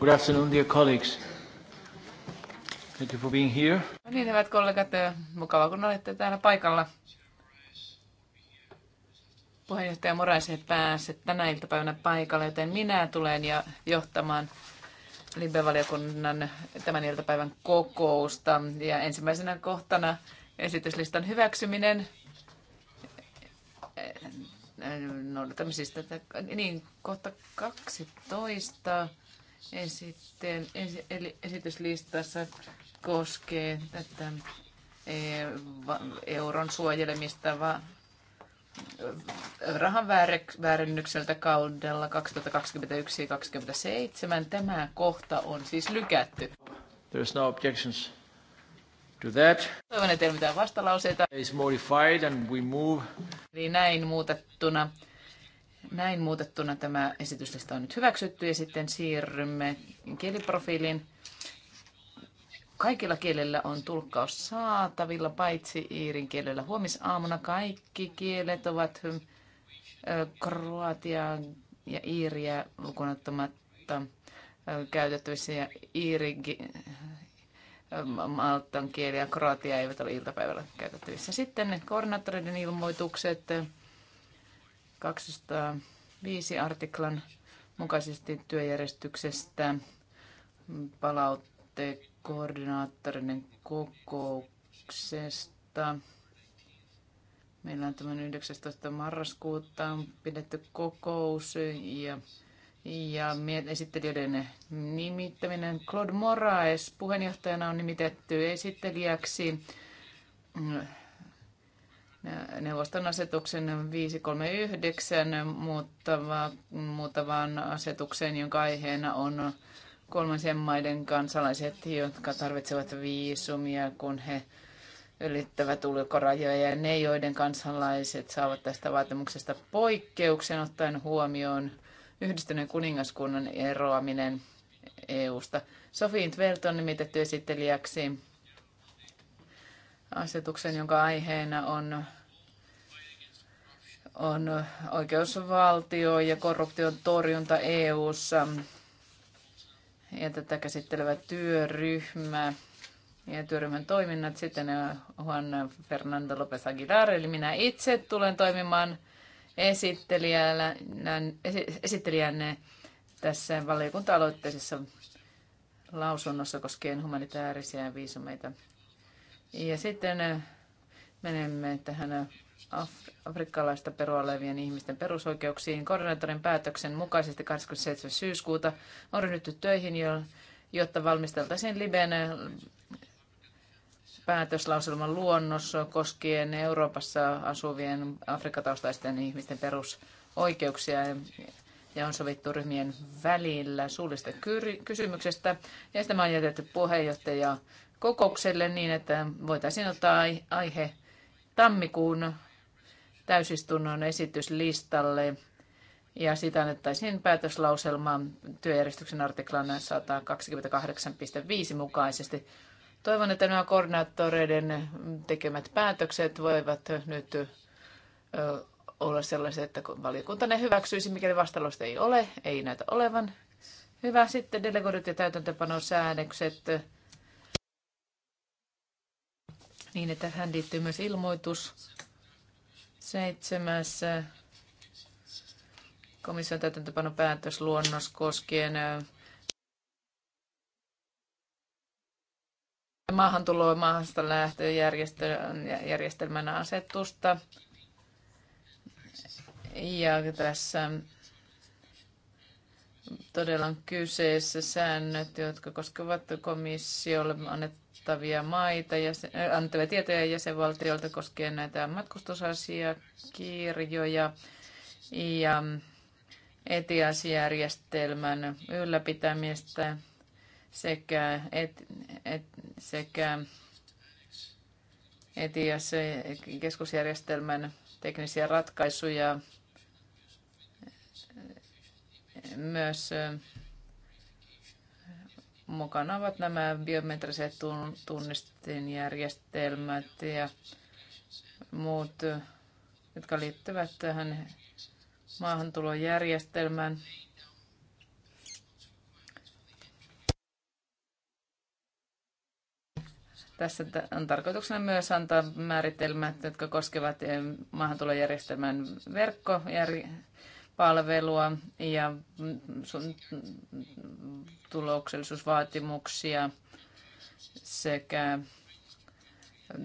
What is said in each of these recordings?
Good afternoon, dear colleagues. Thank you for being here. No niin, hyvät kollegat, eh, mukava kun olette täällä paikalla. Puheenjohtaja Morais ei pääse tänä iltapäivänä paikalle, joten minä tulen ja johtamaan Libe-valiokunnan tämän iltapäivän kokousta. Ja ensimmäisenä kohtana esityslistan hyväksyminen noudatamme siis tätä, niin kohta 12 Esitteen, esi, eli esityslistassa koskee tätä e, euron suojelemista va, rahan väärennykseltä kaudella 2021-2027. Tämä kohta on siis lykätty. There's no objections to that. Toivon, että ei ole mitään vastalauseita. Is modified and we move. Eli näin muutettuna näin muutettuna tämä esityslista on nyt hyväksytty ja sitten siirrymme kieliprofiiliin. Kaikilla kielillä on tulkkaus saatavilla, paitsi iirin kielellä. Huomisaamuna kaikki kielet ovat hy- kroatiaa ja iiriä lukunottamatta käytettävissä ja iirin maltan kieli ja kroatia eivät ole iltapäivällä käytettävissä. Sitten koordinaattoreiden ilmoitukset. 205 artiklan mukaisesti työjärjestyksestä palautteen koordinaattorinen kokouksesta. Meillä on tämän 19. marraskuuta pidetty kokous ja, ja esittelijöiden nimittäminen. Claude Moraes puheenjohtajana on nimitetty esittelijäksi neuvoston asetuksen 539 muuttava, muuttavaan asetukseen, jonka aiheena on kolmansien maiden kansalaiset, jotka tarvitsevat viisumia, kun he ylittävät ulkorajoja ja ne, joiden kansalaiset saavat tästä vaatimuksesta poikkeuksen ottaen huomioon yhdistyneen kuningaskunnan eroaminen EU-sta. Sofi Intvelt on nimitetty esittelijäksi asetuksen, jonka aiheena on on oikeusvaltio ja korruption torjunta EU:ssa ja tätä käsittelevä työryhmä ja työryhmän toiminnat. Sitten Juan Fernando López Aguilar, eli minä itse tulen toimimaan esittelijänne tässä valiokunta-aloitteisessa lausunnossa koskien humanitaarisia viisumeita. Ja sitten menemme tähän Af- afrikkalaista perua olevien ihmisten perusoikeuksiin. Koordinaattorin päätöksen mukaisesti 27. syyskuuta on ryhdytty töihin, jo, jotta valmisteltaisiin Liben äh, päätöslauselman luonnos koskien Euroopassa asuvien afrikkataustaisten ihmisten perusoikeuksia ja on sovittu ryhmien välillä suullista kysymyksestä. Ja tämä on jätetty puheenjohtaja kokoukselle niin, että voitaisiin ottaa aihe tammikuun täysistunnon esityslistalle ja siitä annettaisiin päätöslauselma työjärjestyksen artiklan 128.5 mukaisesti. Toivon, että nämä koordinaattoreiden tekemät päätökset voivat nyt olla sellaiset, että valiokunta ne hyväksyisi, mikäli vastalosta ei ole, ei näitä olevan. Hyvä, sitten delegoidut ja täytäntöpanosäännökset. Niin, että tähän liittyy myös ilmoitus Seitsemäs äh, komission luonnos koskien äh, maahantuloa maahasta lähtöjärjestelmän asetusta. Ja tässä mm, todella on kyseessä säännöt, jotka koskevat komissiolle annettu antavia maita, ja äh, antavia tietoja jäsenvaltioilta koskien näitä matkustusasiakirjoja ja etiasjärjestelmän ylläpitämistä sekä, et, et, sekä etias keskusjärjestelmän teknisiä ratkaisuja myös Mukana ovat nämä biometriset tunnistinjärjestelmät ja muut, jotka liittyvät tähän maahantulojärjestelmään. Tässä on tarkoituksena myös antaa määritelmät, jotka koskevat eh, maahantulojärjestelmän verkkojärjestelmää palvelua ja tuloksellisuusvaatimuksia sekä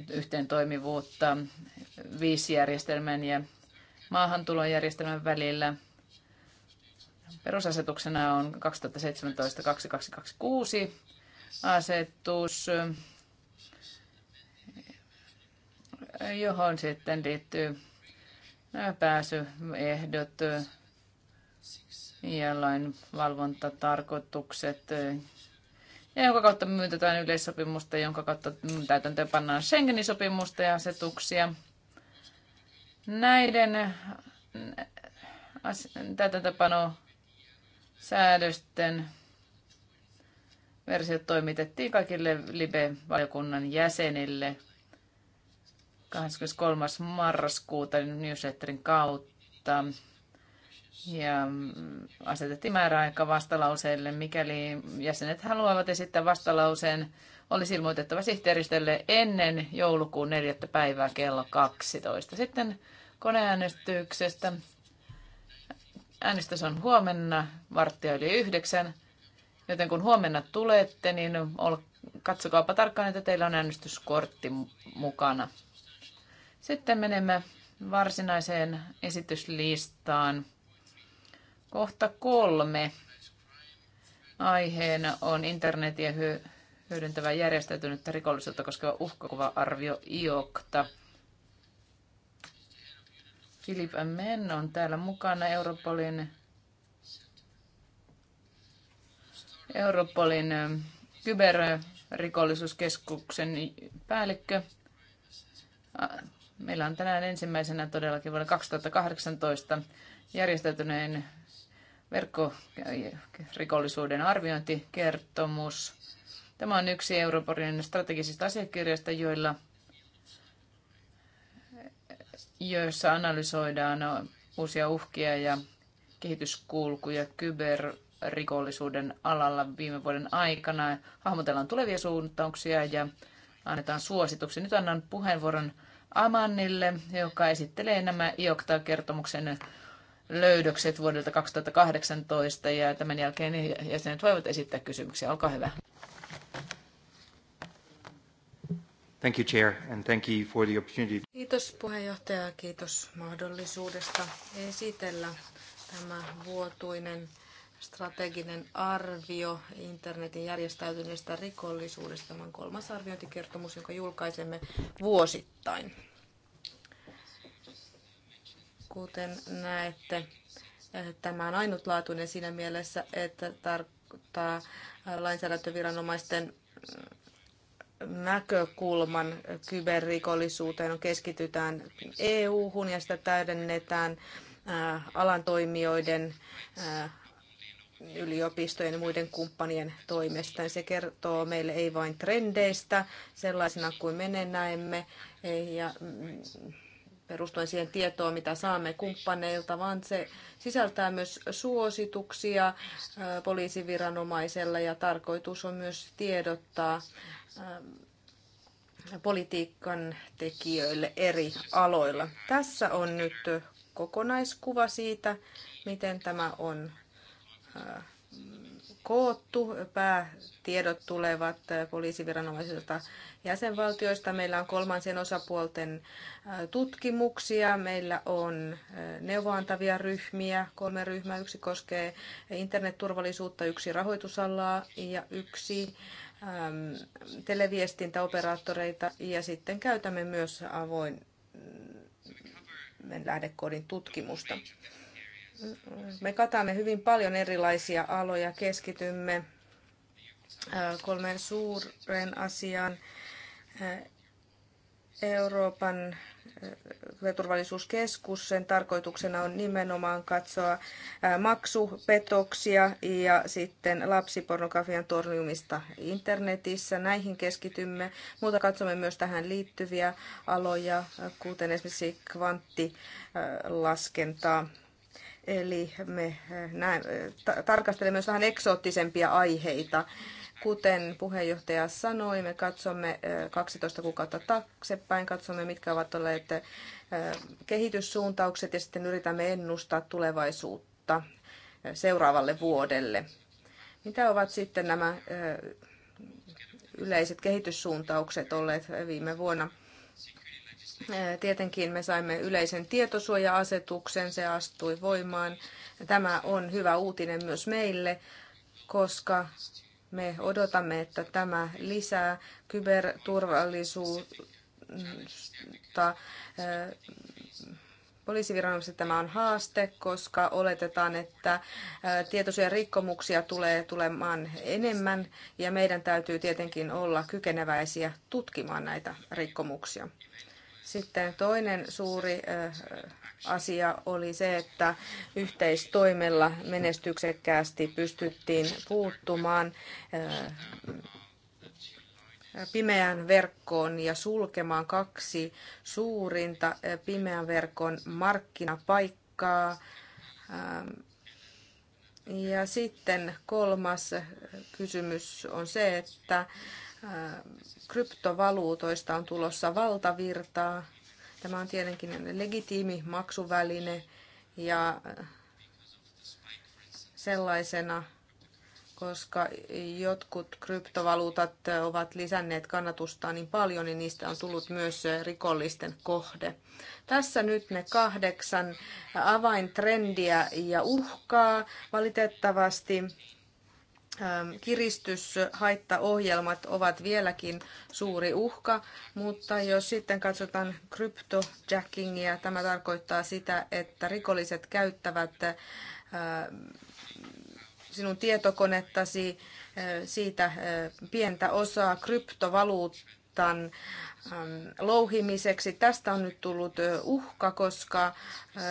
yhteen toimivuutta viisijärjestelmän ja maahantulojärjestelmän välillä. Perusasetuksena on 2017-2226 asetus, johon sitten liittyy pääsyehdot, ja valvontatarkoitukset, ja eh, jonka kautta myytetään yleissopimusta, jonka kautta täytäntöön pannaan Schengenin sopimusta ja asetuksia. Näiden eh, täytäntöpano säädösten versiot toimitettiin kaikille Libe-valiokunnan jäsenille 23. marraskuuta newsletterin kautta ja mm, asetettiin määräaika vastalauseelle. Mikäli jäsenet haluavat esittää vastalauseen, olisi ilmoitettava sihteeristölle ennen joulukuun 4. päivää kello 12. Sitten koneäänestyksestä. Äänestys on huomenna varttia yli yhdeksän, joten kun huomenna tulette, niin katsokaapa tarkkaan, että teillä on äänestyskortti mukana. Sitten menemme varsinaiseen esityslistaan. Kohta kolme. Aiheena on internetiä hy- hyödyntävä järjestäytynyttä rikollisuutta koskeva uhkakuva-arvio IOKTA. Philip Men on täällä mukana Europolin, Europolin kyberrikollisuuskeskuksen päällikkö. Meillä on tänään ensimmäisenä todellakin vuonna 2018 järjestäytyneen verkkorikollisuuden arviointikertomus. Tämä on yksi Euroopan strategisista asiakirjoista, joilla, joissa analysoidaan uusia uhkia ja kehityskulkuja kyberrikollisuuden alalla viime vuoden aikana. Hahmotellaan tulevia suuntauksia ja annetaan suosituksia. Nyt annan puheenvuoron Amannille, joka esittelee nämä IOKTA-kertomuksen löydökset vuodelta 2018 ja tämän jälkeen jäsenet voivat esittää kysymyksiä. Olkaa hyvä. Thank you, Chair, and thank you for the opportunity. Kiitos puheenjohtaja, kiitos mahdollisuudesta esitellä tämä vuotuinen strateginen arvio internetin järjestäytyneestä rikollisuudesta. Tämä on kolmas arviointikertomus, jonka julkaisemme vuosittain. Kuten näette, eh, tämä on ainutlaatuinen siinä mielessä, että tarkoittaa lainsäädäntöviranomaisten mm, näkökulman kyberrikollisuuteen on no, keskitytään EU-hun ja sitä täydennetään eh, alan toimijoiden, eh, yliopistojen ja muiden kumppanien toimesta. Se kertoo meille ei vain trendeistä sellaisena kuin me ne näemme ja mm, perustuen siihen tietoon, mitä saamme kumppaneilta, vaan se sisältää myös suosituksia poliisiviranomaisella ja tarkoitus on myös tiedottaa politiikan tekijöille eri aloilla. Tässä on nyt kokonaiskuva siitä, miten tämä on koottu. Päätiedot tulevat poliisiviranomaisilta jäsenvaltioista. Meillä on kolmansien osapuolten tutkimuksia. Meillä on neuvoantavia ryhmiä. Kolme ryhmää. Yksi koskee internetturvallisuutta, yksi rahoitusalaa ja yksi äm, televiestintäoperaattoreita. Ja sitten käytämme myös avoin mm, lähdekoodin tutkimusta me katamme hyvin paljon erilaisia aloja, keskitymme kolmeen suuren asiaan. Euroopan turvallisuuskeskus, sen tarkoituksena on nimenomaan katsoa maksupetoksia ja sitten lapsipornografian torjumista internetissä. Näihin keskitymme, mutta katsomme myös tähän liittyviä aloja, kuten esimerkiksi kvanttilaskentaa. Eli me eh, näin, eh, tarkastelemme myös vähän eksoottisempia aiheita. Kuten puheenjohtaja sanoi, me katsomme 12 eh, kuukautta taaksepäin, katsomme mitkä ovat olleet kehityssuuntaukset ja sitten yritämme ennustaa tulevaisuutta seuraavalle vuodelle. Mitä ovat sitten nämä yleiset kehityssuuntaukset olleet viime vuonna? Tietenkin me saimme yleisen tietosuoja-asetuksen, se astui voimaan. Tämä on hyvä uutinen myös meille, koska me odotamme, että tämä lisää kyberturvallisuutta. Poliisiviranomaiset tämä on haaste, koska oletetaan, että tietoisia rikkomuksia tulee tulemaan enemmän ja meidän täytyy tietenkin olla kykeneväisiä tutkimaan näitä rikkomuksia. Sitten toinen suuri asia oli se, että yhteistoimella menestyksekkäästi pystyttiin puuttumaan pimeän verkkoon ja sulkemaan kaksi suurinta pimeän verkon markkinapaikkaa. Ähm, ja sitten kolmas kysymys on se, että kryptovaluutoista on tulossa valtavirtaa. Tämä on tietenkin legitiimi maksuväline ja sellaisena, koska jotkut kryptovaluutat ovat lisänneet kannatusta niin paljon, niin niistä on tullut myös rikollisten kohde. Tässä nyt ne kahdeksan avaintrendiä ja uhkaa. Valitettavasti Ähm, kiristyshaittaohjelmat ovat vieläkin suuri uhka, mutta jos sitten katsotaan kryptojackingia, tämä tarkoittaa sitä, että rikolliset käyttävät äh, sinun tietokonettasi äh, siitä äh, pientä osaa kryptovaluuttan ähm, louhimiseksi. Tästä on nyt tullut uhka, koska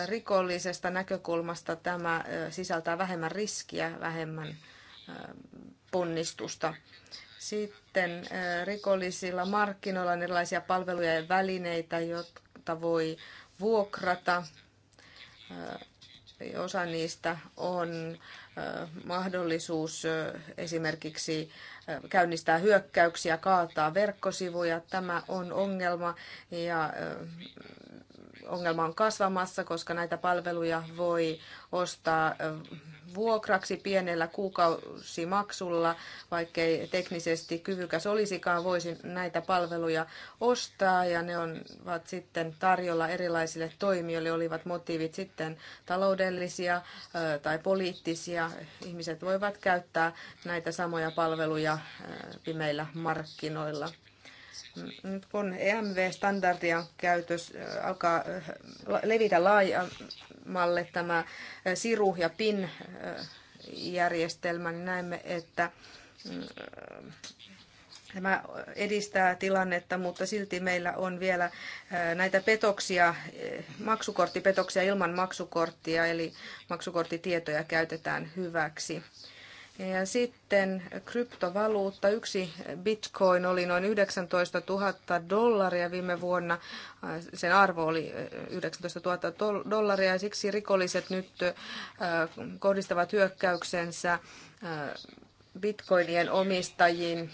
rikollisesta näkökulmasta tämä sisältää vähemmän riskiä, vähemmän ponnistusta. Sitten rikollisilla markkinoilla on erilaisia palveluja ja välineitä, joita voi vuokrata. Osa niistä on mahdollisuus esimerkiksi käynnistää hyökkäyksiä, kaataa verkkosivuja. Tämä on ongelma ja ongelma on kasvamassa, koska näitä palveluja voi ostaa vuokraksi pienellä kuukausimaksulla, vaikkei teknisesti kyvykäs olisikaan, voisi näitä palveluja ostaa ja ne ovat sitten tarjolla erilaisille toimijoille, olivat motiivit sitten taloudellisia tai poliittisia. Ihmiset voivat käyttää näitä samoja palveluja pimeillä markkinoilla. Nyt kun EMV-standardia käytös alkaa levitä laajemmalle tämä siru- ja PIN-järjestelmä, niin näemme, että mm, Tämä edistää tilannetta, mutta silti meillä on vielä näitä petoksia, maksukorttipetoksia ilman maksukorttia, eli maksukorttitietoja käytetään hyväksi. Ja sitten kryptovaluutta. Yksi bitcoin oli noin 19 000 dollaria viime vuonna. Sen arvo oli 19 000 dollaria ja siksi rikolliset nyt kohdistavat hyökkäyksensä bitcoinien omistajiin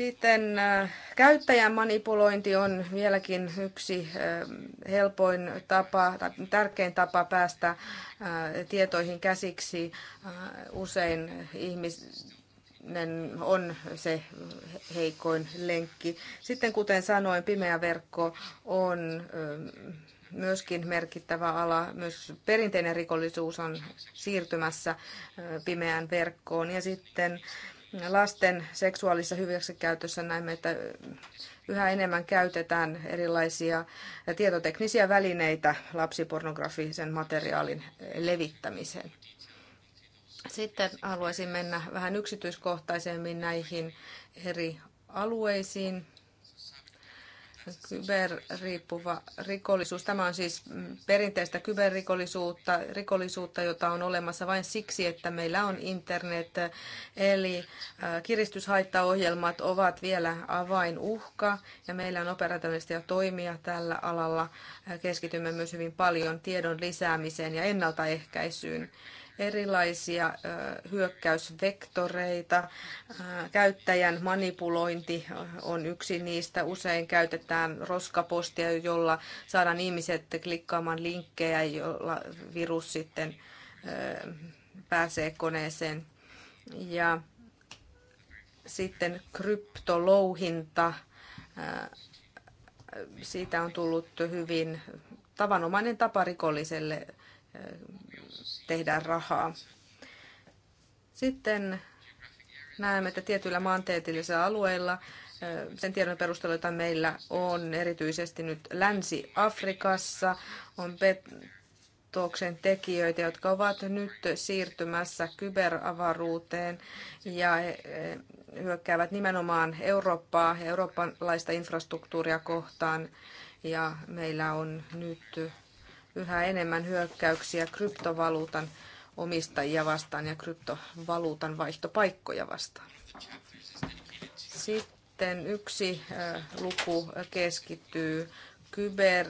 sitten äh, käyttäjän manipulointi on vieläkin yksi äh, helpoin tapa tai tärkein tapa päästä äh, tietoihin käsiksi. Usein ihminen on se heikoin lenkki. Sitten kuten sanoin, pimeä verkko on myöskin merkittävä ala. Myös perinteinen rikollisuus on siirtymässä pimeään verkkoon. Ja sitten lasten seksuaalisessa hyväksikäytössä näemme, että yhä enemmän käytetään erilaisia tietoteknisiä välineitä lapsipornografisen materiaalin levittämiseen. Sitten haluaisin mennä vähän yksityiskohtaisemmin näihin eri alueisiin kyberriippuva rikollisuus. Tämä on siis mm, perinteistä kyberrikollisuutta, rikollisuutta, jota on olemassa vain siksi, että meillä on internet. Eli äh, kiristyshaittaohjelmat ovat vielä avainuhka ja meillä on operatiivisia toimia tällä alalla. Äh, keskitymme myös hyvin paljon tiedon lisäämiseen ja ennaltaehkäisyyn erilaisia hyökkäysvektoreita. Käyttäjän manipulointi on yksi niistä. Usein käytetään roskapostia, jolla saadaan ihmiset klikkaamaan linkkejä, jolla virus sitten pääsee koneeseen. Ja sitten kryptolouhinta, siitä on tullut hyvin tavanomainen tapa rikolliselle tehdään rahaa. Sitten näemme, että tietyillä maantieteellisillä alueilla sen tiedon perusteella, jota meillä on erityisesti nyt Länsi-Afrikassa, on petoksen tekijöitä, jotka ovat nyt siirtymässä kyberavaruuteen ja hyökkäävät nimenomaan Eurooppaa ja eurooppalaista infrastruktuuria kohtaan. Ja meillä on nyt yhä enemmän hyökkäyksiä kryptovaluutan omistajia vastaan ja kryptovaluutan vaihtopaikkoja vastaan. Sitten yksi luku keskittyy kyber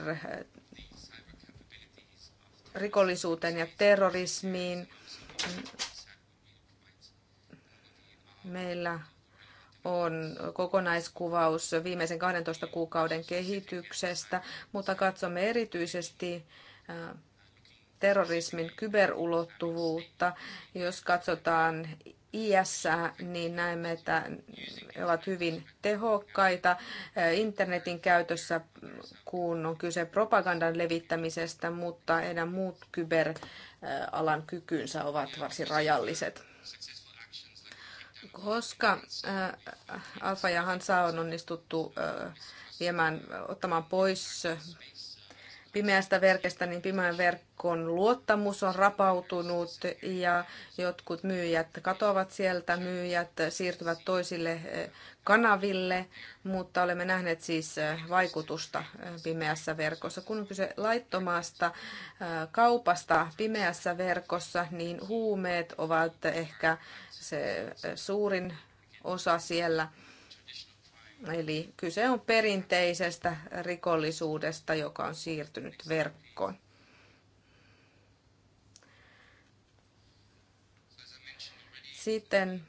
rikollisuuteen ja terrorismiin. Meillä on kokonaiskuvaus viimeisen 12 kuukauden kehityksestä, mutta katsomme erityisesti Äh, terrorismin kyberulottuvuutta. Jos katsotaan IS, niin näemme, että ne ovat hyvin tehokkaita äh, internetin käytössä, kun on kyse propagandan levittämisestä, mutta heidän muut kyberalan kykynsä ovat varsin rajalliset. Koska äh, Alfa ja Hansa on onnistuttu viemään, ottamaan pois pimeästä verkestä, niin pimeän verkon luottamus on rapautunut ja jotkut myyjät katoavat sieltä, myyjät siirtyvät toisille eh, kanaville, mutta olemme nähneet siis eh, vaikutusta eh, pimeässä verkossa. Kun on kyse laittomasta kaupasta pimeässä verkossa, niin huumeet ovat ehkä se suurin osa siellä Eli kyse on perinteisestä rikollisuudesta, joka on siirtynyt verkkoon. Sitten,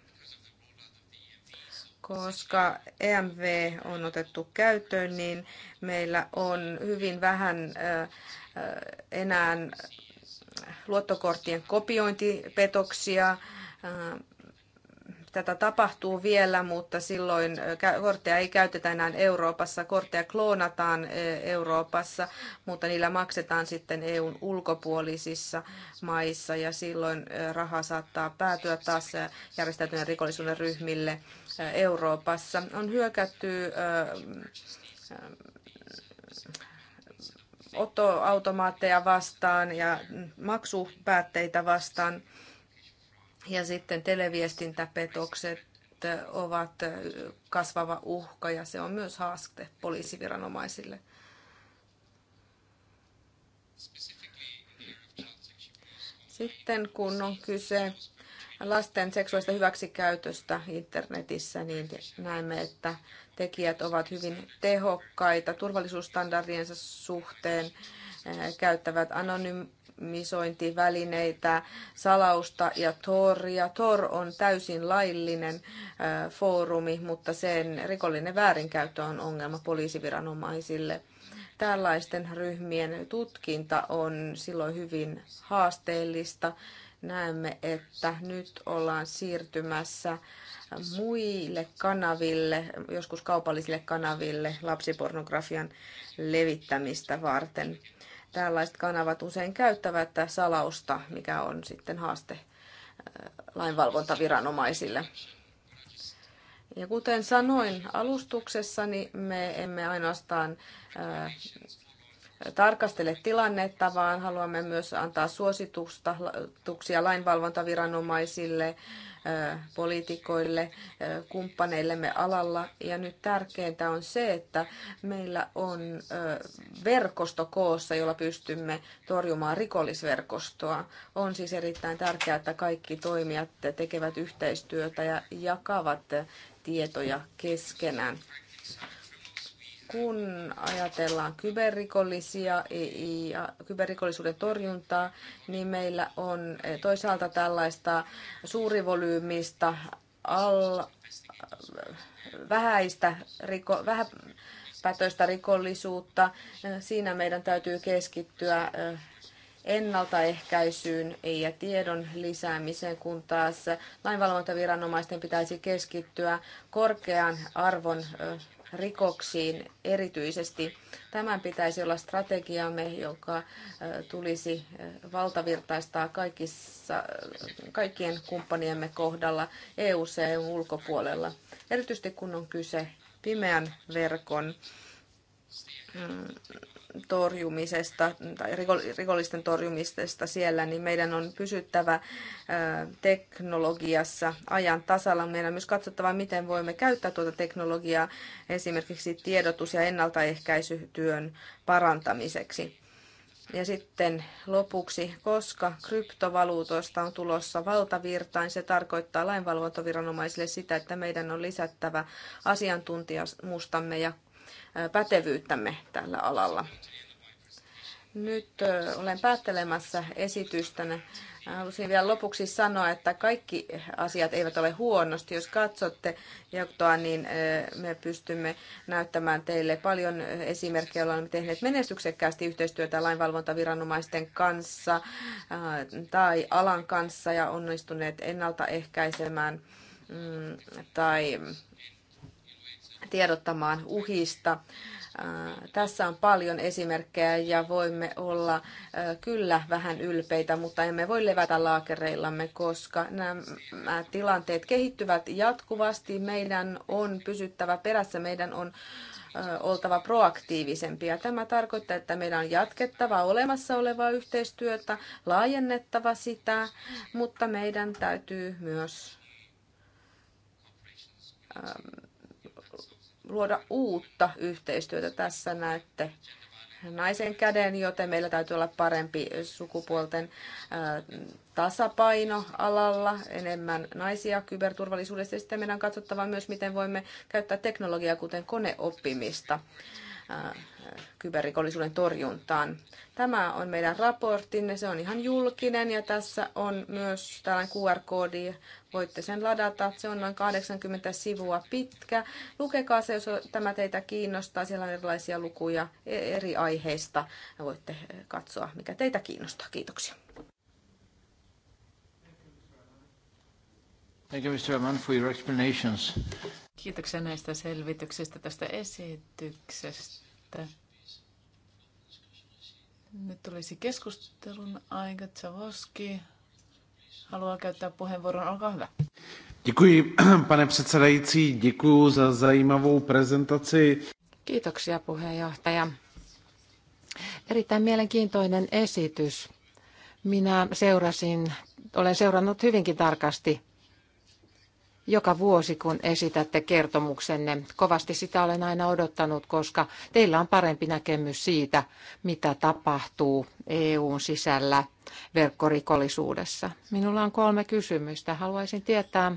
koska EMV on otettu käyttöön, niin meillä on hyvin vähän enää luottokorttien kopiointipetoksia Tätä tapahtuu vielä, mutta silloin kortteja ei käytetä enää Euroopassa. Kortteja kloonataan Euroopassa, mutta niillä maksetaan sitten EUn ulkopuolisissa maissa ja silloin raha saattaa päätyä taas järjestäytyneen rikollisuuden ryhmille Euroopassa. On hyökätty ottoautomaatteja vastaan ja maksupäätteitä vastaan. Ja sitten televiestintäpetokset ovat kasvava uhka ja se on myös haaste poliisiviranomaisille. Sitten kun on kyse lasten seksuaalista hyväksikäytöstä internetissä, niin näemme, että tekijät ovat hyvin tehokkaita turvallisuusstandardiensa suhteen, eh, käyttävät anonyymiä misointivälineitä, salausta ja toria. Tor on täysin laillinen foorumi, mutta sen rikollinen väärinkäyttö on ongelma poliisiviranomaisille. Tällaisten ryhmien tutkinta on silloin hyvin haasteellista. Näemme, että nyt ollaan siirtymässä muille kanaville, joskus kaupallisille kanaville lapsipornografian levittämistä varten tällaiset kanavat usein käyttävät salausta, mikä on sitten haaste äh, lainvalvontaviranomaisille. Ja kuten sanoin niin me emme ainoastaan äh, tarkastele tilannetta, vaan haluamme myös antaa suosituksia lainvalvontaviranomaisille poliitikoille, kumppaneillemme alalla. Ja nyt tärkeintä on se, että meillä on verkosto koossa, jolla pystymme torjumaan rikollisverkostoa. On siis erittäin tärkeää, että kaikki toimijat tekevät yhteistyötä ja jakavat tietoja keskenään kun ajatellaan kyberrikollisia ja kyberrikollisuuden torjuntaa, niin meillä on eh, toisaalta tällaista suurivolyymista, al, vähäistä, riko, vähäpätöistä rikollisuutta. Eh, siinä meidän täytyy keskittyä eh, ennaltaehkäisyyn ja tiedon lisäämiseen, kun taas lainvalvontaviranomaisten pitäisi keskittyä korkean arvon rikoksiin erityisesti. Tämän pitäisi olla strategiamme, joka tulisi valtavirtaistaa kaikissa, kaikkien kumppaniemme kohdalla EU-ssa ja e ulkopuolella. Erityisesti kun on kyse pimeän verkon Mm, torjumisesta tai rikollisten torjumisesta siellä, niin meidän on pysyttävä teknologiassa ajan tasalla. Meidän on myös katsottava, miten voimme käyttää tuota teknologiaa esimerkiksi tiedotus- ja ennaltaehkäisytyön parantamiseksi. Ja sitten lopuksi, koska kryptovaluutoista on tulossa valtavirtain, se tarkoittaa lainvalvontaviranomaisille sitä, että meidän on lisättävä asiantuntijamustamme ja pätevyyttämme tällä alalla. Nyt olen päättelemässä esitystäni. Haluaisin vielä lopuksi sanoa, että kaikki asiat eivät ole huonosti. Jos katsotte jaktoa, niin me pystymme näyttämään teille paljon esimerkkejä, joilla olemme tehneet menestyksekkäästi yhteistyötä lainvalvontaviranomaisten kanssa tai alan kanssa ja onnistuneet ennaltaehkäisemään mm, tai tiedottamaan uhista. Äh, tässä on paljon esimerkkejä ja voimme olla äh, kyllä vähän ylpeitä, mutta emme voi levätä laakereillamme, koska nämä tilanteet kehittyvät jatkuvasti. Meidän on pysyttävä perässä, meidän on äh, oltava proaktiivisempia. Tämä tarkoittaa, että meidän on jatkettava olemassa olevaa yhteistyötä, laajennettava sitä, mutta meidän täytyy myös ähm, luoda uutta yhteistyötä. Tässä näette naisen käden, joten meillä täytyy olla parempi sukupuolten tasapaino alalla, enemmän naisia kyberturvallisuudessa. Ja sitten meidän on katsottava myös, miten voimme käyttää teknologiaa, kuten koneoppimista kyberrikollisuuden torjuntaan. Tämä on meidän raporttimme, se on ihan julkinen ja tässä on myös tällainen QR-koodi, voitte sen ladata, se on noin 80 sivua pitkä. Lukekaa se, jos tämä teitä kiinnostaa, siellä on erilaisia lukuja e- eri aiheista ja voitte eh, katsoa, mikä teitä kiinnostaa. Kiitoksia. Thank you, Mr. Rahman, for your explanations. Kiitoksia näistä selvityksistä tästä esityksestä. Nyt tulisi keskustelun aika. Tsavoski haluaa käyttää puheenvuoron. Olkaa hyvä. Děkuji, pane předsedající. Děkuji za zajímavou prezentaci. Kiitoksia puheenjohtaja. Erittäin mielenkiintoinen esitys. Minä seurasin, olen seurannut hyvinkin tarkasti joka vuosi, kun esitätte kertomuksenne. Kovasti sitä olen aina odottanut, koska teillä on parempi näkemys siitä, mitä tapahtuu EUn sisällä verkkorikollisuudessa. Minulla on kolme kysymystä. Haluaisin tietää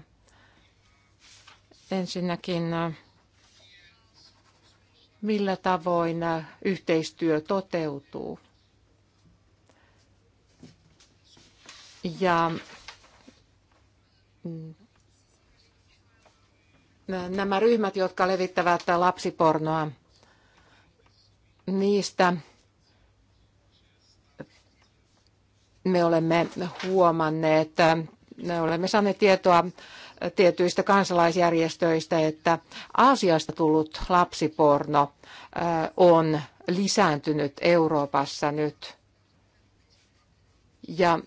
ensinnäkin, millä tavoin yhteistyö toteutuu. Ja nämä ryhmät, jotka levittävät lapsipornoa, niistä me olemme huomanneet, me olemme saaneet tietoa tietyistä kansalaisjärjestöistä, että Aasiasta tullut lapsiporno on lisääntynyt Euroopassa nyt. Ja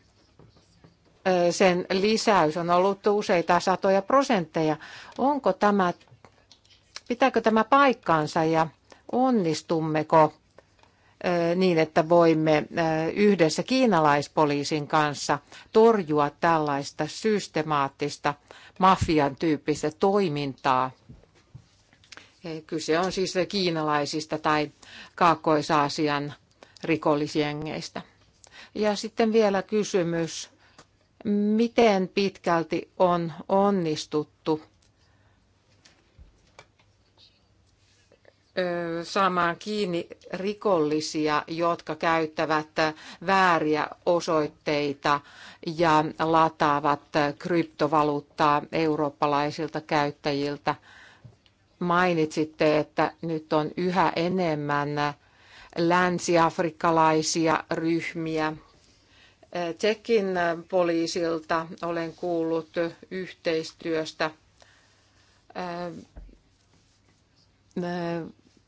sen lisäys on ollut useita satoja prosentteja. Onko tämä, pitääkö tämä paikkaansa ja onnistummeko niin, että voimme yhdessä kiinalaispoliisin kanssa torjua tällaista systemaattista mafian tyyppistä toimintaa. Kyse on siis kiinalaisista tai Kaakkois-Aasian rikollisjengeistä. Ja sitten vielä kysymys miten pitkälti on onnistuttu saamaan kiinni rikollisia, jotka käyttävät vääriä osoitteita ja lataavat kryptovaluuttaa eurooppalaisilta käyttäjiltä. Mainitsitte, että nyt on yhä enemmän länsiafrikkalaisia ryhmiä, Tekin poliisilta olen kuullut yhteistyöstä.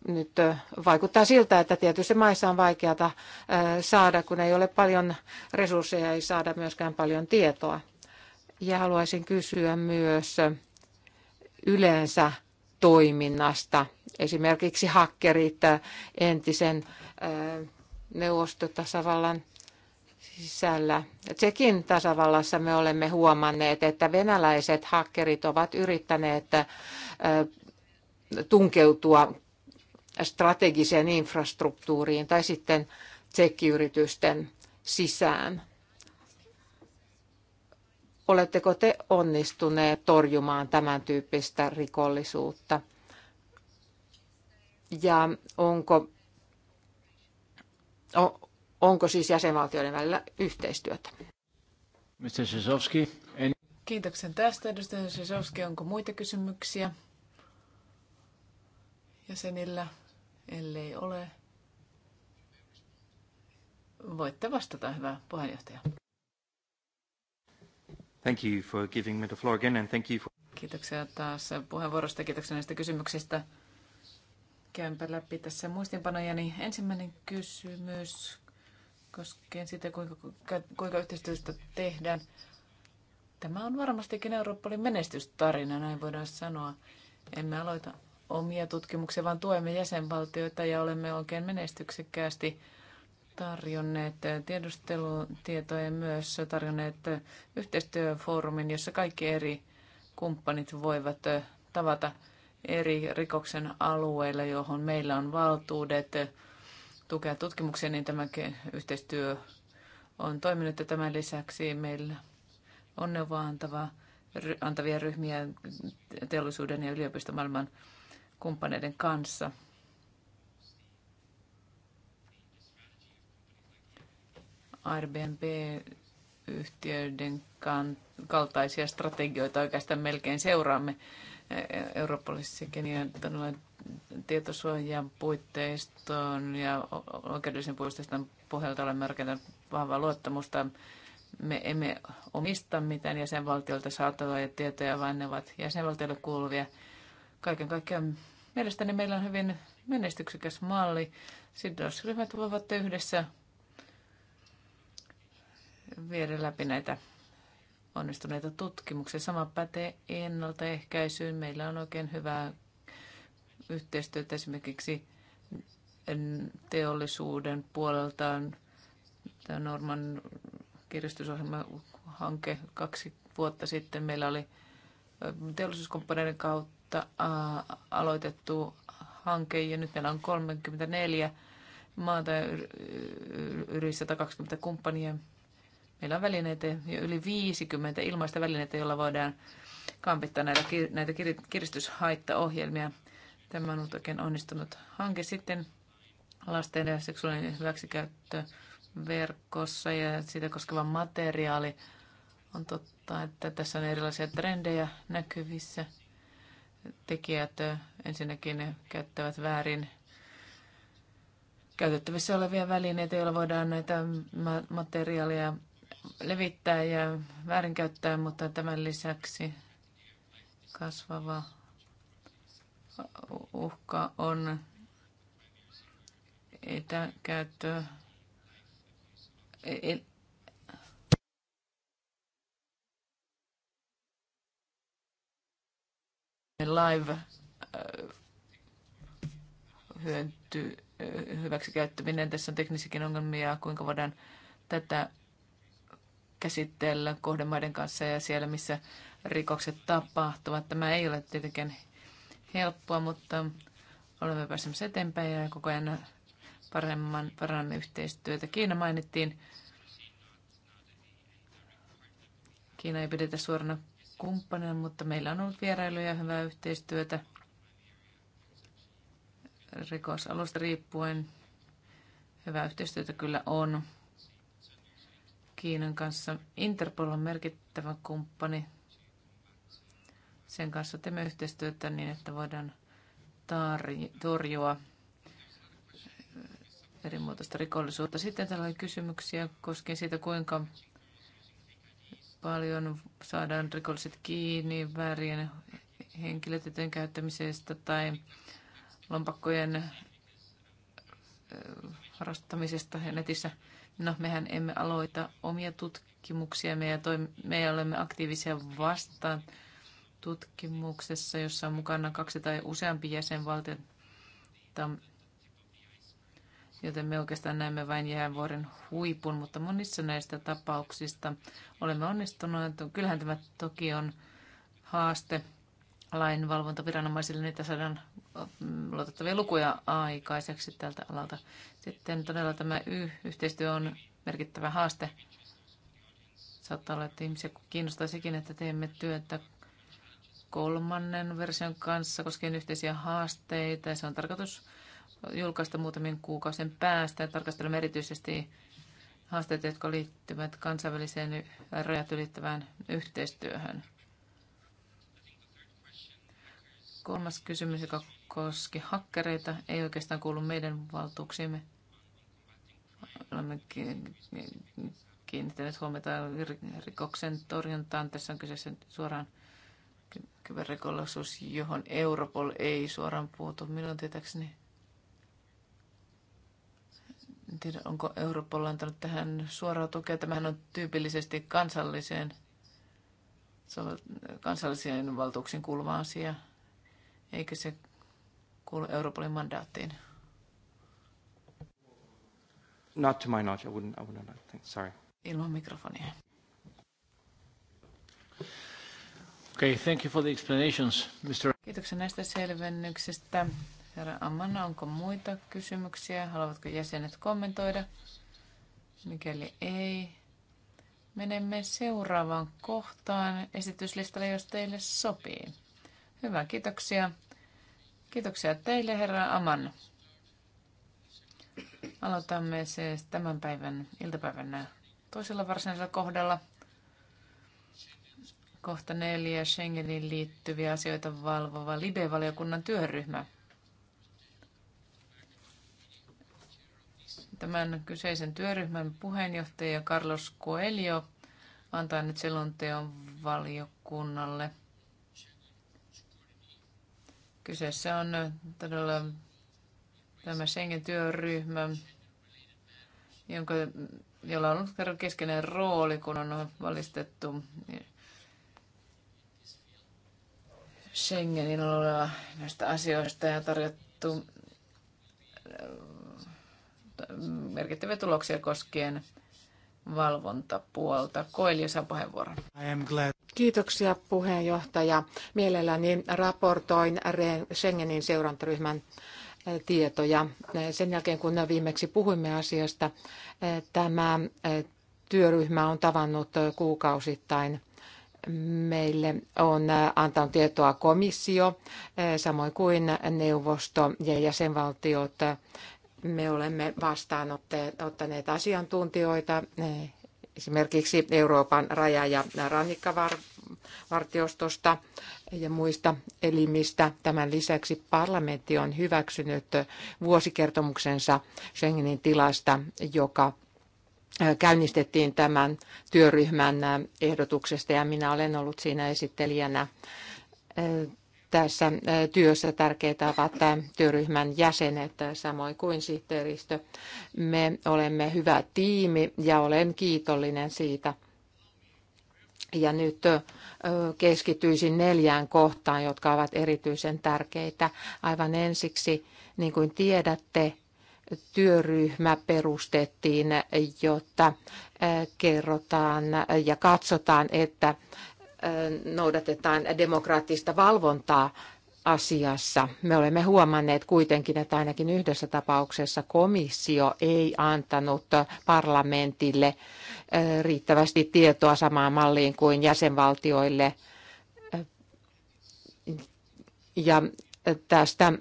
Nyt vaikuttaa siltä, että tietysti maissa on vaikeata saada, kun ei ole paljon resursseja, ei saada myöskään paljon tietoa. Ja haluaisin kysyä myös yleensä toiminnasta. Esimerkiksi hakkerit entisen neuvostotasavallan sisällä. Tsekin tasavallassa me olemme huomanneet, että venäläiset hakkerit ovat yrittäneet tunkeutua strategiseen infrastruktuuriin tai sitten tsekkiyritysten sisään. Oletteko te onnistuneet torjumaan tämän tyyppistä rikollisuutta? Ja onko, Onko siis jäsenvaltioiden välillä yhteistyötä? Mr. Sisovski, en... Kiitoksen tästä, edustaja Sisovski. Onko muita kysymyksiä jäsenillä? Ellei ole, voitte vastata, hyvä puheenjohtaja. Thank you for giving me the floor again and thank you for... Kiitoksia taas puheenvuorosta ja kiitoksia näistä kysymyksistä. Käynpä läpi tässä muistinpanojani. Ensimmäinen kysymys koskien sitä, kuinka, kuinka yhteistyöstä tehdään. Tämä on varmastikin Eurooppalin menestystarina, näin voidaan sanoa. Emme aloita omia tutkimuksia, vaan tuemme jäsenvaltioita ja olemme oikein menestyksekkäästi tarjonneet tiedustelutietoja myös tarjonneet yhteistyöfoorumin, jossa kaikki eri kumppanit voivat tavata eri rikoksen alueilla, johon meillä on valtuudet tukea tutkimukseen, niin tämä yhteistyö on toiminut. Ja tämän lisäksi meillä on antava antavia ryhmiä teollisuuden ja yliopistomaailman kumppaneiden kanssa. Airbnb-yhtiöiden kaltaisia strategioita oikeastaan melkein seuraamme Europolissakin ja tietosuojan puitteistoon ja oikeudellisen puitteiston pohjalta olemme rakentaneet vahvaa luottamusta. Me emme omista mitään jäsenvaltiolta saatavaa tietoja, vaan ne ovat jäsenvaltioille kuuluvia. Kaiken kaikkiaan mielestäni meillä on hyvin menestyksekäs malli. Sidosryhmät voivat yhdessä viedä läpi näitä onnistuneita tutkimuksia. Sama pätee ennaltaehkäisyyn. Meillä on oikein hyvää yhteistyötä esimerkiksi teollisuuden puoleltaan. Tämä Norman kirjastusohjelma- hanke kaksi vuotta sitten meillä oli teollisuuskomponeiden kautta aloitettu hanke ja nyt meillä on 34 maata yli 120 kumppania Meillä on välineitä, jo yli 50 ilmaista välineitä, joilla voidaan kampittaa näitä, näitä kiristyshaittaohjelmia. Tämä on ollut oikein onnistunut hanke sitten lasten ja seksuaalinen hyväksikäyttö verkossa ja sitä koskeva materiaali. On totta, että tässä on erilaisia trendejä näkyvissä. Tekijät ensinnäkin käyttävät väärin käytettävissä olevia välineitä, joilla voidaan näitä materiaaleja levittää ja väärinkäyttää, mutta tämän lisäksi kasvava uhka on etäkäyttö, e- e- live hyönty, hyväksikäyttäminen. Tässä on teknisikin ongelmia, kuinka voidaan tätä käsitellä kohdemaiden kanssa ja siellä, missä rikokset tapahtuvat. Tämä ei ole tietenkään helppoa, mutta olemme pääsemässä eteenpäin ja koko ajan paremman, parannan yhteistyötä. Kiina mainittiin. Kiina ei pidetä suorana kumppanina, mutta meillä on ollut vierailuja ja hyvää yhteistyötä rikosalusta riippuen. Hyvää yhteistyötä kyllä on. Kiinan kanssa. Interpol on merkittävä kumppani. Sen kanssa teemme yhteistyötä niin, että voidaan torjua erimuotoista rikollisuutta. Sitten täällä oli kysymyksiä koskien siitä, kuinka paljon saadaan rikolliset kiinni väärien henkilötietojen käyttämisestä tai lompakkojen harrastamisesta netissä No, mehän emme aloita omia tutkimuksia, me, me olemme aktiivisia vastaan tutkimuksessa, jossa on mukana kaksi tai useampi jäsenvaltiota, joten me oikeastaan näemme vain jäävuoren huipun, mutta monissa näistä tapauksista olemme onnistuneet. Kyllähän tämä toki on haaste lainvalvontaviranomaisille, niitä saadaan mm, luotettavia lukuja aikaiseksi tältä alalta. Sitten todella tämä y- yhteistyö on merkittävä haaste. Saattaa olla, että ihmisiä kiinnostaisikin, että teemme työtä kolmannen version kanssa koskien yhteisiä haasteita. Se on tarkoitus julkaista muutamien kuukausien päästä. Tarkastelemme erityisesti haasteita, jotka liittyvät kansainväliseen rajat ylittävään yhteistyöhön. Kolmas kysymys, joka koski hakkereita, ei oikeastaan kuulu meidän valtuuksiimme. Olemme kiinnittäneet huomiota rikoksen torjuntaan. Tässä on kyseessä suoraan kyberrikollisuus, johon Europol ei suoraan puutu. Minun tietääkseni en tiedä, onko Europol antanut tähän suoraa tukea. Tämähän on tyypillisesti kansalliseen, kansalliseen valtuuksiin kuuluva asia. Eikö se kuulu Euroopan mandaattiin? Not to my knowledge. I wouldn't, I wouldn't think. Sorry. Ilman mikrofonia. Okay, thank you for the explanations, Mr. Kiitoksia näistä selvennyksistä. Herra Ammanna, onko muita kysymyksiä? Haluavatko jäsenet kommentoida? Mikäli ei, menemme seuraavaan kohtaan esityslistalle, jos teille sopii. Hyvä, kiitoksia. Kiitoksia teille, herra Aman. Aloitamme siis tämän päivän iltapäivän toisella varsinaisella kohdalla. Kohta neljä Schengenin liittyviä asioita valvova LIBE-valiokunnan työryhmä. Tämän kyseisen työryhmän puheenjohtaja Carlos Coelho antaa nyt selonteon valiokunnalle – Kyseessä on äh, todella tämä Schengen-työryhmä, jonka, jolla on ollut kerran keskeinen rooli, kun on valistettu Schengenin oleva näistä asioista ja tarjottu äh, merkittäviä tuloksia koskien valvontapuolta. Koelio saa puheenvuoron. Kiitoksia puheenjohtaja. Mielelläni raportoin Schengenin seurantaryhmän eh, tietoja. Eh, sen jälkeen kun viimeksi puhuimme asiasta, eh, tämä työryhmä on tavannut kuukausittain meille on antanut tietoa komissio, samoin kuin neuvosto ja jäsenvaltiot me olemme vastaanottaneet asiantuntijoita eh, esimerkiksi Euroopan raja- ja rannikkavartiostosta ja muista elimistä. Tämän lisäksi parlamentti on hyväksynyt vuosikertomuksensa Schengenin tilasta, joka eh, käynnistettiin tämän työryhmän eh, ehdotuksesta ja minä olen ollut siinä esittelijänä tässä työssä tärkeitä ovat työryhmän jäsenet samoin kuin sihteeristö. Me olemme hyvä tiimi ja olen kiitollinen siitä. Ja nyt keskityisin neljään kohtaan, jotka ovat erityisen tärkeitä. Aivan ensiksi, niin kuin tiedätte, työryhmä perustettiin, jotta kerrotaan ja katsotaan, että noudatetaan demokraattista valvontaa asiassa. Me olemme huomanneet kuitenkin, että ainakin yhdessä tapauksessa komissio ei antanut parlamentille riittävästi tietoa samaan malliin kuin jäsenvaltioille. Ja tästä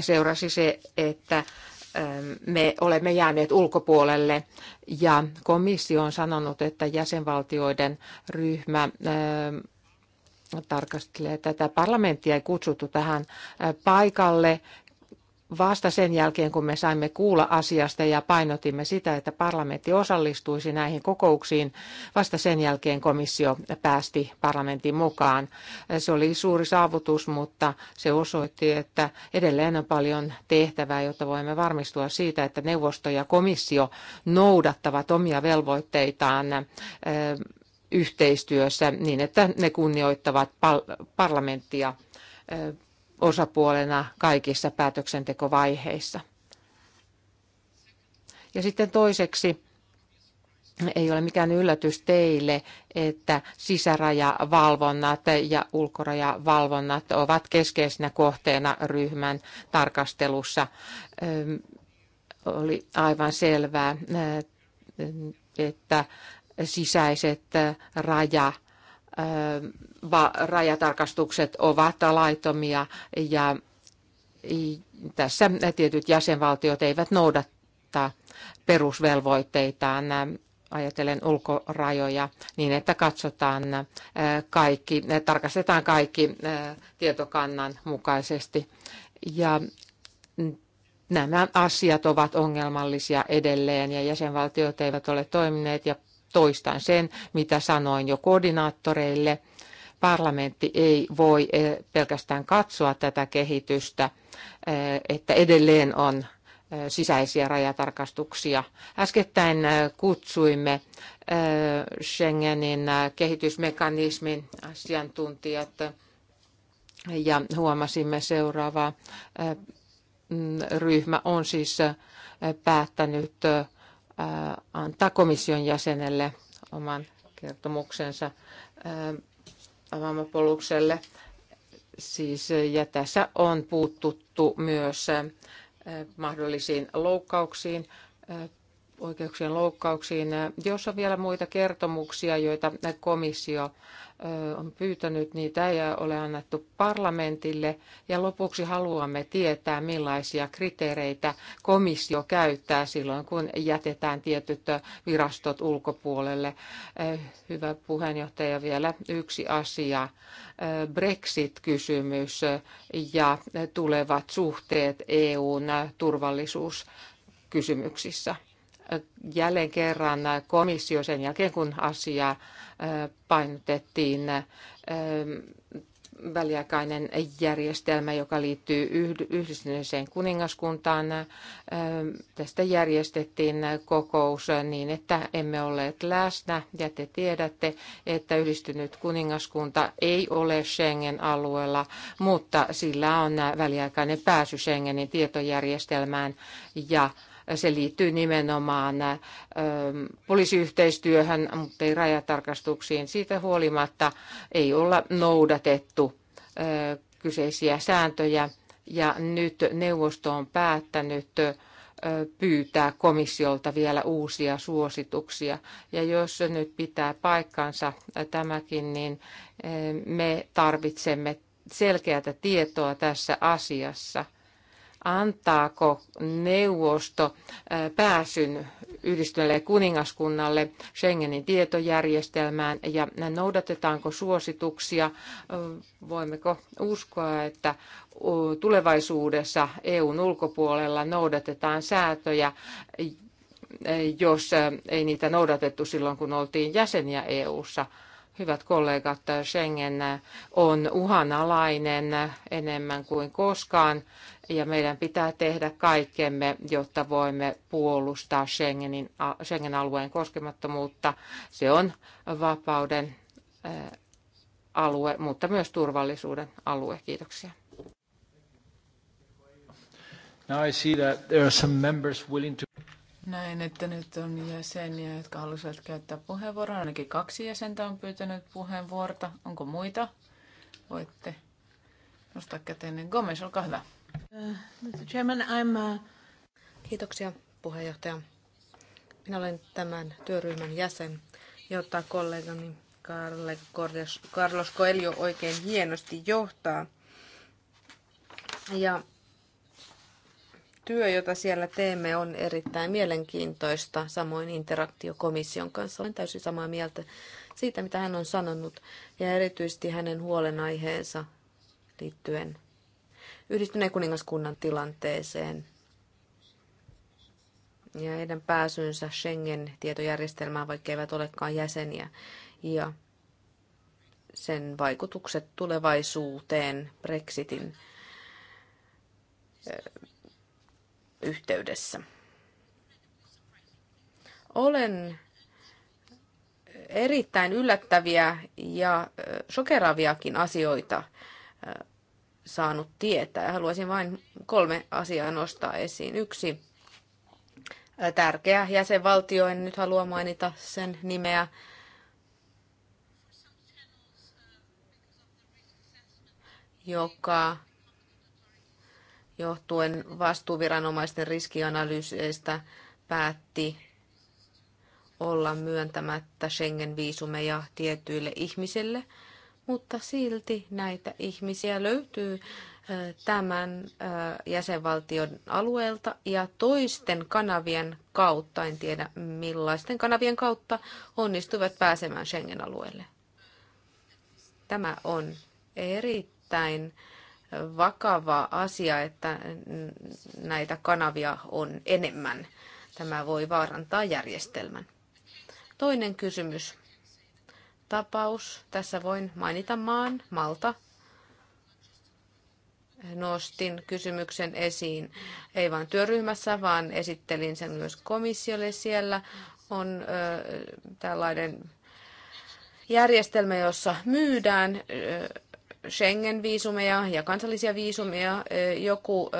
seurasi se, että me olemme jääneet ulkopuolelle ja komissio on sanonut, että jäsenvaltioiden ryhmä tarkastelee tätä parlamenttia ei kutsuttu tähän paikalle vasta sen jälkeen, kun me saimme kuulla asiasta ja painotimme sitä, että parlamentti osallistuisi näihin kokouksiin, vasta sen jälkeen komissio päästi parlamentin mukaan. Se oli suuri saavutus, mutta se osoitti, että edelleen on paljon tehtävää, jotta voimme varmistua siitä, että neuvosto ja komissio noudattavat omia velvoitteitaan yhteistyössä niin, että ne kunnioittavat parlamenttia osapuolena kaikissa päätöksentekovaiheissa. Ja sitten toiseksi, ei ole mikään yllätys teille, että sisärajavalvonnat ja ulkorajavalvonnat ovat keskeisenä kohteena ryhmän tarkastelussa. Oli aivan selvää, että sisäiset rajavalvonnat rajatarkastukset ovat laitomia ja tässä tietyt jäsenvaltiot eivät noudattaa perusvelvoitteitaan ajatellen ulkorajoja niin, että katsotaan kaikki, tarkastetaan kaikki tietokannan mukaisesti. Ja nämä asiat ovat ongelmallisia edelleen ja jäsenvaltiot eivät ole toimineet ja toistan sen, mitä sanoin jo koordinaattoreille. Parlamentti ei voi eh, pelkästään katsoa tätä kehitystä, eh, että edelleen on eh, sisäisiä rajatarkastuksia. Äskettäin kutsuimme Schengenin kehitysmekanismin asiantuntijat ja huomasimme seuraava mm, ryhmä on siis päättänyt antaa komission jäsenelle oman kertomuksensa avaamapolukselle. Siis, ja tässä on puuttuttu myös mahdollisiin loukkauksiin oikeuksien loukkauksiin. Jos on vielä muita kertomuksia, joita komissio on pyytänyt, niitä ei ole annettu parlamentille. Ja lopuksi haluamme tietää, millaisia kriteereitä komissio käyttää silloin, kun jätetään tietyt virastot ulkopuolelle. Hyvä puheenjohtaja, vielä yksi asia. Brexit-kysymys ja tulevat suhteet EUn turvallisuuskysymyksissä jälleen kerran komissio sen jälkeen, kun asia painotettiin väliaikainen järjestelmä, joka liittyy yhdistyneeseen kuningaskuntaan. Tästä järjestettiin kokous niin, että emme olleet läsnä ja te tiedätte, että yhdistynyt kuningaskunta ei ole Schengen-alueella, mutta sillä on väliaikainen pääsy Schengenin tietojärjestelmään ja se liittyy nimenomaan poliisiyhteistyöhön, mutta ei rajatarkastuksiin. Siitä huolimatta ei olla noudatettu kyseisiä sääntöjä ja nyt neuvosto on päättänyt pyytää komissiolta vielä uusia suosituksia. Ja jos se nyt pitää paikkansa tämäkin, niin me tarvitsemme selkeätä tietoa tässä asiassa – antaako neuvosto pääsyn yhdistyneelle kuningaskunnalle Schengenin tietojärjestelmään ja noudatetaanko suosituksia. Voimmeko uskoa, että tulevaisuudessa EUn ulkopuolella noudatetaan säätöjä, jos ei niitä noudatettu silloin, kun oltiin jäseniä EUssa. ssa Hyvät kollegat, Schengen on uhanalainen enemmän kuin koskaan ja meidän pitää tehdä kaikkemme, jotta voimme puolustaa Schengenin, Schengen-alueen koskemattomuutta. Se on vapauden alue, mutta myös turvallisuuden alue. Kiitoksia. Now I see that there are some members willing to... Näin, että nyt on jäseniä, jotka haluaisivat käyttää puheenvuoroa. Ainakin kaksi jäsentä on pyytänyt puheenvuorta. Onko muita? Voitte nostaa käteen. Gomes, olkaa hyvä. Uh, Mr. Chairman, I'm, uh... Kiitoksia puheenjohtaja. Minä olen tämän työryhmän jäsen, jota kollegani Carle Cordes, Carlos Coelho oikein hienosti johtaa. Ja työ, jota siellä teemme, on erittäin mielenkiintoista. Samoin interaktio komission kanssa. Olen täysin samaa mieltä siitä, mitä hän on sanonut, ja erityisesti hänen huolenaiheensa liittyen yhdistyneen kuningaskunnan tilanteeseen ja heidän pääsynsä Schengen-tietojärjestelmään, vaikka eivät olekaan jäseniä, ja sen vaikutukset tulevaisuuteen Brexitin yhteydessä. Olen erittäin yllättäviä ja sokeraviakin asioita saanut tietää. Haluaisin vain kolme asiaa nostaa esiin. Yksi tärkeä jäsenvaltio, en nyt halua mainita sen nimeä, joka johtuen vastuuviranomaisten riskianalyyseistä päätti olla myöntämättä Schengen-viisumeja tietyille ihmisille, mutta silti näitä ihmisiä löytyy tämän jäsenvaltion alueelta ja toisten kanavien kautta, en tiedä millaisten kanavien kautta, onnistuvat pääsemään Schengen-alueelle. Tämä on erittäin vakava asia, että näitä kanavia on enemmän. Tämä voi vaarantaa järjestelmän. Toinen kysymys. Tapaus. Tässä voin mainita maan, Malta. Nostin kysymyksen esiin, ei vain työryhmässä, vaan esittelin sen myös komissiolle. Siellä on ö, tällainen järjestelmä, jossa myydään ö, Schengen-viisumeja ja kansallisia viisumeja. Joku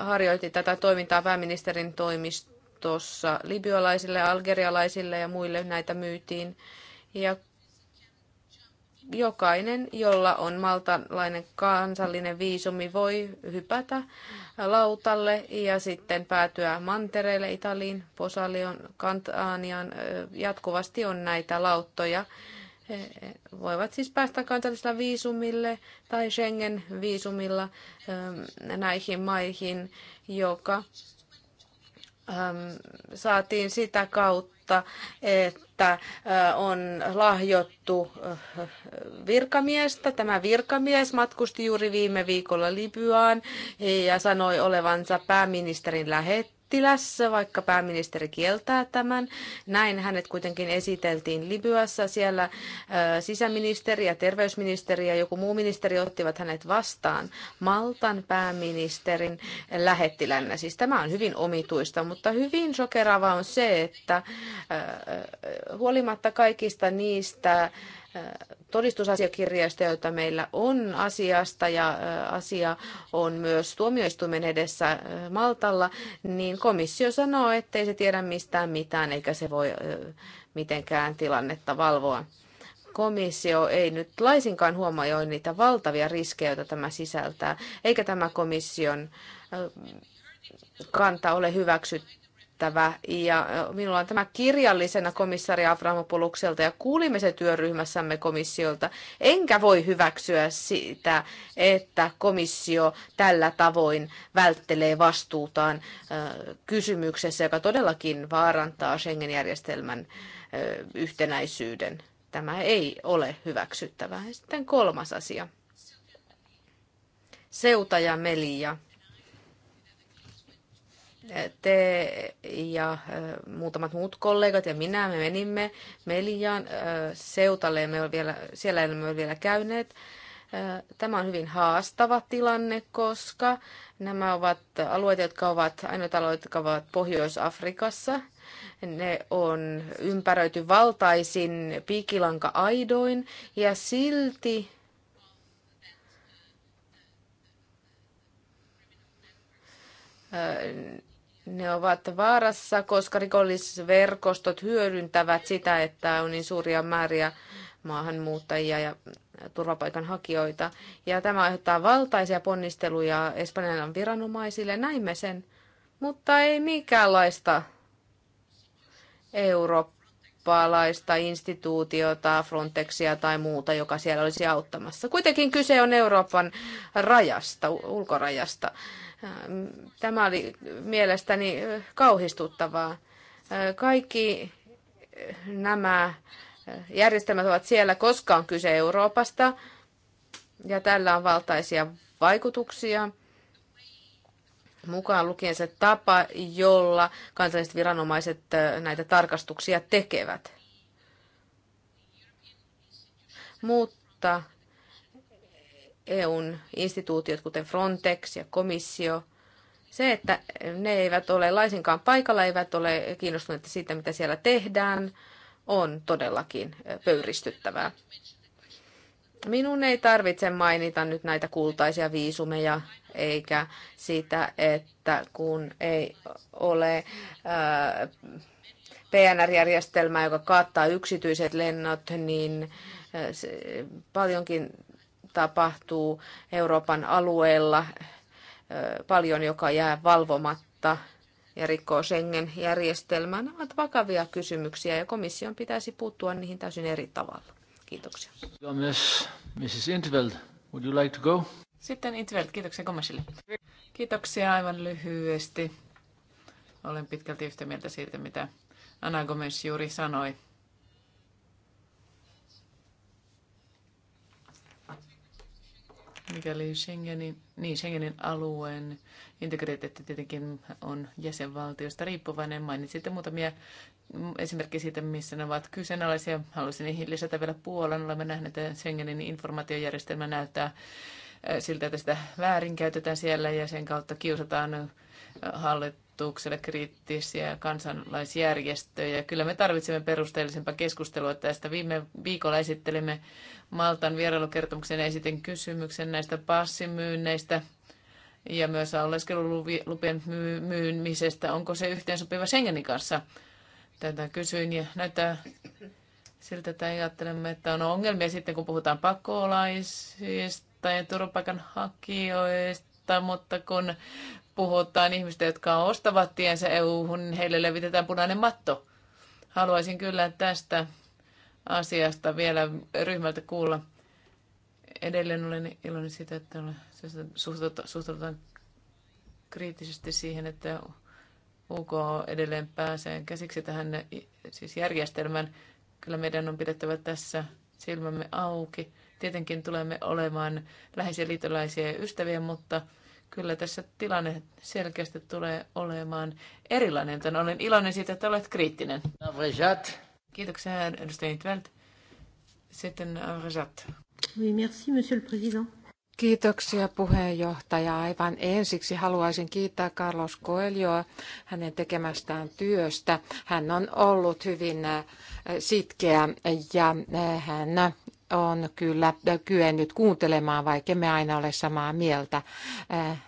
harjoitti tätä toimintaa pääministerin toimistossa libyalaisille, algerialaisille ja muille näitä myytiin. Ja jokainen, jolla on maltalainen kansallinen viisumi, voi hypätä lautalle ja sitten päätyä mantereelle Italiin, Posalion, Kantaanian. Jatkuvasti on näitä lauttoja. He voivat siis päästä kansallisella viisumille tai Schengen-viisumilla ähm, näihin maihin, joka ähm, saatiin sitä kautta, että äh, on lahjottu äh, virkamiestä. Tämä virkamies matkusti juuri viime viikolla Libyaan ja sanoi olevansa pääministerin lähettä lähettilässä, vaikka pääministeri kieltää tämän. Näin hänet kuitenkin esiteltiin Libyassa. Siellä sisäministeri ja terveysministeri ja joku muu ministeri ottivat hänet vastaan Maltan pääministerin lähettilänä. Siis tämä on hyvin omituista, mutta hyvin sokeravaa on se, että huolimatta kaikista niistä todistusasiakirjoista, joita meillä on asiasta ja asia on myös tuomioistuimen edessä Maltalla, niin komissio sanoo, ettei se tiedä mistään mitään eikä se voi mitenkään tilannetta valvoa. Komissio ei nyt laisinkaan huomioi niitä valtavia riskejä, joita tämä sisältää, eikä tämä komission kanta ole hyväksytty merkittävä. Ja minulla on tämä kirjallisena komissaari Avramopolukselta ja kuulimme se työryhmässämme komissiolta. Enkä voi hyväksyä sitä, että komissio tällä tavoin välttelee vastuutaan kysymyksessä, joka todellakin vaarantaa Schengen-järjestelmän yhtenäisyyden. Tämä ei ole hyväksyttävää. Sitten kolmas asia. Seuta ja Melia te ja muutamat muut kollegat ja minä, me menimme Melian seutalle, me ole vielä, siellä emme ole vielä käyneet. Tämä on hyvin haastava tilanne, koska nämä ovat alueet, jotka ovat ainoita alueita, jotka ovat Pohjois-Afrikassa. Ne on ympäröity valtaisin piikilanka-aidoin ja silti ne ovat vaarassa, koska rikollisverkostot hyödyntävät sitä, että on niin suuria määriä maahanmuuttajia ja turvapaikanhakijoita. Ja tämä aiheuttaa valtaisia ponnisteluja Espanjan viranomaisille, näimme sen, mutta ei mikäänlaista eurooppalaista instituutiota, Frontexia tai muuta, joka siellä olisi auttamassa. Kuitenkin kyse on Euroopan rajasta, ulkorajasta. Tämä oli mielestäni kauhistuttavaa. Kaikki nämä järjestelmät ovat siellä, koska on kyse Euroopasta, ja tällä on valtaisia vaikutuksia, mukaan lukien se tapa, jolla kansalliset viranomaiset näitä tarkastuksia tekevät. Mutta EUn instituutiot, kuten Frontex ja komissio, se, että ne eivät ole laisinkaan paikalla, eivät ole kiinnostuneita siitä, mitä siellä tehdään, on todellakin pöyristyttävää. Minun ei tarvitse mainita nyt näitä kultaisia viisumeja, eikä sitä, että kun ei ole PNR-järjestelmää, joka kattaa yksityiset lennot, niin paljonkin tapahtuu Euroopan alueella, paljon joka jää valvomatta ja rikkoo Schengen-järjestelmää. Nämä ovat vakavia kysymyksiä ja komission pitäisi puuttua niihin täysin eri tavalla. Kiitoksia. Mrs. Intveld, would you like to go? Sitten Intveld, kiitoksia komissille. Kiitoksia aivan lyhyesti. Olen pitkälti yhtä mieltä siitä, mitä Anna Gomes juuri sanoi. mikäli Schengenin, niin Schengenin alueen integriteetti tietenkin on jäsenvaltiosta riippuvainen. Mainitsitte muutamia esimerkkejä siitä, missä ne ovat kyseenalaisia. Haluaisin niihin lisätä vielä Puolan. Olemme nähneet, että Schengenin informaatiojärjestelmä näyttää siltä, että sitä väärinkäytetään siellä ja sen kautta kiusataan hallit, hallitukselle kriittisiä kansalaisjärjestöjä. Kyllä me tarvitsemme perusteellisempaa keskustelua tästä. Viime viikolla esittelimme Maltan vierailukertomuksen ja esitin kysymyksen näistä passimyynneistä ja myös oleskelulupien myymisestä. Onko se yhteensopiva Schengenin kanssa? Tätä kysyin ja näyttää siltä, että ajattelemme, että on ongelmia sitten, kun puhutaan pakolaisista ja turvapaikanhakijoista, mutta kun puhutaan ihmistä, jotka ostavat tiensä EU-hun, heille levitetään punainen matto. Haluaisin kyllä tästä asiasta vielä ryhmältä kuulla. Edelleen olen iloinen siitä, että suhtaudutaan kriittisesti siihen, että UK edelleen pääsee käsiksi tähän siis järjestelmään. Kyllä meidän on pidettävä tässä silmämme auki. Tietenkin tulemme olemaan läheisiä liitolaisia ja ystäviä, mutta Kyllä tässä tilanne selkeästi tulee olemaan erilainen, Tän olen iloinen siitä, että olet kriittinen. Kiitoksia, edustaja Intveld. Sitten Avrejat. Oui, merci, monsieur le président. Kiitoksia puheenjohtaja. Aivan ensiksi haluaisin kiittää Carlos Coelhoa hänen tekemästään työstä. Hän on ollut hyvin äh, sitkeä ja äh, hän on kyllä kyennyt kuuntelemaan, vaikka me aina ole samaa mieltä. Äh,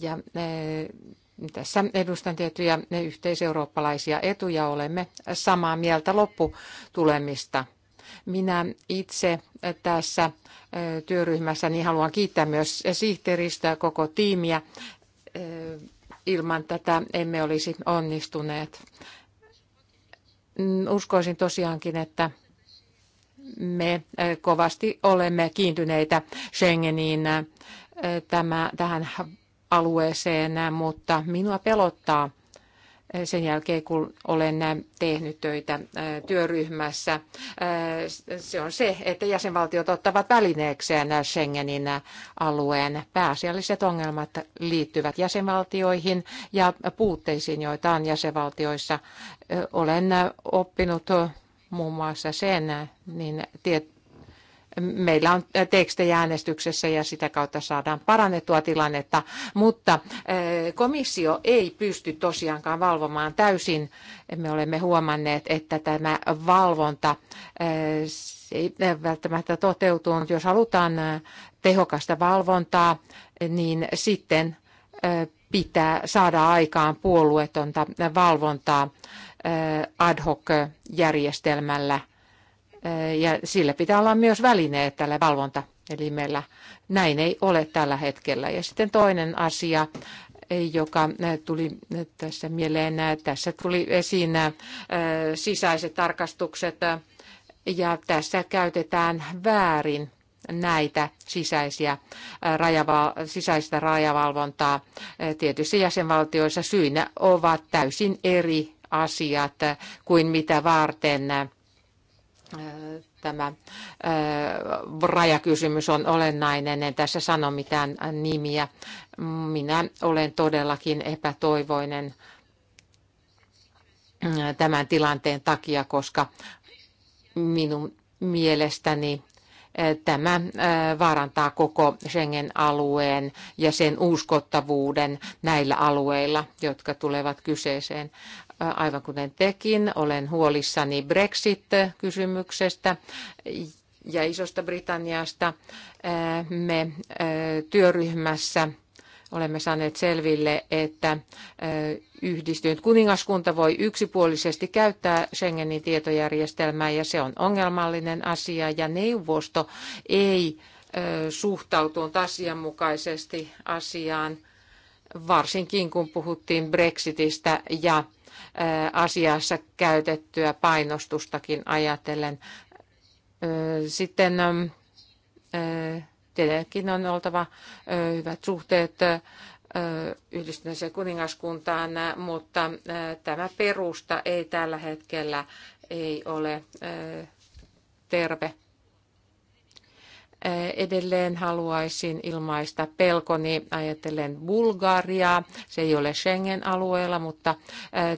ja äh, tässä edustan tiettyjä yhteiseurooppalaisia etuja, olemme samaa mieltä lopputulemista. Minä itse tässä äh, työryhmässä niin haluan kiittää myös sihteeristä koko tiimiä. Ilman tätä emme olisi onnistuneet. Uskoisin tosiaankin, että me eh, kovasti olemme kiintyneitä Schengeniin eh, tämä, tähän alueeseen, mutta minua pelottaa eh, sen jälkeen, kun olen tehnyt töitä työryhmässä, se on se, että jäsenvaltiot ottavat välineekseen Schengenin alueen. Pääasialliset ongelmat liittyvät jäsenvaltioihin ja puutteisiin, joita on jäsenvaltioissa. Olen oppinut muun muassa sen, niin tiet, meillä on tekstejä äänestyksessä ja sitä kautta saadaan parannettua tilannetta, mutta eh, komissio ei pysty tosiaankaan valvomaan täysin. Me olemme huomanneet, että tämä valvonta eh, ei välttämättä toteutunut. Jos halutaan eh, tehokasta valvontaa, niin sitten pitää saada aikaan puolueetonta valvontaa ad hoc-järjestelmällä. Ja sillä pitää olla myös välineet tällä valvontaelimellä. Näin ei ole tällä hetkellä. Ja sitten toinen asia, e, joka tuli tässä mieleen. Tässä tuli esiin sisäiset tarkastukset ja tässä käytetään väärin näitä sisäisiä rajava- sisäistä rajavalvontaa. Tietyissä jäsenvaltioissa syinä ovat täysin eri asiat kuin mitä varten äh, tämä äh, rajakysymys on olennainen. En tässä sano mitään nimiä. Minä olen todellakin epätoivoinen äh, tämän tilanteen takia, koska minun mielestäni tämä vaarantaa koko Schengen-alueen ja sen uskottavuuden näillä alueilla, jotka tulevat kyseeseen aivan kuten tekin, olen huolissani Brexit-kysymyksestä ja Isosta Britanniasta. Me työryhmässä olemme saaneet selville, että yhdistynyt kuningaskunta voi yksipuolisesti käyttää Schengenin tietojärjestelmää ja se on ongelmallinen asia ja neuvosto ei suhtautunut asianmukaisesti asiaan, varsinkin kun puhuttiin Brexitistä ja asiassa käytettyä painostustakin ajatellen. Sitten tietenkin on oltava hyvät suhteet yhdistyneeseen kuningaskuntaan, mutta tämä perusta ei tällä hetkellä ei ole terve edelleen haluaisin ilmaista pelkoni ajatellen Bulgariaa. Se ei ole Schengen-alueella, mutta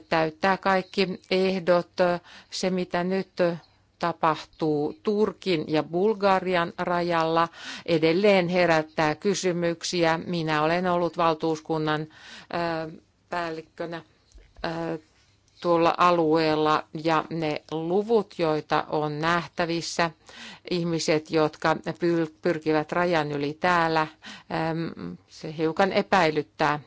täyttää kaikki ehdot. Se, mitä nyt tapahtuu Turkin ja Bulgarian rajalla, edelleen herättää kysymyksiä. Minä olen ollut valtuuskunnan päällikkönä tuolla alueella ja ne luvut, joita on nähtävissä, ihmiset, jotka pyrkivät rajan yli täällä, se hiukan epäilyttää.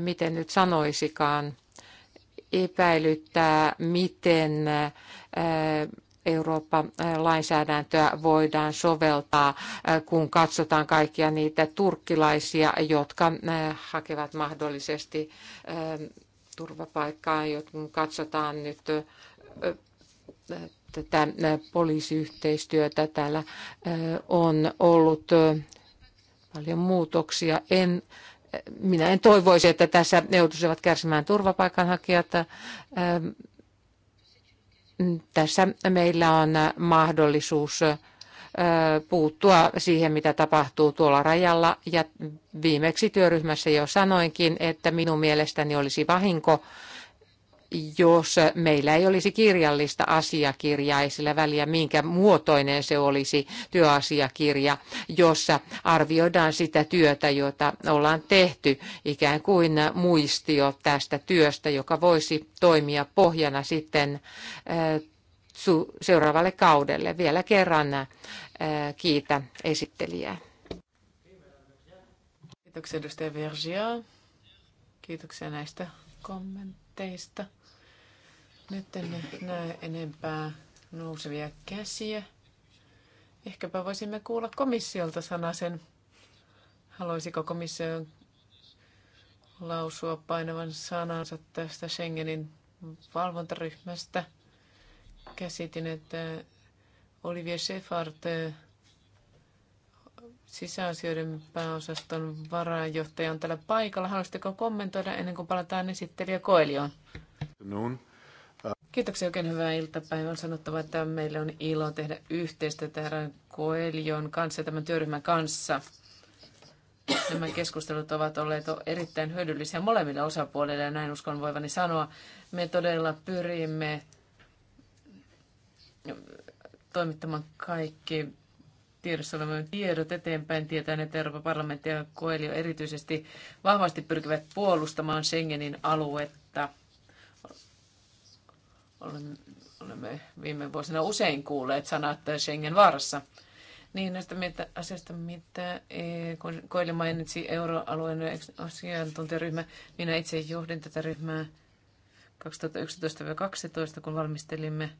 Miten nyt sanoisikaan? epäilyttää, miten Eurooppa-lainsäädäntöä voidaan soveltaa, äh, kun katsotaan kaikkia niitä turkkilaisia, jotka äh, hakevat mahdollisesti ähm, turvapaikkaa, kun katsotaan nyt äh, tätä poliisiyhteistyötä. Täällä on ollut paljon muutoksia. En, minä en toivoisi, että tässä joutuisivat kärsimään turvapaikanhakijat tässä meillä on mahdollisuus puuttua siihen, mitä tapahtuu tuolla rajalla. Ja viimeksi työryhmässä jo sanoinkin, että minun mielestäni olisi vahinko, jos meillä ei olisi kirjallista asiakirjaa, ei sillä väliä minkä muotoinen se olisi työasiakirja, jossa arvioidaan sitä työtä, jota ollaan tehty, ikään kuin muistio tästä työstä, joka voisi toimia pohjana sitten eh, seuraavalle kaudelle. Vielä kerran eh, kiitä esittelijää. Kiitoksia edustaja Vergia. Kiitoksia näistä kommenteista. Nyt en näe enempää nousevia käsiä. Ehkäpä voisimme kuulla komissiolta sanasen. Haluaisiko komissio lausua painavan sanansa tästä Schengenin valvontaryhmästä? Käsitin, että Olivier Sefard, sisäasioiden pääosaston varajohtaja, on täällä paikalla. Haluaisitteko kommentoida ennen kuin palataan esittelijä Koelioon? Noon. Kiitoksia oikein hyvää iltapäivää. On sanottava, että meillä on ilo tehdä yhteistyötä herran Koelion kanssa ja tämän työryhmän kanssa. Nämä keskustelut ovat olleet erittäin hyödyllisiä molemmille osapuolille ja näin uskon voivani sanoa. Me todella pyrimme toimittamaan kaikki tiedossa olevat tiedot eteenpäin. Tietään, että Euroopan parlamentti ja Koelio erityisesti vahvasti pyrkivät puolustamaan Schengenin aluetta – Olemme viime vuosina usein kuulleet sanat Schengen vaarassa. Niin näistä mitä, asiasta, mitä e, Koili mainitsi, euroalueen asiantuntijaryhmä. Minä itse johdin tätä ryhmää 2011-2012, kun valmistelimme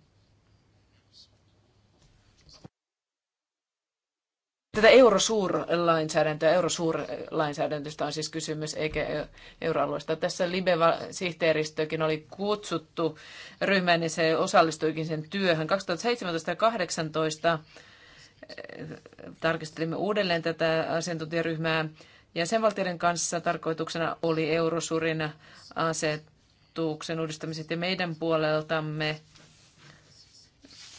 tätä eurosuurlainsäädäntöä, eurosuurlainsäädäntöstä on siis kysymys, eikä euroalueesta. Tässä Libeva-sihteeristökin oli kutsuttu ryhmään, niin se osallistuikin sen työhön. 2017 ja 2018 eh, tarkistelimme uudelleen tätä asiantuntijaryhmää. Jäsenvaltioiden kanssa tarkoituksena oli eurosuurin asetuksen uudistamiset ja meidän puoleltamme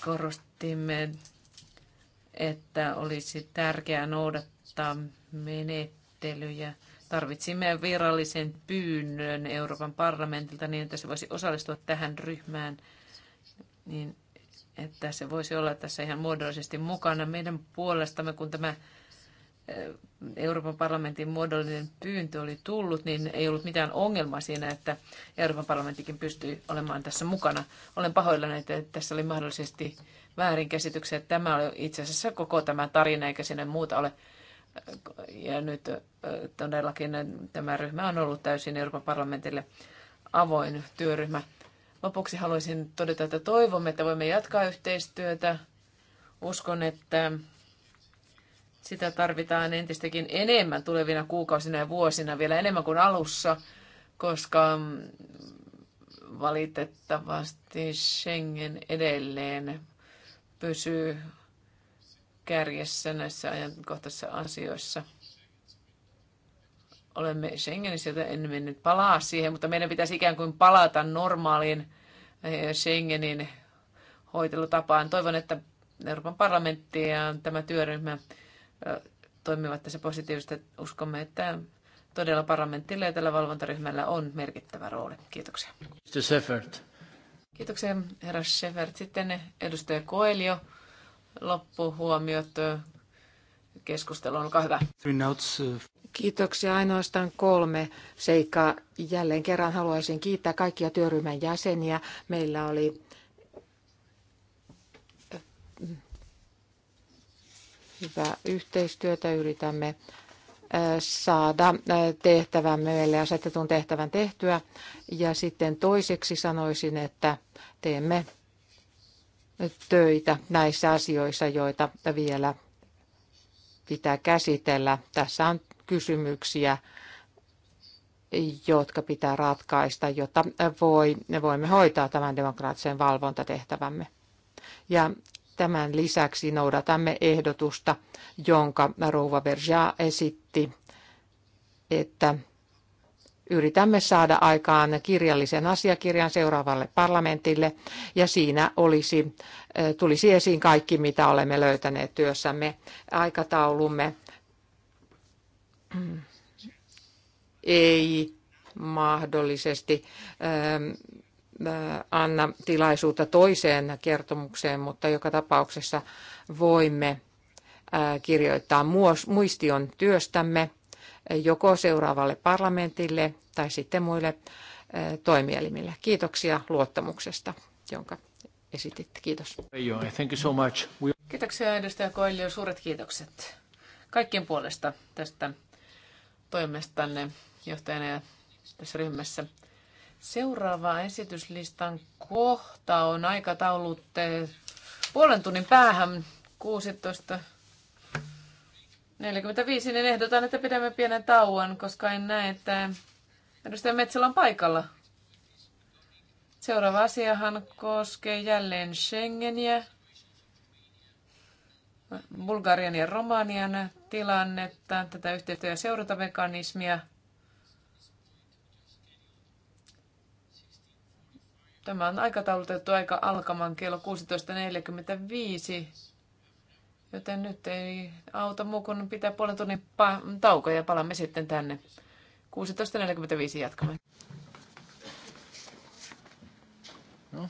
korostimme että olisi tärkeää noudattaa menettelyjä. Tarvitsimme virallisen pyynnön Euroopan parlamentilta niin, että se voisi osallistua tähän ryhmään, niin että se voisi olla tässä ihan muodollisesti mukana meidän puolestamme, kun tämä Euroopan parlamentin muodollinen pyyntö oli tullut, niin ei ollut mitään ongelmaa siinä, että Euroopan parlamenttikin pystyi olemaan tässä mukana. Olen pahoillani, että tässä oli mahdollisesti väärinkäsityksiä. Tämä oli itse asiassa koko tämä tarina, eikä sinne muuta ole. Ja nyt todellakin tämä ryhmä on ollut täysin Euroopan parlamentille avoin työryhmä. Lopuksi haluaisin todeta, että toivomme, että voimme jatkaa yhteistyötä. Uskon, että sitä tarvitaan entistäkin enemmän tulevina kuukausina ja vuosina, vielä enemmän kuin alussa, koska mm, valitettavasti Schengen edelleen pysyy kärjessä näissä ajankohtaisissa asioissa. Olemme Schengenissä, joten en mennyt palaa siihen, mutta meidän pitäisi ikään kuin palata normaaliin eh, Schengenin hoitelutapaan. Toivon, että Euroopan parlamentti ja tämä työryhmä toimivat tässä positiivisesti. Uskomme, että todella parlamentilla ja tällä valvontaryhmällä on merkittävä rooli. Kiitoksia. Mr. Kiitoksia, herra Seffert. Sitten edustaja Koelio. Loppuhuomiot keskusteluun. Olkaa hyvä. Uh, Kiitoksia ainoastaan kolme seikkaa. Jälleen kerran haluaisin kiittää kaikkia työryhmän jäseniä. Meillä oli hyvää yhteistyötä. Yritämme saada tehtävän meille asetetun tehtävän tehtyä. Ja sitten toiseksi sanoisin, että teemme töitä näissä asioissa, joita vielä pitää käsitellä. Tässä on kysymyksiä, jotka pitää ratkaista, jotta voi, voimme hoitaa tämän demokraattisen valvontatehtävämme. Ja Tämän lisäksi noudatamme ehdotusta, jonka Rouva Verja esitti, että yritämme saada aikaan kirjallisen asiakirjan seuraavalle parlamentille ja siinä olisi, tulisi esiin kaikki, mitä olemme löytäneet työssämme. Aikataulumme ei mahdollisesti anna tilaisuutta toiseen kertomukseen, mutta joka tapauksessa voimme kirjoittaa muistion työstämme joko seuraavalle parlamentille tai sitten muille toimielimille. Kiitoksia luottamuksesta, jonka esititte. Kiitos. Thank you so much. Kiitoksia edustaja Koilio. Suuret kiitokset kaikkien puolesta tästä toimestanne johtajana ja tässä ryhmässä. Seuraava esityslistan kohta on aikataulut puolen tunnin päähän 16. 45, niin ehdotan, että pidämme pienen tauon, koska en näe, että edustaja Metsälä on paikalla. Seuraava asiahan koskee jälleen Schengeniä, Bulgarian ja Romanian tilannetta, tätä yhteistyö- ja seurantamekanismia – Tämä on aikataulutettu aika alkamaan kello 16.45, joten nyt ei auta muu kuin pitää puolen tunnin tauko ja palaamme sitten tänne. 16.45 jatkamme. No.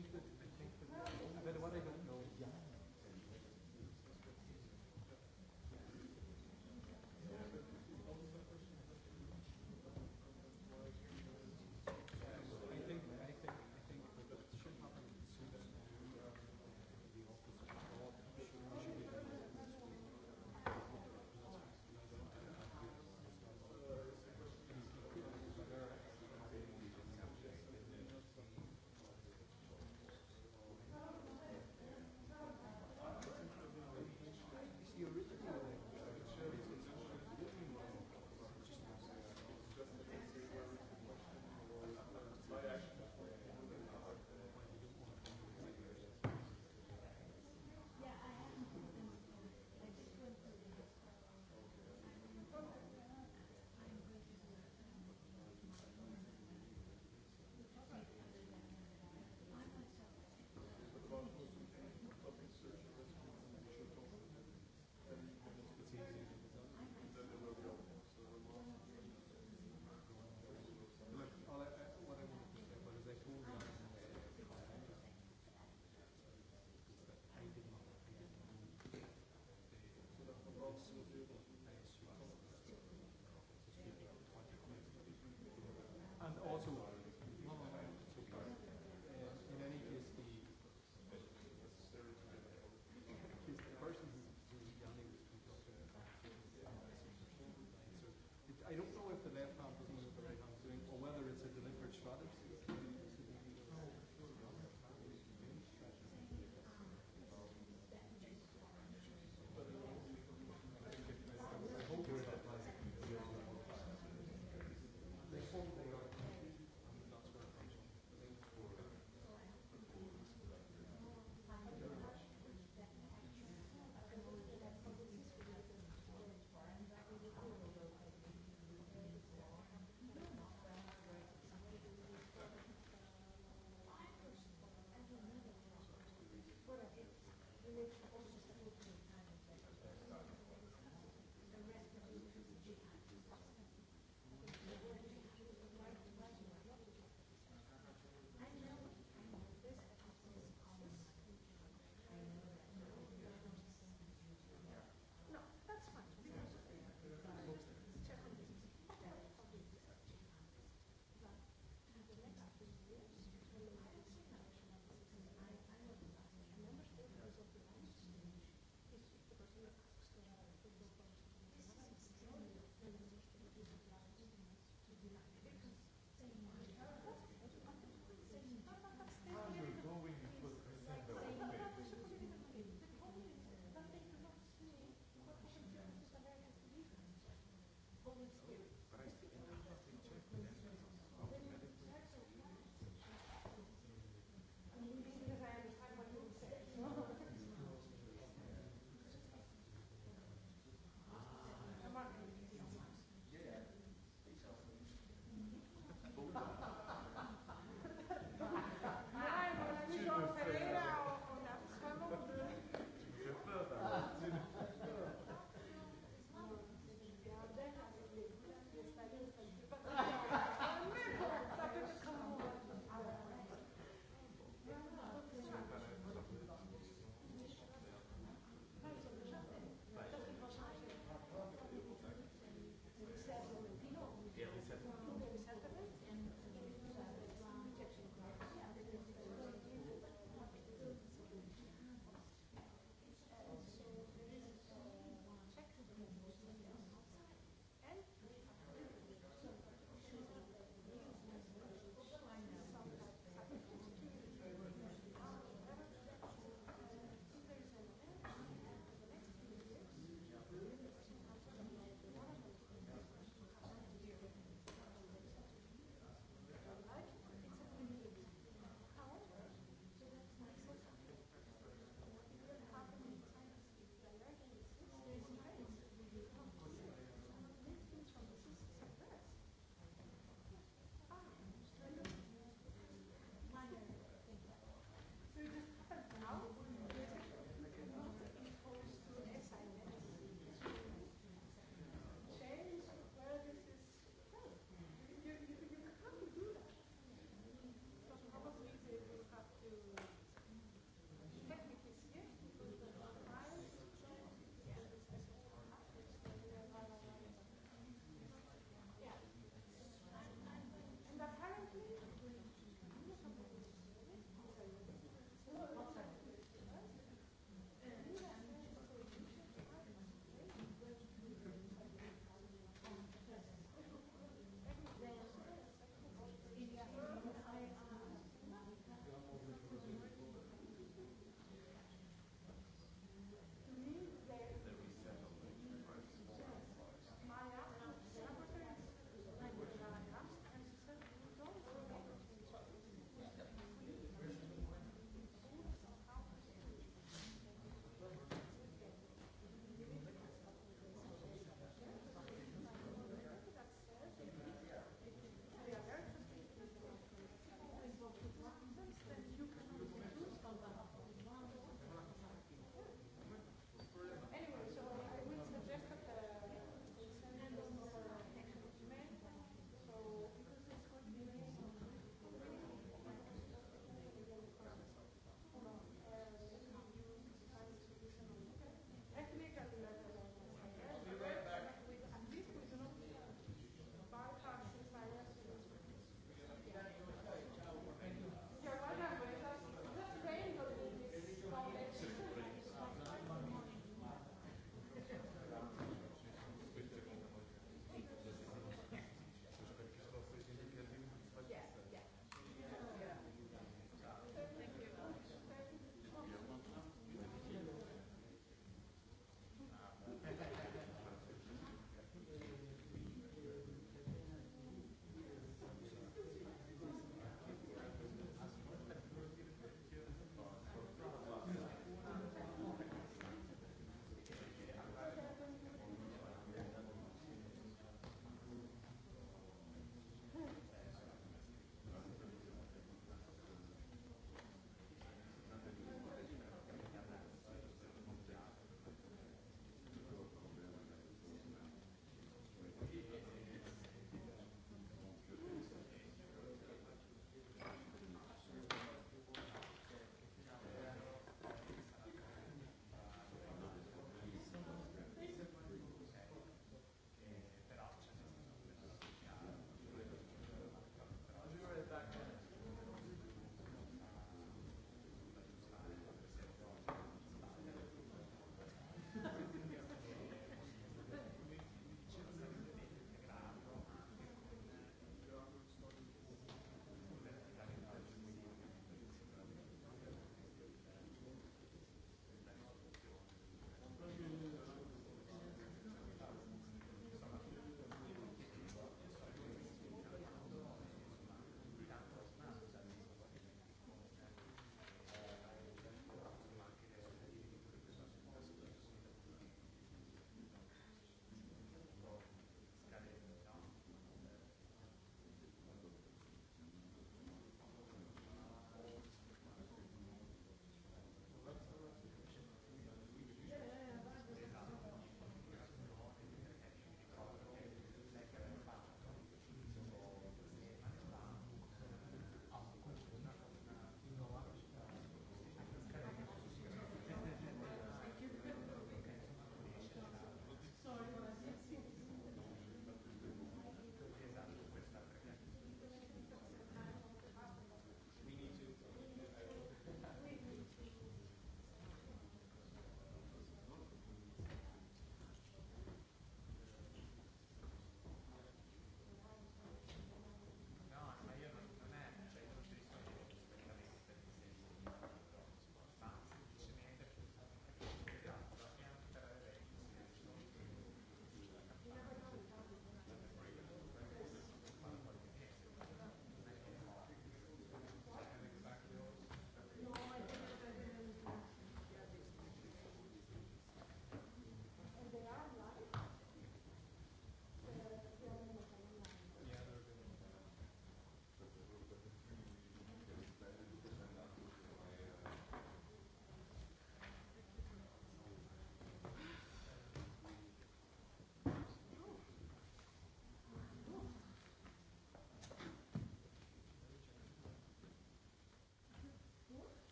think that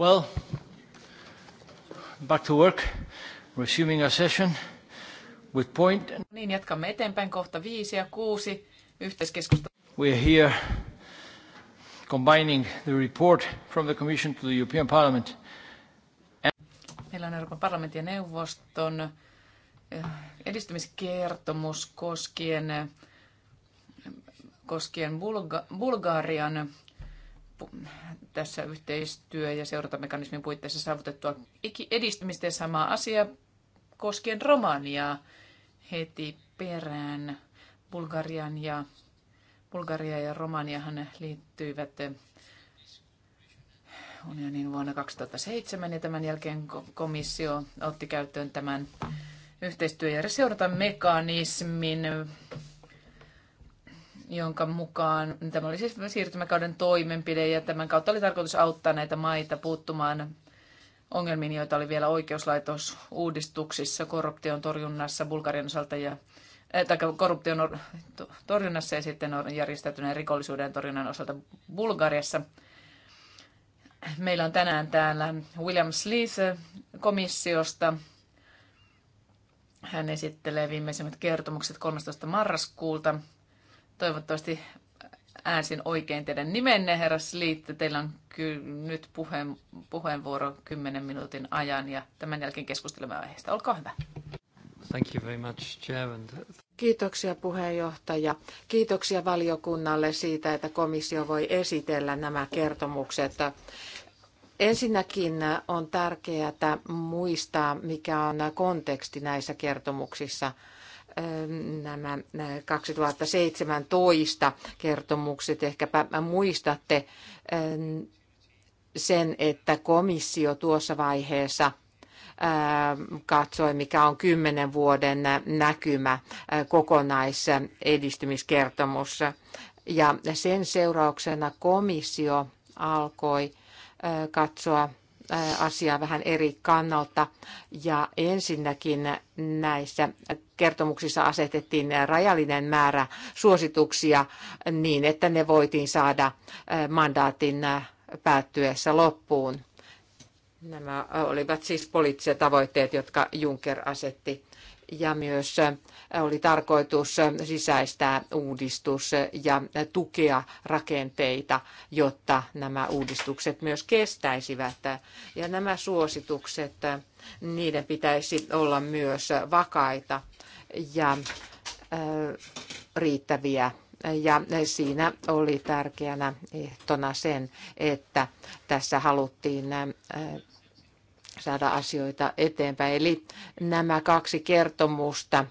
Well, back to work, resuming our session with point. No niin, jatkamme eteenpäin kohta viisi ja kuusi yhteiskeskustelu. We are here combining the report from the Commission to the European Parliament. And... Meillä on Euroopan parlamentin ja neuvoston eh, edistymiskertomus koskien, koskien Bulga- Bulgarian tässä yhteistyö- ja seurantamekanismin puitteissa saavutettua edistymistä ja sama asia koskien Romaniaa heti perään. Bulgarian ja, Bulgaria ja Romaniahan liittyivät unionin vuonna 2007 ja tämän jälkeen komissio otti käyttöön tämän yhteistyö- ja seurantamekanismin jonka mukaan tämä oli siis siirtymäkauden toimenpide ja tämän kautta oli tarkoitus auttaa näitä maita puuttumaan ongelmiin, joita oli vielä oikeuslaitos uudistuksissa, korruption torjunnassa Bulgarian osalta ja eh, tai korruption torjunnassa ja sitten järjestäytyneen rikollisuuden torjunnan osalta Bulgariassa. Meillä on tänään täällä William Sleeth komissiosta. Hän esittelee viimeisimmät kertomukset 13. marraskuulta Toivottavasti äänsin oikein teidän nimenne, herra Sliitte. Teillä on ky- nyt puheen, puheenvuoro 10 minuutin ajan ja tämän jälkeen keskustelemme aiheesta. Olkaa hyvä. Thank you very much, Chairman. Kiitoksia puheenjohtaja. Kiitoksia valiokunnalle siitä, että komissio voi esitellä nämä kertomukset. Ensinnäkin on tärkeää muistaa, mikä on konteksti näissä kertomuksissa – nämä 2017 kertomukset. Ehkäpä muistatte sen, että komissio tuossa vaiheessa katsoi, mikä on kymmenen vuoden näkymä kokonaisedistymiskertomus. Ja sen seurauksena komissio alkoi katsoa Äh, asiaa vähän eri kannalta. Ja ensinnäkin näissä kertomuksissa asetettiin rajallinen määrä suosituksia niin, että ne voitiin saada äh, mandaatin äh, päättyessä loppuun. Nämä olivat siis poliittiset tavoitteet, jotka Juncker asetti ja myös oli tarkoitus sisäistää uudistus ja tukea rakenteita, jotta nämä uudistukset myös kestäisivät. Ja nämä suositukset, niiden pitäisi olla myös vakaita ja riittäviä ja siinä oli tärkeänä ehtona sen, että tässä haluttiin saada asioita eteenpäin. Eli nämä kaksi kertomusta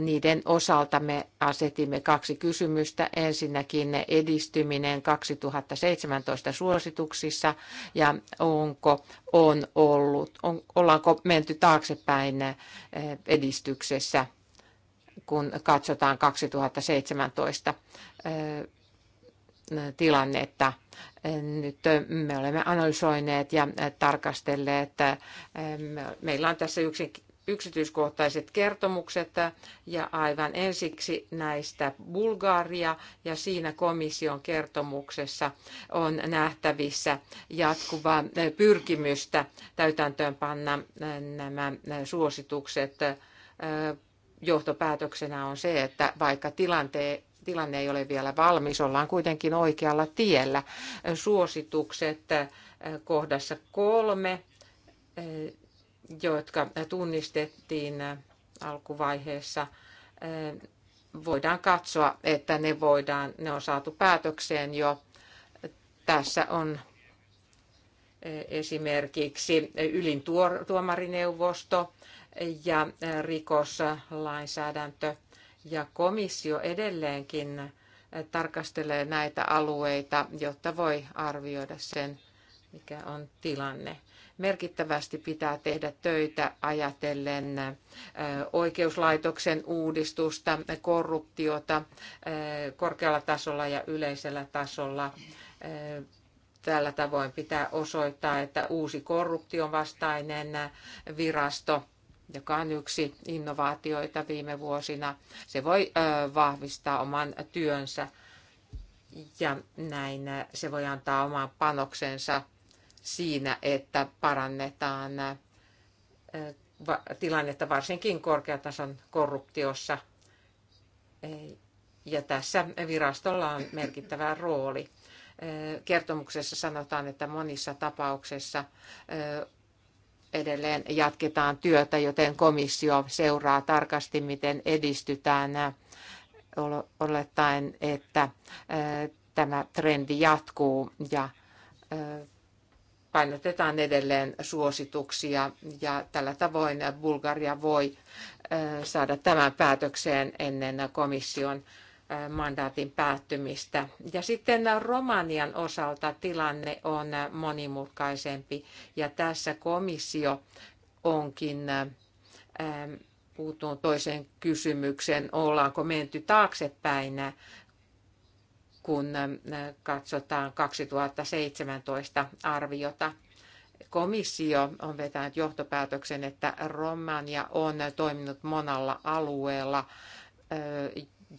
niiden osalta me asetimme kaksi kysymystä. Ensinnäkin edistyminen 2017 suosituksissa ja onko on ollut, on, ollaanko menty taaksepäin eh, edistyksessä, kun katsotaan 2017 eh, tilannetta. Nyt me olemme analysoineet ja tarkastelleet, että eh, meillä on tässä yksi yksityiskohtaiset kertomukset ja aivan ensiksi näistä Bulgaria ja siinä komission kertomuksessa on nähtävissä jatkuvaa pyrkimystä täytäntöönpanna nämä suositukset. Johtopäätöksenä on se, että vaikka tilanteen tilanne ei ole vielä valmis, ollaan kuitenkin oikealla tiellä. Suositukset kohdassa kolme jotka tunnistettiin äh, alkuvaiheessa, äh, voidaan katsoa, että ne, voidaan, ne on saatu päätökseen jo. Tässä on äh, esimerkiksi ylin tuomarineuvosto ja rikoslainsäädäntö ja komissio edelleenkin tarkastelee näitä alueita, jotta voi arvioida sen, mikä on tilanne merkittävästi pitää tehdä töitä ajatellen oikeuslaitoksen uudistusta, korruptiota korkealla tasolla ja yleisellä tasolla. Tällä tavoin pitää osoittaa, että uusi korruption vastainen virasto joka on yksi innovaatioita viime vuosina. Se voi vahvistaa oman työnsä ja näin se voi antaa oman panoksensa siinä, että parannetaan tilannetta varsinkin korkeatason korruptiossa. Ja tässä virastolla on merkittävä rooli. Kertomuksessa sanotaan, että monissa tapauksissa edelleen jatketaan työtä, joten komissio seuraa tarkasti, miten edistytään olettaen, että tämä trendi jatkuu ja painotetaan edelleen suosituksia ja tällä tavoin Bulgaria voi saada tämän päätökseen ennen komission mandaatin päättymistä. Ja sitten Romanian osalta tilanne on monimutkaisempi ja tässä komissio onkin puuttunut toiseen kysymykseen, ollaanko menty taaksepäin kun katsotaan 2017 arviota. Komissio on vetänyt johtopäätöksen, että Romania on toiminut monalla alueella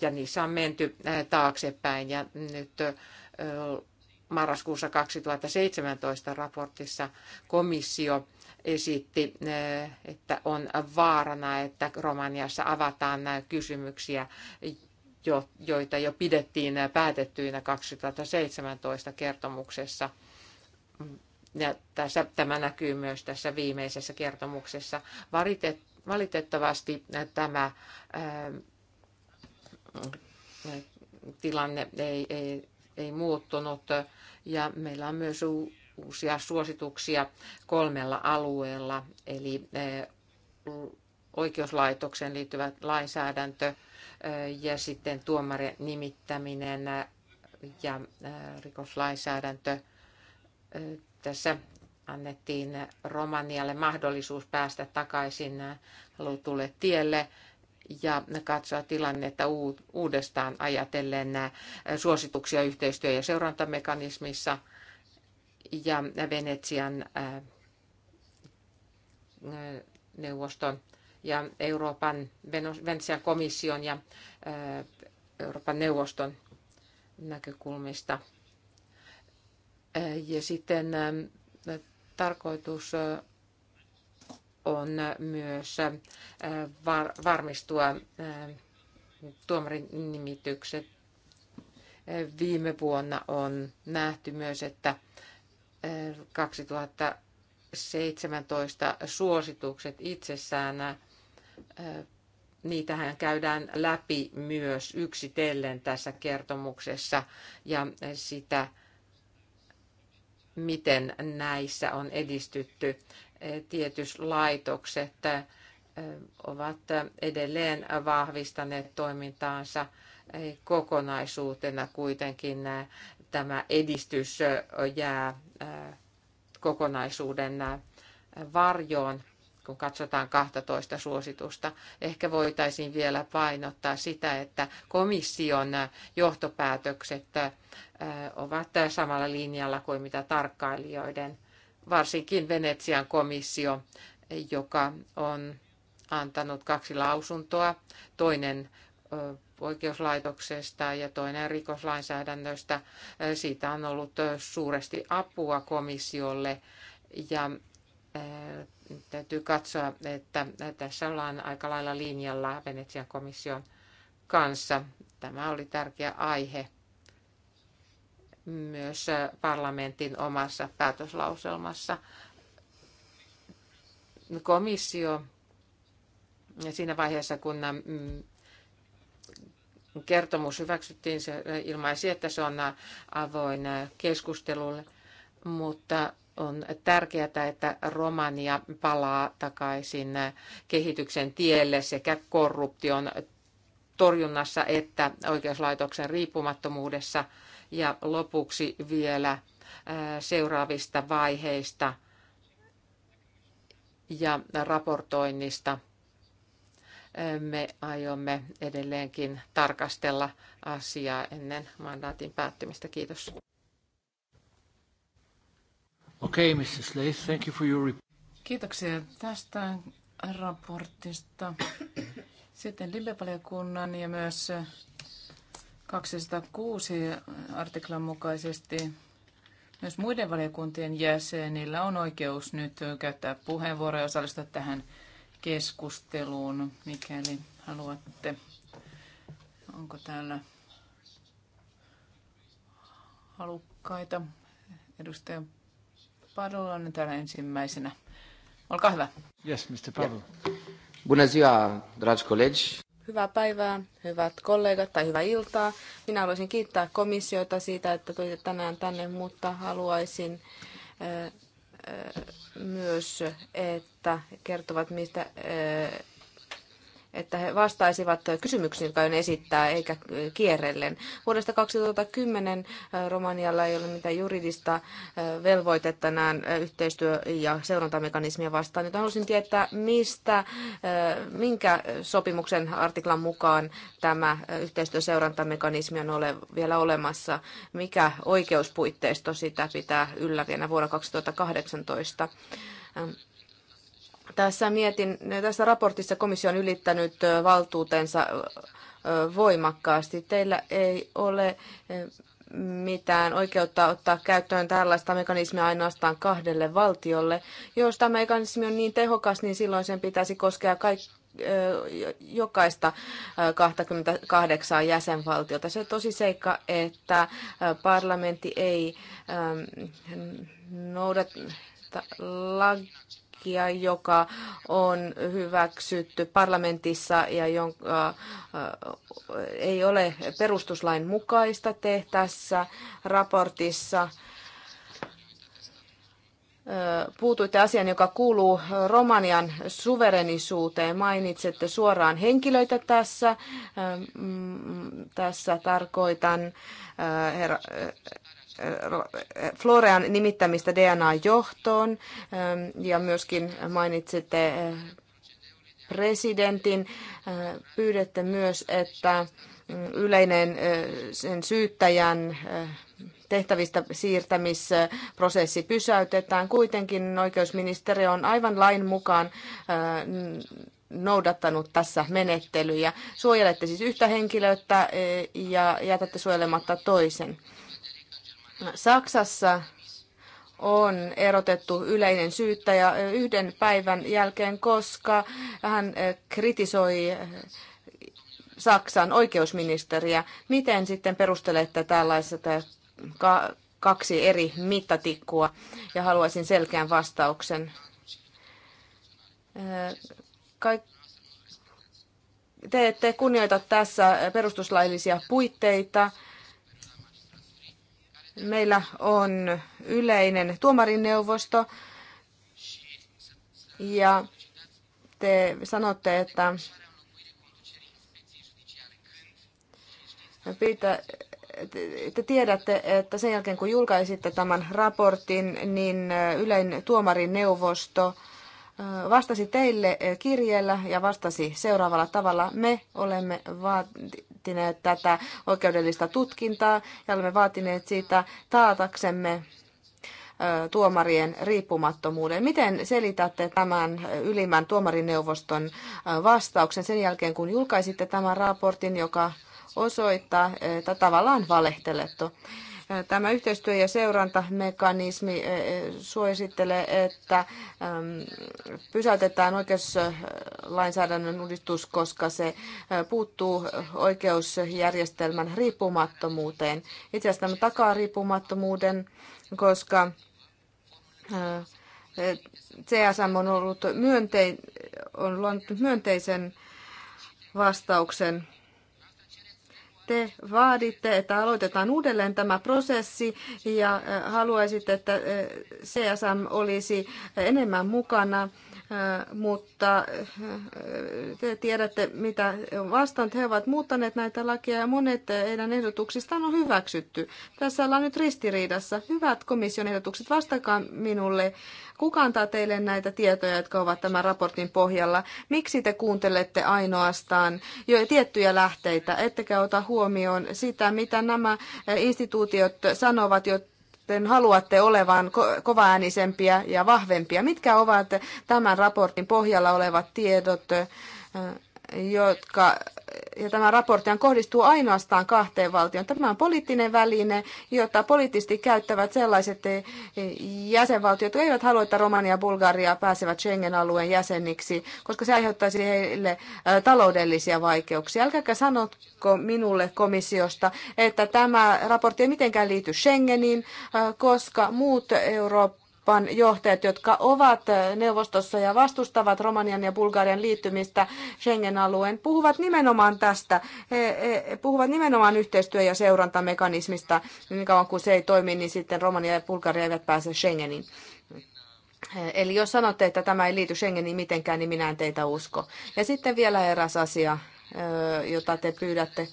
ja niissä on menty taaksepäin ja nyt marraskuussa 2017 raportissa komissio esitti, että on vaarana, että Romaniassa avataan nämä kysymyksiä, jo, joita jo pidettiin päätettyinä 2017 kertomuksessa. Ja tässä, tämä näkyy myös tässä viimeisessä kertomuksessa. Valitettavasti tämä ää, tilanne ei, ei, ei muuttunut ja meillä on myös uusia suosituksia kolmella alueella, eli ää, oikeuslaitoksen liittyvä lainsäädäntö, ja sitten tuomarin nimittäminen ja rikoslainsäädäntö. Tässä annettiin Romanialle mahdollisuus päästä takaisin halutulle tielle ja katsoa tilannetta uudestaan ajatellen suosituksia yhteistyö- ja seurantamekanismissa ja Venetsian neuvoston ja Euroopan Venetsian komission ja Euroopan neuvoston näkökulmista. Ja sitten tarkoitus on myös varmistua tuomarin nimitykset. Viime vuonna on nähty myös, että 2017 suositukset itsessään niitähän käydään läpi myös yksitellen tässä kertomuksessa ja sitä, miten näissä on edistytty. Tietyslaitokset ovat edelleen vahvistaneet toimintaansa kokonaisuutena kuitenkin tämä edistys jää kokonaisuuden varjoon kun katsotaan 12 suositusta, ehkä voitaisiin vielä painottaa sitä, että komission johtopäätökset äh, ovat samalla linjalla kuin mitä tarkkailijoiden, varsinkin Venetsian komissio, joka on antanut kaksi lausuntoa, toinen oikeuslaitoksesta ja toinen rikoslainsäädännöstä. Siitä on ollut suuresti apua komissiolle ja täytyy katsoa, että tässä ollaan aika lailla linjalla Venetsian komission kanssa. Tämä oli tärkeä aihe myös parlamentin omassa päätöslauselmassa. Komissio siinä vaiheessa, kun mm, kertomus hyväksyttiin, se ilmaisi, että se on avoin keskustelulle, mutta on tärkeää, että Romania palaa takaisin kehityksen tielle sekä korruption torjunnassa että oikeuslaitoksen riippumattomuudessa. Ja lopuksi vielä äh, seuraavista vaiheista ja raportoinnista. Äh, me aiomme edelleenkin tarkastella asiaa ennen mandaatin päättymistä. Kiitos. Okay, Mrs. Leith, thank you for your... Kiitoksia tästä raportista. Sitten lille ja myös 206 artiklan mukaisesti myös muiden valiokuntien jäsenillä on oikeus nyt käyttää puheenvuoroja ja osallistua tähän keskusteluun, mikäli haluatte. Onko täällä halukkaita edustajan Pavel on täällä ensimmäisenä. Olkaa hyvä. Yes, Mr. Pavel. ziua, dragi colegi. Hyvää päivää, hyvät kollegat tai hyvää iltaa. Minä haluaisin kiittää komissiota siitä, että tulitte tänään tänne, mutta haluaisin äh, äh, myös, että kertovat, mistä äh, että he vastaisivat kysymyksiin, jotka on esittää, eikä kierrellen. Vuodesta 2010 äh, Romanialla ei ole mitään juridista äh, velvoitetta näin äh, yhteistyö- ja seurantamekanismia vastaan. Nyt haluaisin tietää, mistä, minkä sopimuksen artiklan mukaan tämä yhteistyöseurantamekanismi on ole, vielä olemassa, mikä oikeuspuitteisto sitä pitää yllä vielä vuonna 2018. Tässä, mietin, tässä raportissa komissio on ylittänyt valtuutensa voimakkaasti. Teillä ei ole mitään oikeutta ottaa käyttöön tällaista mekanismia ainoastaan kahdelle valtiolle. Jos tämä mekanismi on niin tehokas, niin silloin sen pitäisi koskea kaik- jokaista 28 jäsenvaltiota. Se tosi seikka, että parlamentti ei noudat lakia lakia, joka on hyväksytty parlamentissa ja jonka äh, ei ole perustuslain mukaista. Te tässä raportissa äh, puutuitte asian, joka kuuluu Romanian suverenisuuteen. Mainitsette suoraan henkilöitä tässä. Äh, tässä tarkoitan herra Florean nimittämistä DNA-johtoon ähm, ja myöskin mainitsitte äh, presidentin. Äh, pyydätte myös, että mm, yleinen äh, sen syyttäjän tehtävistä siirtämisprosessi pysäytetään. Kuitenkin oikeusministeriö on aivan lain mukaan noudattanut tässä menettelyjä. Suojelette siis yhtä henkilöä ja jätätte suojelematta toisen. Saksassa on erotettu yleinen syyttäjä yhden päivän jälkeen, koska hän eh, kritisoi eh, Saksan oikeusministeriä. Miten sitten perustelette tällaiset eh, kaksi eri mittatikkua? Ja haluaisin selkeän vastauksen. Kaik- te ette kunnioita tässä perustuslaillisia puitteita Meillä on yleinen tuomarineuvosto ja te sanotte, että pitä, te tiedätte, että sen jälkeen kun julkaisitte tämän raportin, niin yleinen tuomarineuvosto neuvosto vastasi teille kirjeellä ja vastasi seuraavalla tavalla. Me olemme vaatineet tätä oikeudellista tutkintaa ja olemme vaatineet siitä taataksemme tuomarien riippumattomuuden. Miten selitätte tämän ylimmän tuomarineuvoston vastauksen sen jälkeen, kun julkaisitte tämän raportin, joka osoittaa, että tavallaan valehtelettu? Tämä yhteistyö- ja seurantamekanismi eh, suosittelee, että pysäytetään oikeuslainsäädännön uudistus, koska se eh, puuttuu oikeusjärjestelmän riippumattomuuteen. Itse asiassa tämä takaa riippumattomuuden, koska eh, CSM on, ollut myöntein, on luonut myönteisen vastauksen te vaaditte, että aloitetaan uudelleen tämä prosessi ja äh, haluaisitte, että äh, CSM olisi enemmän mukana mutta te tiedätte, mitä vastaan he ovat muuttaneet näitä lakia ja monet heidän ehdotuksistaan on hyväksytty. Tässä ollaan nyt ristiriidassa. Hyvät komission ehdotukset, vastakaa minulle. Kuka antaa teille näitä tietoja, jotka ovat tämän raportin pohjalla? Miksi te kuuntelette ainoastaan jo tiettyjä lähteitä, ettekä ota huomioon sitä, mitä nämä instituutiot sanovat, jotta haluatte olevan ko- kovaäänisempiä ja vahvempia? Mitkä ovat tämän raportin pohjalla olevat tiedot? jotka, ja tämä raportti kohdistuu ainoastaan kahteen valtioon. Tämä on poliittinen väline, jota poliittisesti käyttävät sellaiset eh, jäsenvaltiot, jotka eivät halua, että Romania ja Bulgaria pääsevät Schengen-alueen jäseniksi, koska se aiheuttaisi heille eh, taloudellisia vaikeuksia. Älkääkä sanotko minulle komissiosta, että tämä raportti ei mitenkään liity Schengeniin, eh, koska muut Euroopan Euroopan johtajat, jotka ovat eh, neuvostossa ja vastustavat Romanian ja Bulgarian liittymistä Schengen-alueen, puhuvat nimenomaan tästä. He, he puhuvat nimenomaan yhteistyö- ja seurantamekanismista. Niin kauan kuin se ei toimi, niin sitten Romania ja Bulgaria eivät pääse Schengeniin. Eh, eli jos sanotte, että tämä ei liity Schengeniin mitenkään, niin minä en teitä usko. Ja sitten vielä eräs asia, eh, jota te pyydätte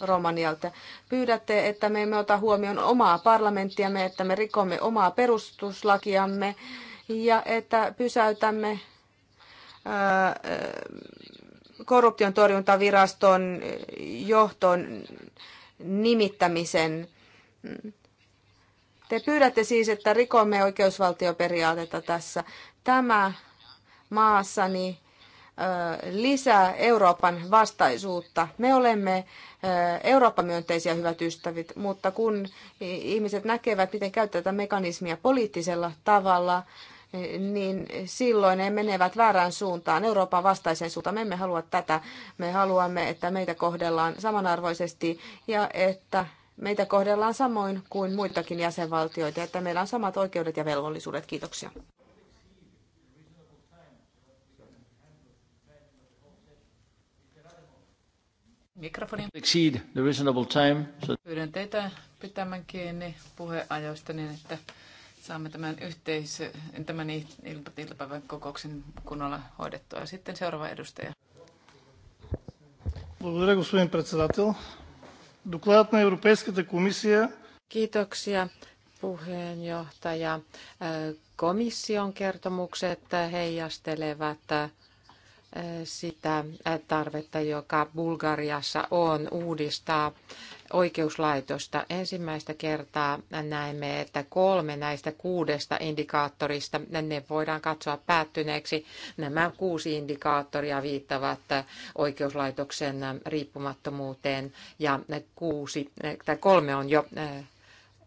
Romanialta. Pyydätte, että me emme ota huomioon omaa parlamenttiamme, että me rikomme omaa perustuslakiamme ja että pysäytämme korruption torjuntaviraston johton nimittämisen. Te pyydätte siis, että rikomme oikeusvaltioperiaatetta tässä. Tämä maassani lisää Euroopan vastaisuutta. Me olemme Eurooppa-myönteisiä, hyvät ystävät, mutta kun ihmiset näkevät, miten käyttää tätä mekanismia poliittisella tavalla, niin silloin ne menevät väärään suuntaan, Euroopan vastaiseen suuntaan. Me emme halua tätä. Me haluamme, että meitä kohdellaan samanarvoisesti ja että meitä kohdellaan samoin kuin muitakin jäsenvaltioita, että meillä on samat oikeudet ja velvollisuudet. Kiitoksia. mikrofonin. Exceed the reasonable time. So... Pyydän teitä pitämään kiinni puheajoista niin, että saamme tämän yhteis, tämän iltapäivän kokouksen kunnolla hoidettua. Sitten seuraava edustaja. Kiitoksia, puheenjohtaja. Komission kertomukset heijastelevat sitä tarvetta, joka Bulgariassa on uudistaa oikeuslaitosta. Ensimmäistä kertaa näemme, että kolme näistä kuudesta indikaattorista, ne voidaan katsoa päättyneeksi. Nämä kuusi indikaattoria viittavat oikeuslaitoksen riippumattomuuteen ja kuusi, tai kolme on jo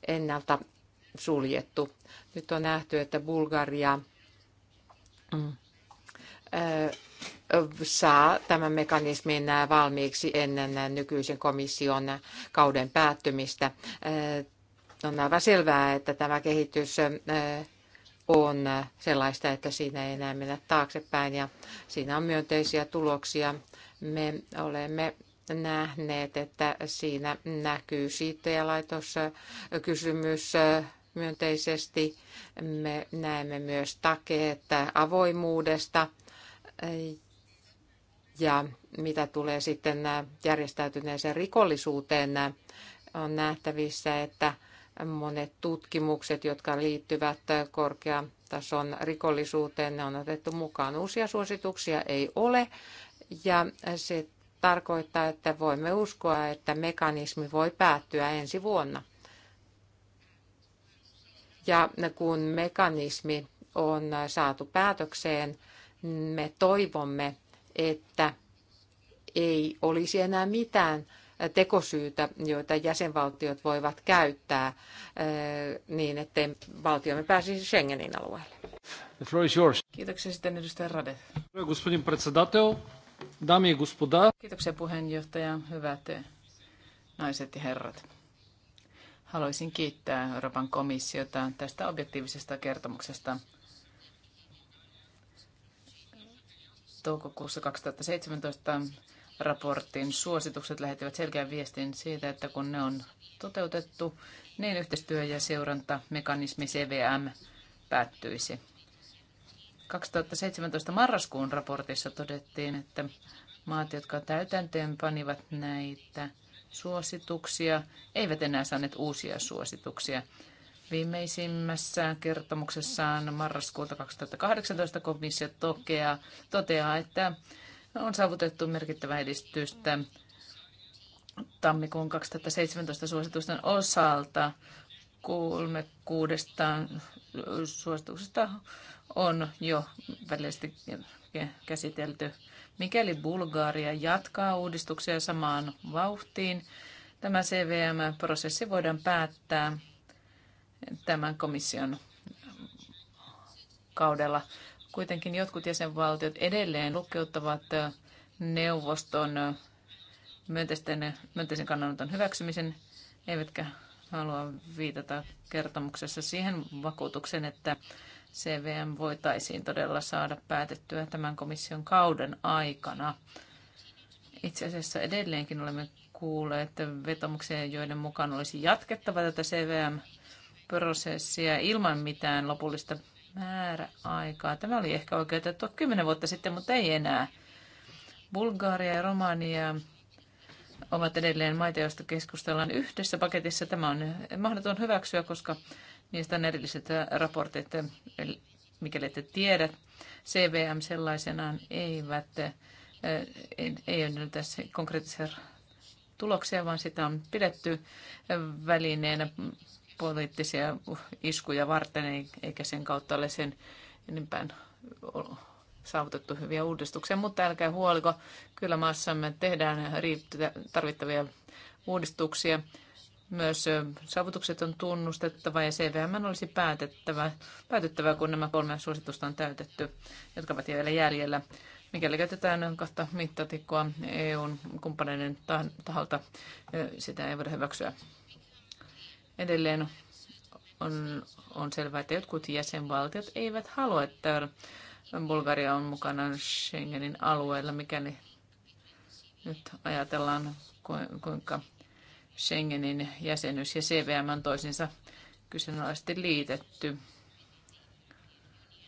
ennalta suljettu. Nyt on nähty, että Bulgaria saa tämän mekanismin valmiiksi ennen nykyisen komission kauden päättymistä. On aivan selvää, että tämä kehitys on sellaista, että siinä ei enää mennä taaksepäin ja siinä on myönteisiä tuloksia. Me olemme nähneet, että siinä näkyy siittäjälaitos kysymys myönteisesti. Me näemme myös takeet avoimuudesta – ja mitä tulee sitten äh, järjestäytyneeseen rikollisuuteen, äh, on nähtävissä, että monet tutkimukset, jotka liittyvät äh, korkeatason rikollisuuteen, ne on otettu mukaan. Uusia suosituksia ei ole ja se tarkoittaa, että voimme uskoa, että mekanismi voi päättyä ensi vuonna. Ja kun mekanismi on saatu päätökseen, me toivomme, että ei olisi enää mitään tekosyytä, joita jäsenvaltiot voivat käyttää eh, niin, että valtiomme pääsisi Schengenin alueelle. The floor is yours. Kiitoksia sitten edustaja Rade. Kiitoksia puheenjohtaja, hyvät naiset ja herrat. Haluaisin kiittää Euroopan komissiota tästä objektiivisesta kertomuksesta – toukokuussa 2017 raportin suositukset lähettivät selkeän viestin siitä, että kun ne on toteutettu, niin yhteistyö- ja seurantamekanismi CVM päättyisi. 2017 marraskuun raportissa todettiin, että maat, jotka täytäntöön panivat näitä suosituksia, eivät enää saaneet uusia suosituksia. Viimeisimmässä kertomuksessaan marraskuulta 2018 komissio tokea, toteaa, että on saavutettu merkittävää edistystä tammikuun 2017 suositusten osalta. Kolme kuudesta suosituksesta on jo välillisesti käsitelty. Mikäli Bulgaria jatkaa uudistuksia samaan vauhtiin, tämä CVM-prosessi voidaan päättää tämän komission kaudella. Kuitenkin jotkut jäsenvaltiot edelleen lukeuttavat neuvoston myönteisten, myönteisen kannanoton hyväksymisen, eivätkä halua viitata kertomuksessa siihen vakuutukseen, että CVM voitaisiin todella saada päätettyä tämän komission kauden aikana. Itse asiassa edelleenkin olemme kuulleet vetomuksia, joiden mukaan olisi jatkettava tätä CVM prosessia ilman mitään lopullista määräaikaa. Tämä oli ehkä oikeutettu kymmenen vuotta sitten, mutta ei enää. Bulgaria ja Romania ovat edelleen maita, joista keskustellaan yhdessä paketissa. Tämä on mahdoton hyväksyä, koska niistä on erilliset raportit, mikäli ette tiedä. CVM sellaisenaan eivät, ei ole tässä konkreettisia tuloksia, vaan sitä on pidetty välineenä poliittisia iskuja varten, eikä sen kautta ole sen enempää saavutettu hyviä uudistuksia, mutta älkää huoliko, kyllä maassamme tehdään tarvittavia uudistuksia. Myös saavutukset on tunnustettava ja CVM olisi päätettävä, päätettävä, kun nämä kolme suositusta on täytetty, jotka ovat vielä jäljellä. Mikäli käytetään kahta mittatikkoa EUn kumppaneiden taholta, sitä ei voida hyväksyä. Edelleen on, on selvää, että jotkut jäsenvaltiot eivät halua, että Bulgaria on mukana Schengenin alueella, mikäli nyt ajatellaan, kuinka Schengenin jäsenyys ja CVM on toisinsa kyseenalaisesti liitetty,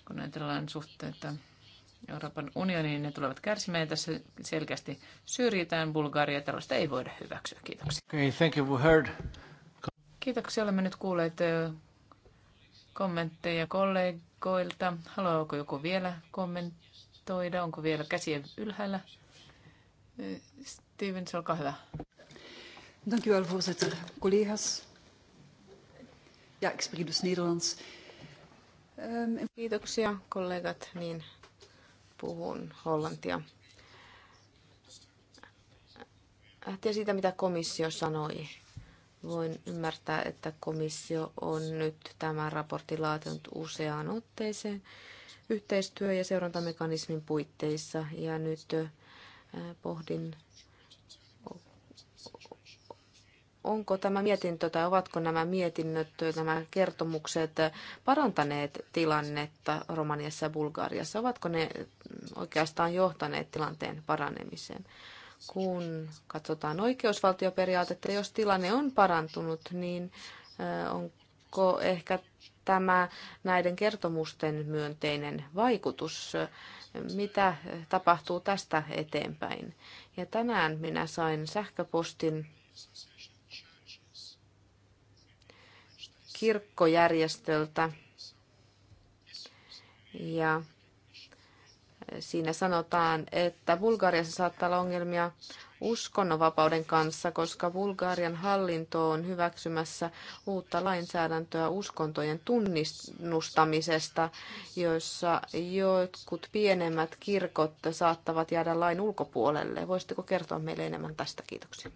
kun ajatellaan suhteita Euroopan unioniin, ne tulevat kärsimään. Tässä selkeästi syrjitään Bulgaria. Tällaista ei voida hyväksyä. Kiitoksia. Okay, thank you. We heard Kiitoksia, olemme nyt kuulleet kommentteja kollegoilta. Haluaako joku vielä kommentoida? Onko vielä käsiä ylhäällä? Steven, olkaa hyvä. Dank u wel, voorzitter. Collega's. Ja, ik spreek dus Nederlands. Ehm, Kiitoksia, kollegat. Niin puhun hollantia. Lähtien siitä, mitä komissio sanoi Voin ymmärtää, että komissio on nyt tämän raportin laatinut useaan otteeseen yhteistyö- ja seurantamekanismin puitteissa. Ja nyt pohdin, onko tämä mietintö tai ovatko nämä mietinnöt, nämä kertomukset parantaneet tilannetta Romaniassa ja Bulgariassa? Ovatko ne oikeastaan johtaneet tilanteen paranemiseen? kun katsotaan oikeusvaltioperiaatetta, jos tilanne on parantunut, niin onko ehkä tämä näiden kertomusten myönteinen vaikutus, mitä tapahtuu tästä eteenpäin. Ja tänään minä sain sähköpostin kirkkojärjestöltä ja Siinä sanotaan, että Bulgariassa saattaa olla ongelmia uskonnonvapauden kanssa, koska Bulgarian hallinto on hyväksymässä uutta lainsäädäntöä uskontojen tunnistamisesta, joissa jotkut pienemmät kirkot saattavat jäädä lain ulkopuolelle. Voisitteko kertoa meille enemmän tästä? Kiitoksia.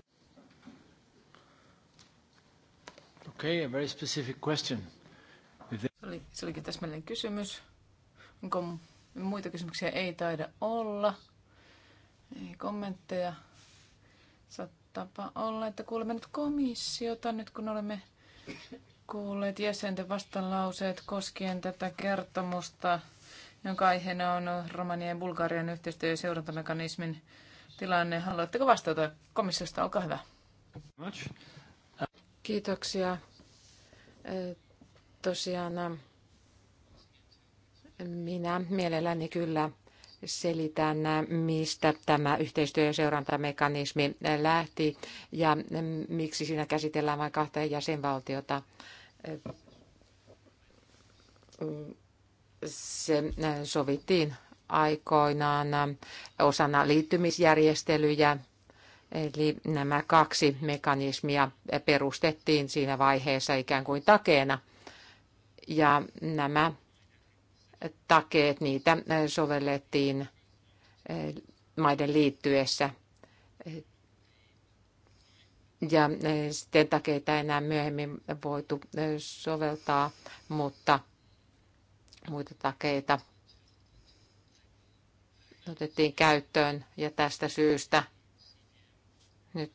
Okay, a very specific question. Se olikin täsmällinen kysymys. Onko Muita kysymyksiä ei taida olla. Ei kommentteja. Saattaapa olla, että kuulemme nyt komissiota nyt, kun olemme kuulleet jäsenten vastalauseet koskien tätä kertomusta, jonka aiheena on Romania ja Bulgarian yhteistyö- ja seurantamekanismin tilanne. Haluatteko vastata komissiosta? Olkaa hyvä. Kiitoksia. Tosiaan minä mielelläni kyllä selitän, mistä tämä yhteistyö- ja seurantamekanismi lähti ja miksi siinä käsitellään vain kahta jäsenvaltiota. Se sovittiin aikoinaan osana liittymisjärjestelyjä, eli nämä kaksi mekanismia perustettiin siinä vaiheessa ikään kuin takeena. Ja nämä takeet, niitä sovellettiin maiden liittyessä. Ja sitten takeita enää myöhemmin voitu soveltaa, mutta muita takeita otettiin käyttöön ja tästä syystä nyt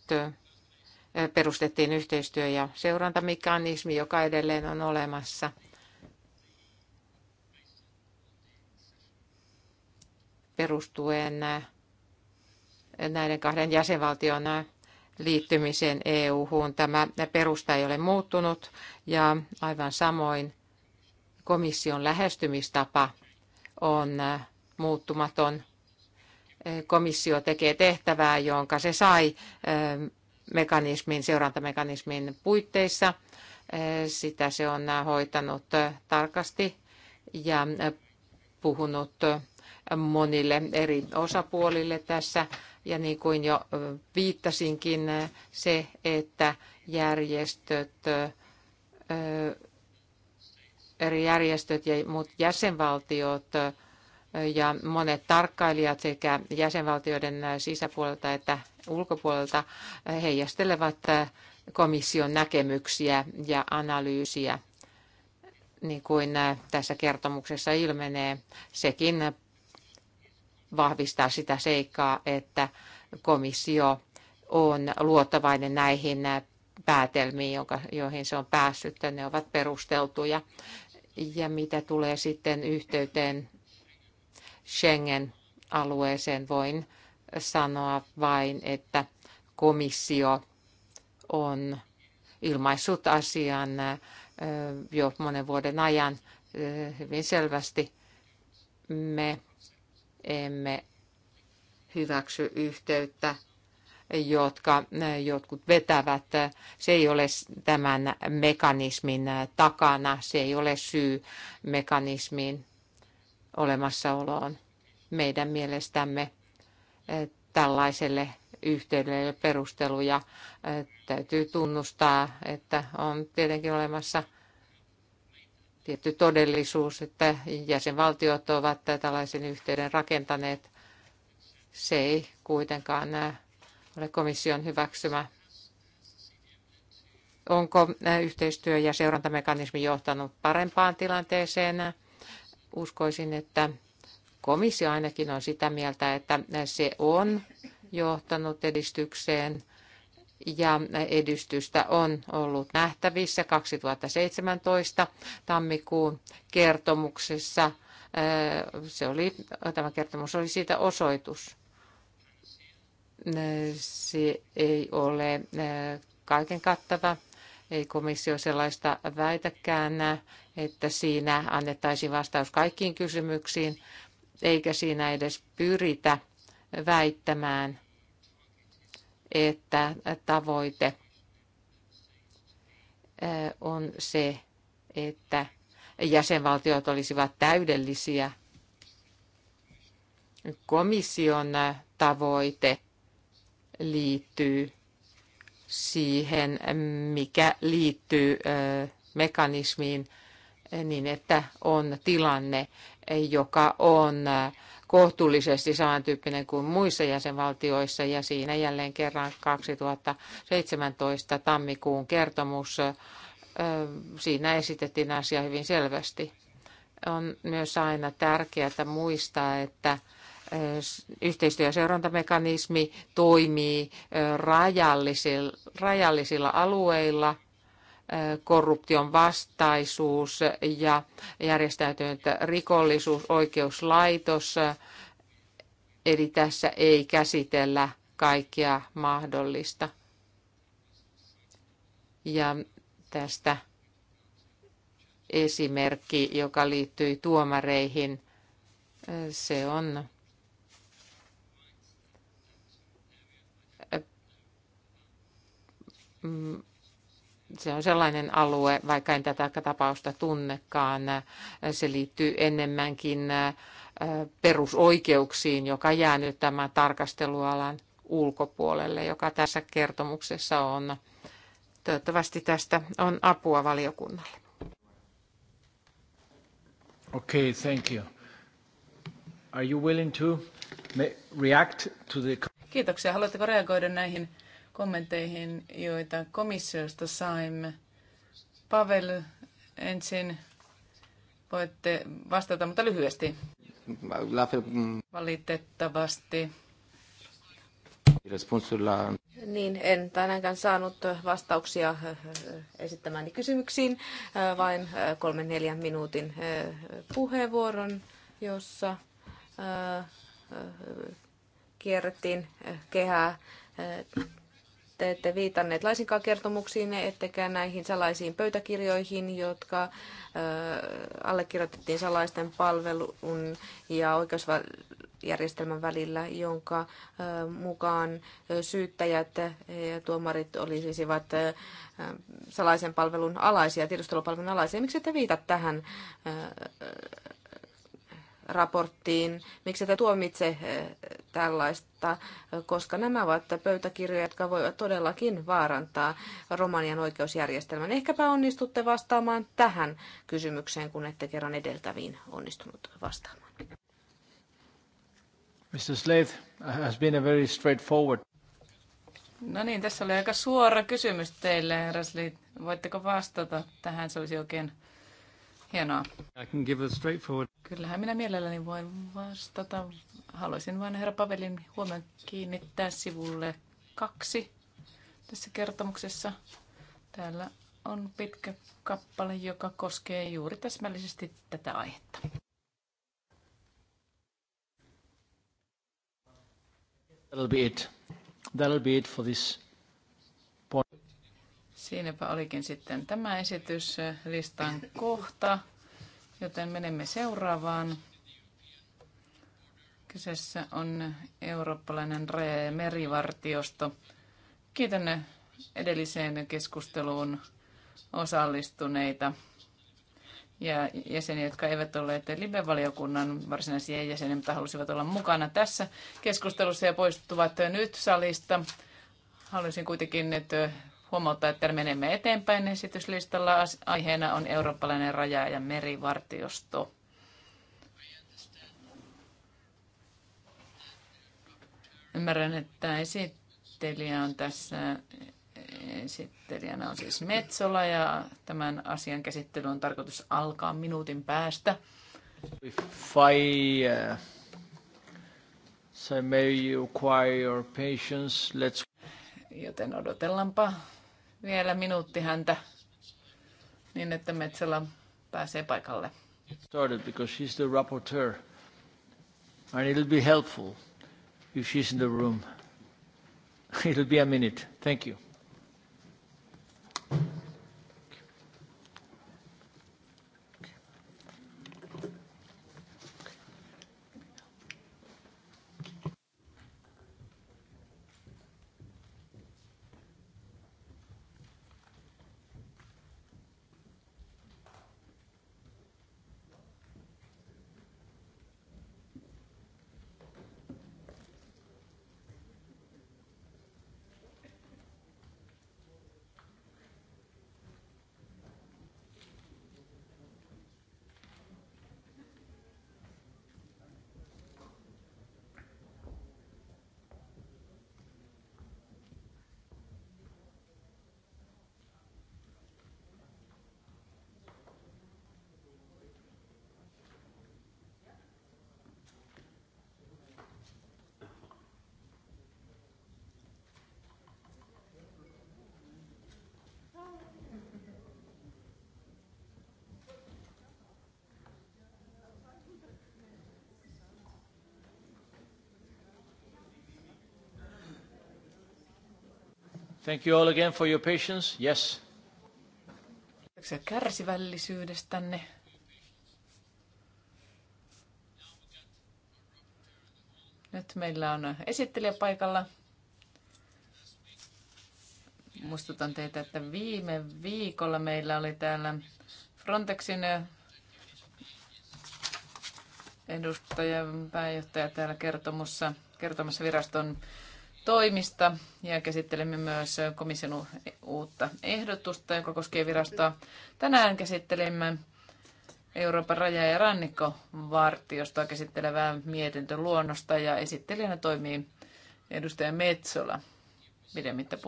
perustettiin yhteistyö- ja seurantamekanismi, joka edelleen on olemassa – perustuen näiden kahden jäsenvaltion liittymiseen EU-hun. Tämä perusta ei ole muuttunut ja aivan samoin komission lähestymistapa on muuttumaton. Komissio tekee tehtävää, jonka se sai eh, mekanismin, seurantamekanismin puitteissa. Eh, sitä se on hoitanut tarkasti ja eh, puhunut monille eri osapuolille tässä. Ja niin kuin jo viittasinkin, se, että järjestöt, eri järjestöt ja muut jäsenvaltiot ja monet tarkkailijat sekä jäsenvaltioiden sisäpuolelta että ulkopuolelta heijastelevat komission näkemyksiä ja analyysiä niin kuin tässä kertomuksessa ilmenee, sekin vahvistaa sitä seikkaa, että komissio on luottavainen näihin päätelmiin, joihin se on päässyt, että ne ovat perusteltuja. Ja mitä tulee sitten yhteyteen Schengen-alueeseen, voin sanoa vain, että komissio on ilmaissut asian jo monen vuoden ajan hyvin selvästi. Me emme hyväksy yhteyttä, jotka jotkut vetävät. Se ei ole tämän mekanismin takana, se ei ole syy mekanismiin olemassaoloon. Meidän mielestämme eh, tällaiselle yhteydelle perusteluja eh, täytyy tunnustaa, että on tietenkin olemassa – tietty todellisuus, että jäsenvaltiot ovat tällaisen yhteyden rakentaneet. Se ei kuitenkaan äh, ole komission hyväksymä. Onko äh, yhteistyö- ja seurantamekanismi johtanut parempaan tilanteeseen? Uskoisin, että komissio ainakin on sitä mieltä, että se on johtanut edistykseen ja edistystä on ollut nähtävissä 2017 tammikuun kertomuksessa. Äh, se oli, tämä kertomus oli siitä osoitus. Se ei ole äh, kaiken kattava. Ei komissio sellaista väitäkään, että siinä annettaisiin vastaus kaikkiin kysymyksiin, eikä siinä edes pyritä väittämään – että tavoite on se, että jäsenvaltiot olisivat täydellisiä. Komission tavoite liittyy siihen, mikä liittyy mekanismiin niin, että on tilanne, joka on kohtuullisesti samantyyppinen kuin muissa jäsenvaltioissa ja siinä jälleen kerran 2017 tammikuun kertomus, siinä esitettiin asia hyvin selvästi. On myös aina tärkeää muistaa, että yhteistyö- ja seurantamekanismi toimii rajallisilla, rajallisilla alueilla – korruption vastaisuus ja järjestäytynyt rikollisuus, oikeuslaitos. Eli tässä ei käsitellä kaikkea mahdollista. Ja tästä esimerkki, joka liittyy tuomareihin, se on se on sellainen alue, vaikka en tätä tapausta tunnekaan, se liittyy enemmänkin äh, perusoikeuksiin, joka jää nyt tämän tarkastelualan ulkopuolelle, joka tässä kertomuksessa on. Toivottavasti tästä on apua valiokunnalle. Okay, thank you. Are you willing to react to the... Kiitoksia. Haluatteko reagoida näihin kommenteihin, joita komissiosta saimme. Pavel, ensin voitte vastata, mutta lyhyesti. Valitettavasti. Niin, en tänäänkään saanut vastauksia äh, äh, esittämäni kysymyksiin, äh, vain kolmen neljän minuutin puheenvuoron, jossa kierrettiin kehää te ette viitanneet laisinkaan kertomuksiin, ettekä näihin salaisiin pöytäkirjoihin, jotka allekirjoitettiin salaisten palvelun ja oikeusjärjestelmän välillä, jonka mukaan syyttäjät ja tuomarit olisivat salaisen palvelun alaisia, tiedustelupalvelun alaisia. Miksi te viitat tähän raporttiin. Miksi te tuomitse eh, tällaista, koska nämä ovat pöytäkirjoja, jotka voivat todellakin vaarantaa Romanian oikeusjärjestelmän. Ehkäpä onnistutte vastaamaan tähän kysymykseen, kun ette kerran edeltäviin onnistunut vastaamaan. Mr. Slade has been a very straightforward. No niin, tässä oli aika suora kysymys teille, herra Slade. Voitteko vastata tähän? Se olisi oikein Hienoa. I can give a straightforward... Kyllähän minä mielelläni voin vastata. Haluaisin vain herra Pavelin huomioon kiinnittää sivulle kaksi tässä kertomuksessa. Täällä on pitkä kappale, joka koskee juuri täsmällisesti tätä aihetta. That'll be it. That'll be it for this Siinäpä olikin sitten tämä esitys listan kohta, joten menemme seuraavaan. Kyseessä on eurooppalainen raja- ja merivartiosto. Kiitän edelliseen keskusteluun osallistuneita ja jäseniä, jotka eivät olleet Libe-valiokunnan varsinaisia jäseniä, mutta halusivat olla mukana tässä keskustelussa ja poistuvat nyt salista. Haluaisin kuitenkin että huomauttaa, että menemme eteenpäin esityslistalla. Aiheena on eurooppalainen raja- ja merivartiosto. Ymmärrän, että esittelijä on tässä, esittelijänä on siis Metsola ja tämän asian käsittely on tarkoitus alkaa minuutin päästä. If uh, so may you acquire patience, let's... Joten odotellaanpa vielä minuutti häntä niin, että Metsola pääsee paikalle. Started because she's the rapporteur. And it'll be helpful if she's in the room. It'll be a minute. Thank you. Thank you all again for your patience. Yes. Kiitoksia kärsivällisyydestänne. Nyt meillä on esittelijä paikalla. Muistutan teitä, että viime viikolla meillä oli täällä Frontexin edustajan pääjohtaja täällä kertomassa viraston toimista ja käsittelemme myös komission uutta ehdotusta, joka koskee virastoa. Tänään käsittelemme Euroopan raja- ja rannikkovartiosta käsittelevää mietintöluonnosta ja esittelijänä toimii edustaja Metsola. Pidemmittä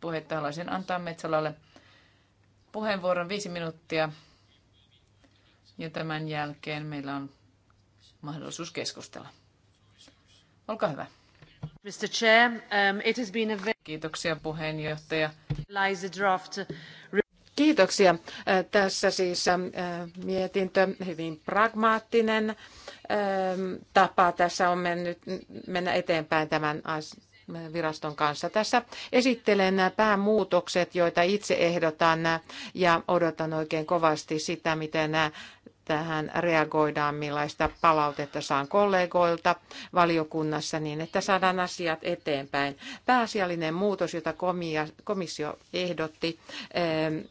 puhetta haluaisin antaa Metsolalle puheenvuoron viisi minuuttia ja tämän jälkeen meillä on mahdollisuus keskustella. Olkaa hyvä. Mr. Chair, um, it has been a very... Kiitoksia puheenjohtaja. Draft. Kiitoksia. Tässä siis mietintö hyvin pragmaattinen tapa tässä on mennyt, mennä eteenpäin tämän viraston kanssa. Tässä esittelen nämä päämuutokset, joita itse ehdotan ja odotan oikein kovasti sitä, miten tähän reagoidaan, millaista palautetta saan kollegoilta valiokunnassa niin, että saadaan asiat eteenpäin. Pääasiallinen muutos, jota komissio ehdotti, eh,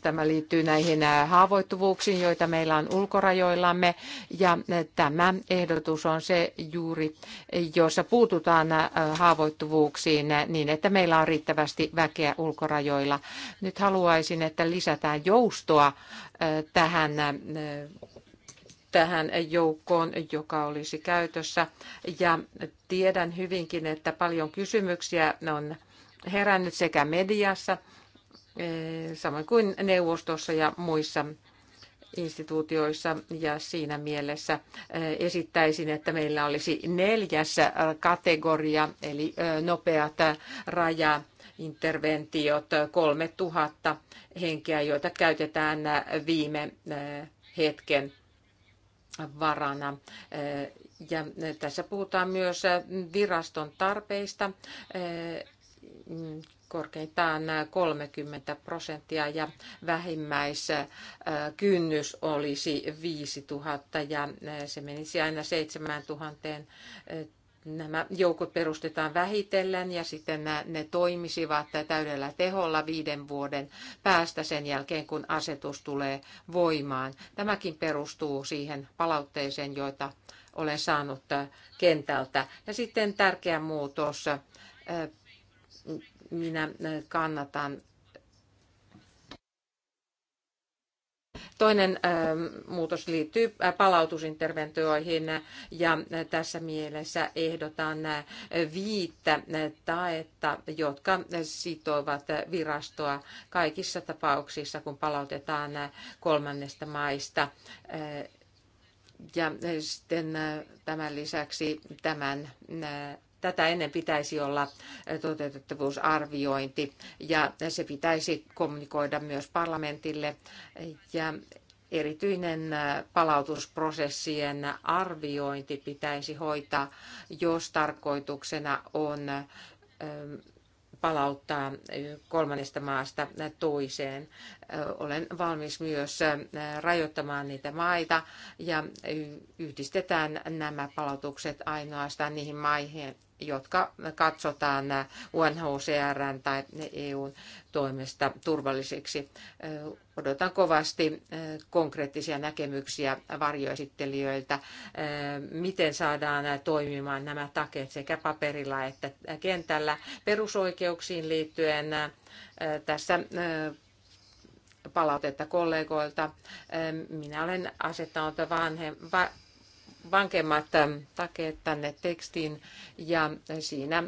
Tämä liittyy näihin haavoittuvuuksiin, joita meillä on ulkorajoillamme, ja tämä ehdotus on se juuri, jossa puututaan haavoittuvuuksiin niin, että meillä on riittävästi väkeä ulkorajoilla. Nyt haluaisin, että lisätään joustoa tähän tähän joukkoon, joka olisi käytössä. Ja tiedän hyvinkin, että paljon kysymyksiä on herännyt sekä mediassa Eh, samoin kuin neuvostossa ja muissa instituutioissa ja siinä mielessä eh, esittäisin, että meillä olisi neljäs eh, kategoria, eli nopeat rajainterventiot, 3000 henkeä, joita käytetään viime hetken varana. Ja tässä puhutaan myös viraston tarpeista korkeintaan 30 prosenttia ja vähimmäiskynnys olisi 5000 ja se menisi aina 7000. Nämä joukot perustetaan vähitellen ja sitten ne toimisivat täydellä teholla viiden vuoden päästä sen jälkeen, kun asetus tulee voimaan. Tämäkin perustuu siihen palautteeseen, joita olen saanut kentältä. Ja sitten tärkeä muutos minä äh, kannatan. Toinen äh, muutos liittyy äh, palautusinterventioihin ja tässä mielessä ehdotan viittä taetta, jotka sitovat virastoa kaikissa tapauksissa, kun palautetaan kolmannesta maista. Ja sitten tämän lisäksi tämän Tätä ennen pitäisi olla toteutettavuusarviointi ja se pitäisi kommunikoida myös parlamentille ja erityinen palautusprosessien arviointi pitäisi hoitaa, jos tarkoituksena on palauttaa kolmannesta maasta toiseen. Olen valmis myös rajoittamaan niitä maita ja yhdistetään nämä palautukset ainoastaan niihin maihin, jotka katsotaan UNHCRn tai EUn toimesta turvallisiksi. Odotan kovasti eh, konkreettisia näkemyksiä varjoesittelijöiltä, eh, miten saadaan toimimaan nämä takeet sekä paperilla että kentällä perusoikeuksiin liittyen eh, tässä palautetta kollegoilta. Minä olen asettanut vanhem, va, vankemmat ähm, takeet tänne tekstiin ja siinä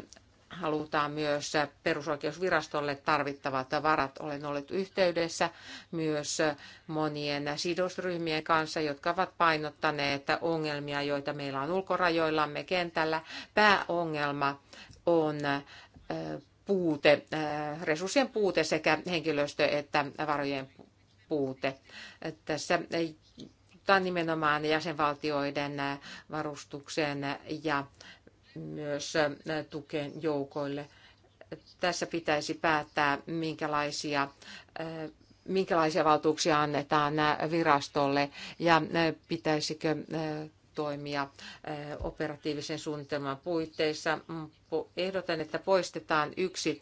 halutaan myös perusoikeusvirastolle tarvittavat varat. Olen ollut yhteydessä myös monien sidosryhmien kanssa, jotka ovat painottaneet ongelmia, joita meillä on ulkorajoillamme kentällä. Pääongelma on äh, puute, äh, resurssien puute sekä henkilöstö- että varojen puute. Tässä vaikuttaa nimenomaan jäsenvaltioiden varustukseen ja myös tukeen joukoille. Tässä pitäisi päättää, minkälaisia minkälaisia valtuuksia annetaan virastolle ja pitäisikö toimia operatiivisen suunnitelman puitteissa. Ehdotan, että poistetaan yksi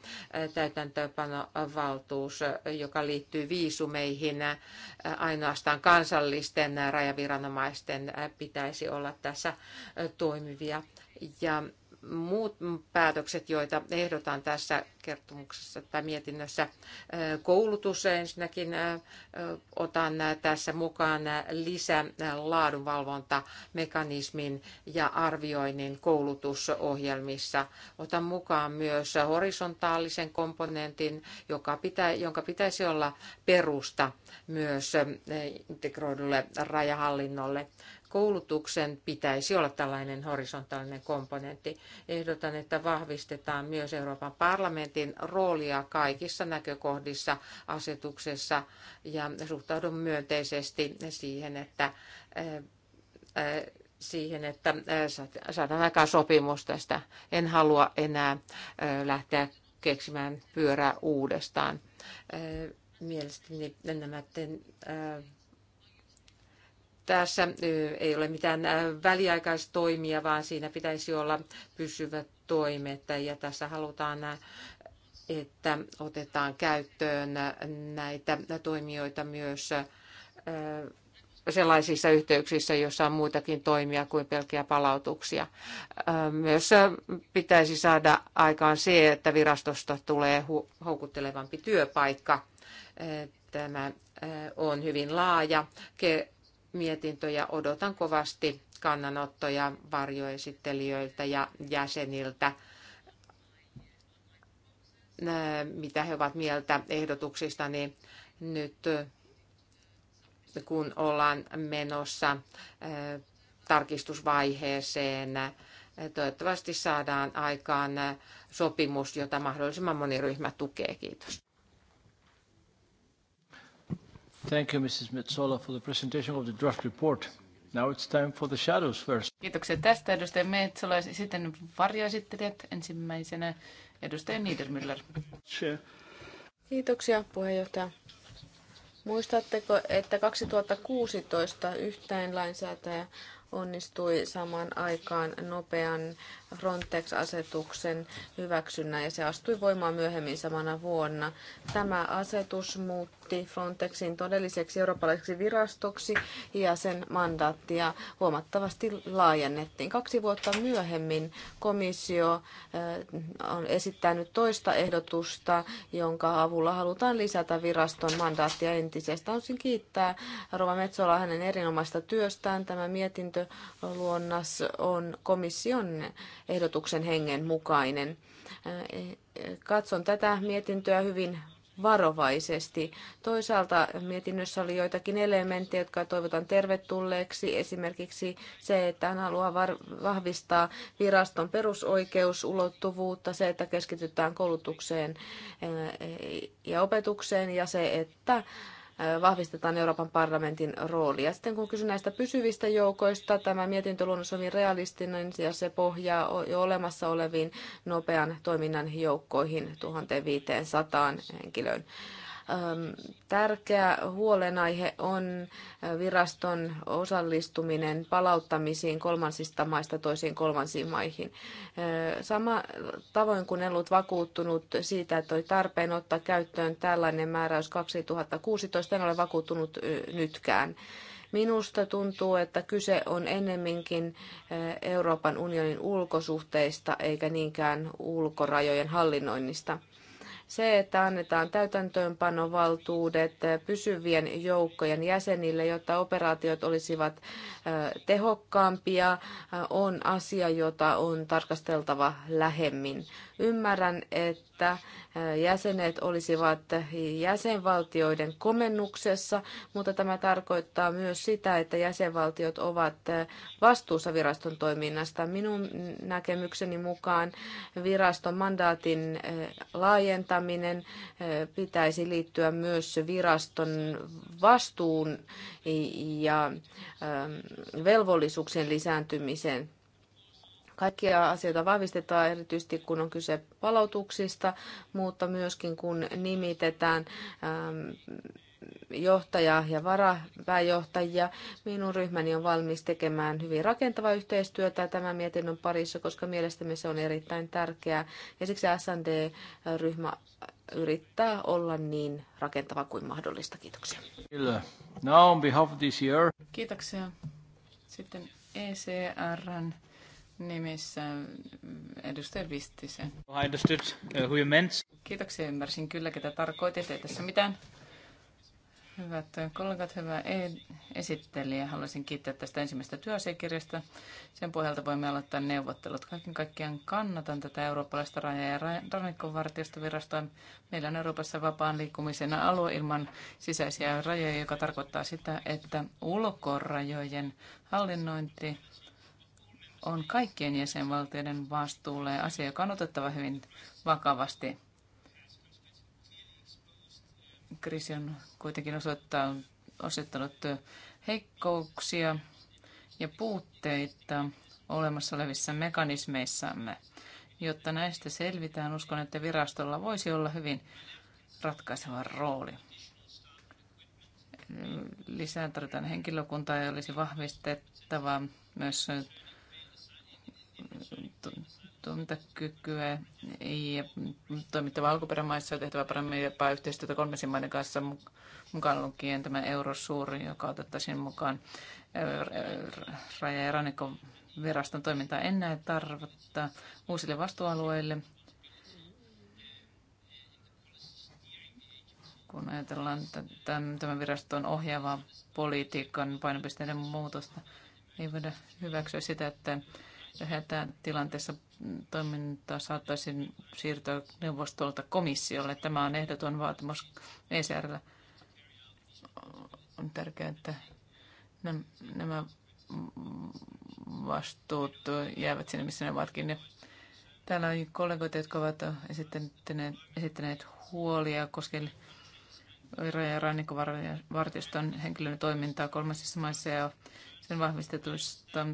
täytäntöönpanovaltuus, joka liittyy viisumeihin. Ainoastaan kansallisten rajaviranomaisten pitäisi olla tässä toimivia. Ja muut päätökset, joita ehdotan tässä kertomuksessa tai mietinnössä. Koulutus ensinnäkin otan tässä mukaan lisä laadunvalvontamekanismin ja arvioinnin koulutusohjelmissa. Otan mukaan myös horisontaalisen komponentin, joka pitä, jonka pitäisi olla perusta myös integroidulle rajahallinnolle Koulutuksen pitäisi olla tällainen horisontaalinen komponentti. Ehdotan, että vahvistetaan myös Euroopan parlamentin roolia kaikissa näkökohdissa asetuksessa ja suhtaudun myönteisesti siihen, että siihen, että saadaan aikaan sopimus tästä. En halua enää lähteä keksimään pyörää uudestaan. Mielestäni nämä tässä ei ole mitään väliaikaistoimia, vaan siinä pitäisi olla pysyvät toimet. Ja tässä halutaan että otetaan käyttöön näitä toimijoita myös sellaisissa yhteyksissä, joissa on muitakin toimia kuin pelkkiä palautuksia. Myös pitäisi saada aikaan se, että virastosta tulee houkuttelevampi työpaikka. Tämä on hyvin laaja mietintö ja odotan kovasti kannanottoja varjoesittelijöiltä ja jäseniltä, mitä he ovat mieltä ehdotuksista, niin nyt äh, kun ollaan menossa äh, tarkistusvaiheeseen, äh, toivottavasti saadaan aikaan sopimus, jota mahdollisimman moni ryhmä tukee. Kiitos. Thank you, Mrs. Metsola, for the presentation of the draft report. Now it's time for the shadows first. Kiitoksia tästä edustaja Metsola ja sitten varjoesittelijät ensimmäisenä edustaja Niedermüller. Kiitoksia puheenjohtaja. Muistatteko, että 2016 yhtäin lainsäätäjä onnistui samaan aikaan nopean Frontex-asetuksen hyväksynnä ja se astui voimaan myöhemmin samana vuonna. Tämä asetus muuttui muutti Frontexin todelliseksi eurooppalaiseksi virastoksi ja sen mandaattia huomattavasti laajennettiin. Kaksi vuotta myöhemmin komissio eh, on esittänyt toista ehdotusta, jonka avulla halutaan lisätä viraston mandaattia entisestä. Haluaisin kiittää Rova Metsola hänen erinomaista työstään. Tämä mietintöluonnos on komission ehdotuksen hengen mukainen. Eh, eh, katson tätä mietintöä hyvin varovaisesti. Toisaalta mietinnössä oli joitakin elementtejä, jotka toivotan tervetulleeksi. Esimerkiksi se, että hän haluaa vahvistaa viraston perusoikeusulottuvuutta, se, että keskitytään koulutukseen ja opetukseen ja se, että vahvistetaan Euroopan parlamentin roolia. Sitten kun kysyn näistä pysyvistä joukoista, tämä mietintöluonnos on hyvin realistinen ja se pohjaa jo olemassa oleviin nopean toiminnan joukkoihin 1500 henkilöön. Tärkeä huolenaihe on viraston osallistuminen palauttamisiin kolmansista maista toisiin kolmansiin maihin. Sama tavoin kuin en ollut vakuuttunut siitä, että oli tarpeen ottaa käyttöön tällainen määräys 2016, en ole vakuuttunut nytkään. Minusta tuntuu, että kyse on ennemminkin Euroopan unionin ulkosuhteista eikä niinkään ulkorajojen hallinnoinnista. Se, että annetaan täytäntöönpanovaltuudet pysyvien joukkojen jäsenille, jotta operaatiot olisivat tehokkaampia, on asia, jota on tarkasteltava lähemmin. Ymmärrän, että jäsenet olisivat jäsenvaltioiden komennuksessa, mutta tämä tarkoittaa myös sitä, että jäsenvaltiot ovat vastuussa viraston toiminnasta. Minun näkemykseni mukaan viraston mandaatin laajentaminen pitäisi liittyä myös viraston vastuun ja velvollisuuksien lisääntymiseen Kaikkia asioita vahvistetaan erityisesti, kun on kyse palautuksista, mutta myöskin kun nimitetään ähm, johtaja ja varapääjohtajia. Minun ryhmäni on valmis tekemään hyvin rakentavaa yhteistyötä tämän mietinnön parissa, koska mielestämme se on erittäin tärkeää. Ja siksi SND-ryhmä yrittää olla niin rakentava kuin mahdollista. Kiitoksia. Kyllä. Now on behalf of this year. Kiitoksia. Sitten ECRn nimissä mm, edustaja Vistisen. Oh, I understood uh, who you meant. Kiitoksia, ymmärsin kyllä, ketä tarkoitit. Ei tässä mitään. Hyvät kollegat, hyvä e- esittelijä. Haluaisin kiittää tästä ensimmäisestä työasiakirjasta. Sen pohjalta voimme aloittaa neuvottelut. Kaiken kaikkiaan kannatan tätä eurooppalaista raja- ja rannikkovartiostovirastoa. Meillä on Euroopassa vapaan liikkumisen alue ilman sisäisiä rajoja, joka tarkoittaa sitä, että ulkorajojen hallinnointi on kaikkien jäsenvaltioiden vastuulla ja asia, joka on otettava hyvin vakavasti. Kriisi on kuitenkin osoittaa, osoittanut heikkouksia ja puutteita olemassa olevissa mekanismeissamme. Jotta näistä selvitään, uskon, että virastolla voisi olla hyvin ratkaiseva rooli. Lisää tarvitaan henkilökuntaa ja olisi vahvistettava myös toimintakykyä ja toimittava alkuperämaissa on tehtävä jopa yhteistyötä kolmansien maiden kanssa mukaan lukien tämä eurosuuri, joka otettaisiin mukaan raja- ja viraston toimintaa. En näe tarvetta uusille vastuualueille. Kun ajatellaan tämän viraston ohjaavaa politiikan painopisteiden muutosta, ei voida hyväksyä sitä, että tilanteessa toiminta saattaisi siirtyä neuvostolta komissiolle. Tämä on ehdoton vaatimus ECRllä. On tärkeää, että nämä vastuut jäävät sinne, missä ne ovatkin. Ja täällä on kollegoita, jotka ovat esittäneet, esittäneet huolia koskien raja- ja rannikkovartiston henkilön toimintaa kolmansissa maissa ja sen vahvistetuista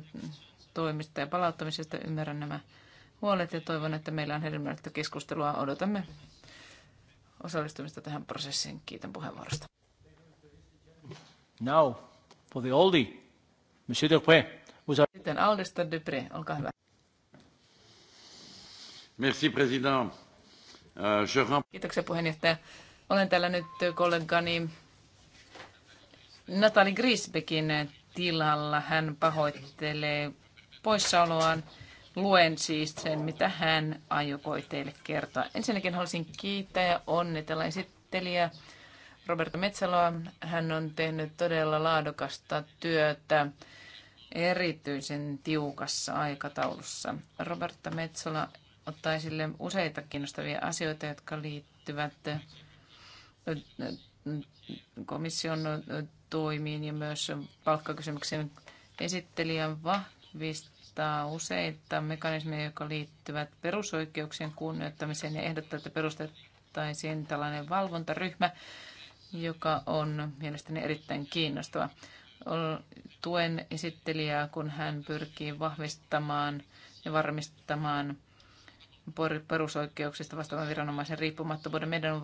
toimista ja palauttamisesta. Ymmärrän nämä huolet ja toivon, että meillä on hedelmällistä keskustelua. Odotamme osallistumista tähän prosessiin. Kiitän puheenvuorosta. Now for the oldie, Monsieur Dupré. Sitten Aldista Dupré, olkaa hyvä. Merci, président. Uh, je... Kiitoksia puheenjohtaja. Olen täällä nyt kollegani Natali Grisbekin tilalla. Hän pahoittelee poissaoloaan. Luen siis sen, mitä hän aikoi teille kertoa. Ensinnäkin haluaisin kiittää ja onnitella esittelijä Roberto Metsäloa. Hän on tehnyt todella laadukasta työtä erityisen tiukassa aikataulussa. Roberta Metsola ottaa esille useita kiinnostavia asioita, jotka liittyvät komission toimiin ja myös palkkakysymyksen esittelijän vahvistamiseen vahvistaa useita mekanismeja, jotka liittyvät perusoikeuksien kunnioittamiseen ja ehdottaa, että perustettaisiin tällainen valvontaryhmä, joka on mielestäni erittäin kiinnostava. Tuen esittelijää, kun hän pyrkii vahvistamaan ja varmistamaan perusoikeuksista vastaavan viranomaisen riippumattomuuden. Meidän on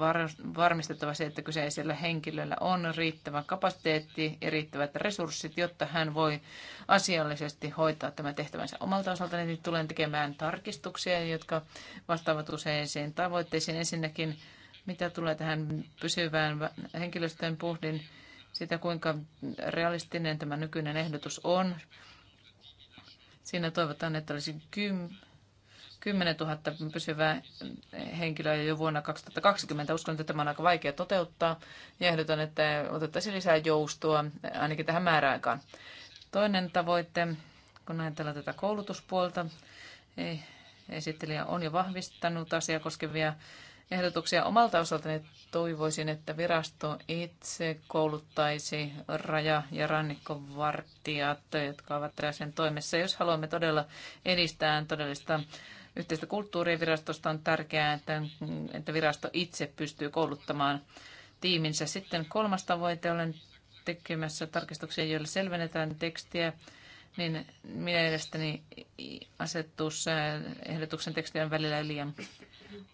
varmistettava se, että kyseisellä henkilöllä on riittävä kapasiteetti ja riittävät resurssit, jotta hän voi asiallisesti hoitaa tämän tehtävänsä omalta osalta. Nyt tulen tekemään tarkistuksia, jotka vastaavat useisiin tavoitteisiin. Ensinnäkin, mitä tulee tähän pysyvään henkilöstön puhdin, sitä kuinka realistinen tämä nykyinen ehdotus on. Siinä toivotaan, että olisi kymmenen 10 000 pysyvää henkilöä jo vuonna 2020. Uskon, että tämä on aika vaikea toteuttaa ja ehdotan, että otettaisiin lisää joustoa ainakin tähän määräaikaan. Toinen tavoite, kun ajatellaan tätä koulutuspuolta, ei, esittelijä on jo vahvistanut asiaa koskevia ehdotuksia. Omalta osaltani toivoisin, että virasto itse kouluttaisi raja- ja rannikkovartijat, jotka ovat sen toimessa, jos haluamme todella edistää todellista yhteistä kulttuurivirastosta on tärkeää, että, että virasto itse pystyy kouluttamaan tiiminsä. Sitten kolmas tavoite olen tekemässä tarkistuksia, joilla selvennetään tekstiä, niin mielestäni asetus äh, ehdotuksen tekstien välillä liian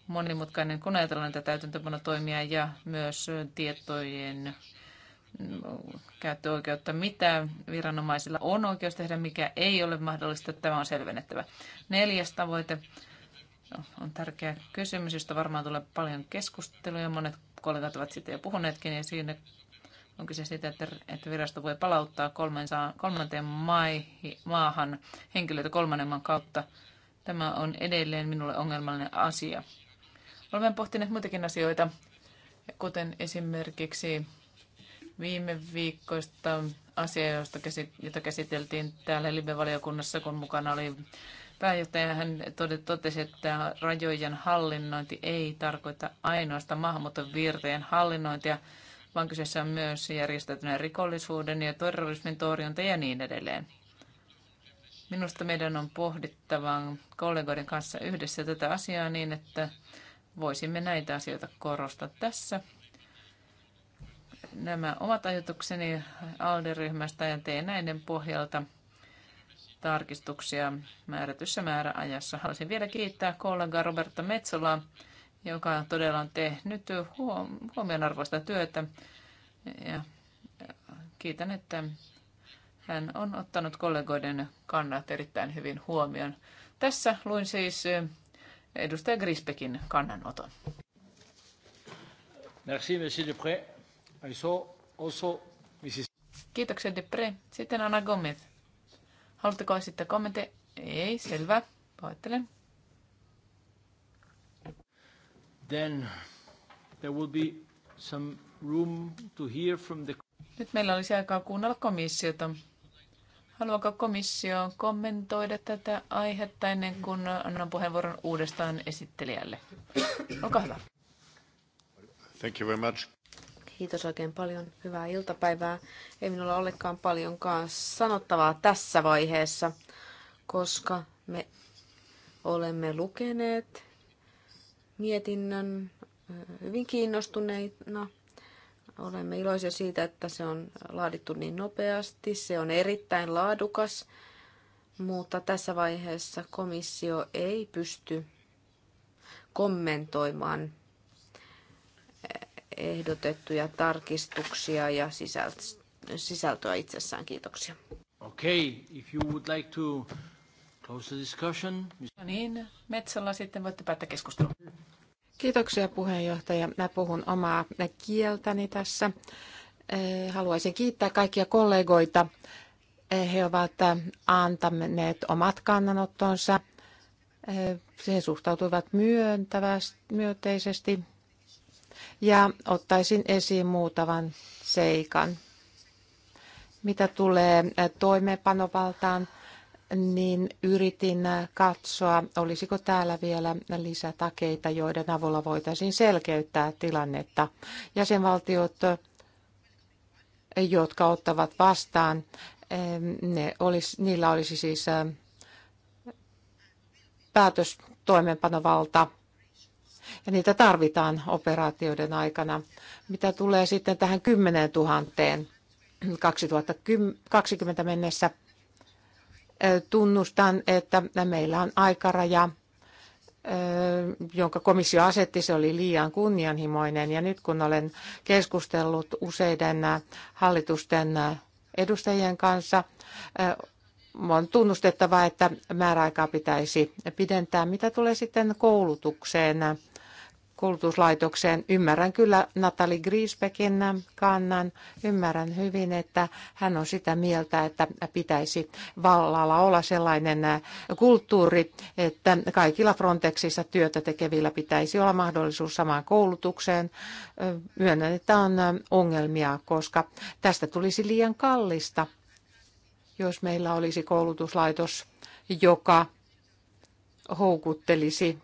monimutkainen, kun ajatellaan tätä täytäntöpanotoimia ja myös tietojen käyttöoikeutta, mitä viranomaisilla on oikeus tehdä, mikä ei ole mahdollista. Tämä on selvennettävä. Neljäs tavoite on tärkeä kysymys, josta varmaan tulee paljon ja Monet kollegat ovat siitä jo puhuneetkin ja siinä on kyse siitä, että, virasto voi palauttaa kolmanteen maahan henkilöitä kolmannen maan kautta. Tämä on edelleen minulle ongelmallinen asia. Olemme pohtineet muitakin asioita, kuten esimerkiksi viime viikkoista asiaa, jota käsiteltiin täällä Libe-valiokunnassa, kun mukana oli pääjohtaja. Hän totesi, että rajojen hallinnointi ei tarkoita ainoastaan maahanmuuton virtojen hallinnointia, vaan kyseessä on myös järjestäytyneen rikollisuuden ja terrorismin torjunta ja niin edelleen. Minusta meidän on pohdittava kollegoiden kanssa yhdessä tätä asiaa niin, että voisimme näitä asioita korostaa tässä nämä ovat ajatukseni ALDE-ryhmästä ja teen näiden pohjalta tarkistuksia määrätyssä määräajassa. Haluaisin vielä kiittää kollega Roberta Metsolaa, joka todella on tehnyt huomionarvoista työtä. Ja kiitän, että hän on ottanut kollegoiden kannat erittäin hyvin huomioon. Tässä luin siis edustaja Grisbekin kannanoton. Merci, monsieur I saw also Mrs. Kiitoksia Depre. Sitten Anna Gomez. Haluatteko esittää kommentti? Ei, selvä. Pahoittelen. Then there will be some room to hear from the... Nyt meillä olisi aikaa kuunnella komissiota. Haluaako komissio kommentoida tätä aihetta ennen kuin annan puheenvuoron uudestaan esittelijälle? Olkaa hyvä. Thank you very much. Kiitos oikein paljon. Hyvää iltapäivää. Ei minulla olekaan paljonkaan sanottavaa tässä vaiheessa, koska me olemme lukeneet mietinnön hyvin kiinnostuneina. Olemme iloisia siitä, että se on laadittu niin nopeasti. Se on erittäin laadukas, mutta tässä vaiheessa komissio ei pysty kommentoimaan ehdotettuja tarkistuksia ja sisältöä itsessään. Kiitoksia. Okay, if you would like to close the discussion. No niin, Metsolla sitten voitte päättää keskustelun. Kiitoksia puheenjohtaja. Mä puhun omaa kieltäni tässä. Eh, haluaisin kiittää kaikkia kollegoita. Eh, he ovat eh, antaneet omat kannanottonsa. Siihen suhtautuivat myöntävästi, myönteisesti ja ottaisin esiin muutaman seikan. Mitä tulee toimeenpanovaltaan, niin yritin katsoa, olisiko täällä vielä lisätakeita, joiden avulla voitaisiin selkeyttää tilannetta. Jäsenvaltiot, jotka ottavat vastaan, ne olisi, niillä olisi siis päätös toimeenpanovalta ja niitä tarvitaan operaatioiden aikana. Mitä tulee sitten tähän 10 000 2020 mennessä, tunnustan, että meillä on aikaraja, jonka komissio asetti, se oli liian kunnianhimoinen. Ja nyt kun olen keskustellut useiden hallitusten edustajien kanssa, on tunnustettava, että määräaikaa pitäisi pidentää. Mitä tulee sitten koulutukseen, koulutuslaitokseen. Ymmärrän kyllä Natali Griesbeckin kannan. Ymmärrän hyvin, että hän on sitä mieltä, että pitäisi vallalla olla sellainen kulttuuri, että kaikilla Frontexissa työtä tekevillä pitäisi olla mahdollisuus samaan koulutukseen. Myönnän, että on ongelmia, koska tästä tulisi liian kallista, jos meillä olisi koulutuslaitos, joka houkuttelisi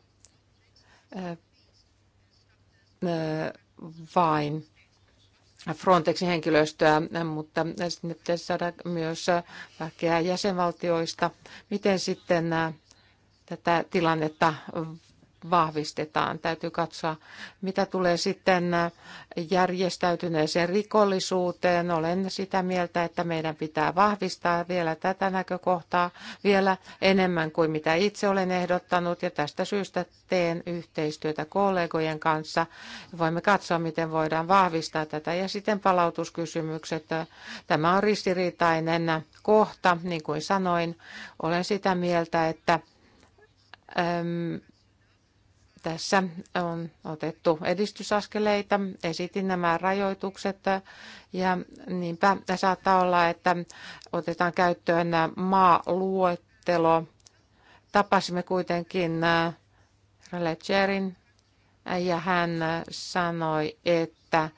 vain Frontexin henkilöstöä, mutta sinne pitäisi saada myös väkeä jäsenvaltioista. Miten sitten tätä tilannetta vahvistetaan. Täytyy katsoa, mitä tulee sitten järjestäytyneeseen rikollisuuteen. Olen sitä mieltä, että meidän pitää vahvistaa vielä tätä näkökohtaa vielä enemmän kuin mitä itse olen ehdottanut. Ja tästä syystä teen yhteistyötä kollegojen kanssa. Voimme katsoa, miten voidaan vahvistaa tätä. Ja sitten palautuskysymykset. Tämä on ristiriitainen kohta, niin kuin sanoin. Olen sitä mieltä, että tässä on otettu edistysaskeleita, esitin nämä rajoitukset ja niinpä saattaa olla, että otetaan käyttöön maaluettelo. Tapasimme kuitenkin äh, Lechlerin ja hän sanoi, että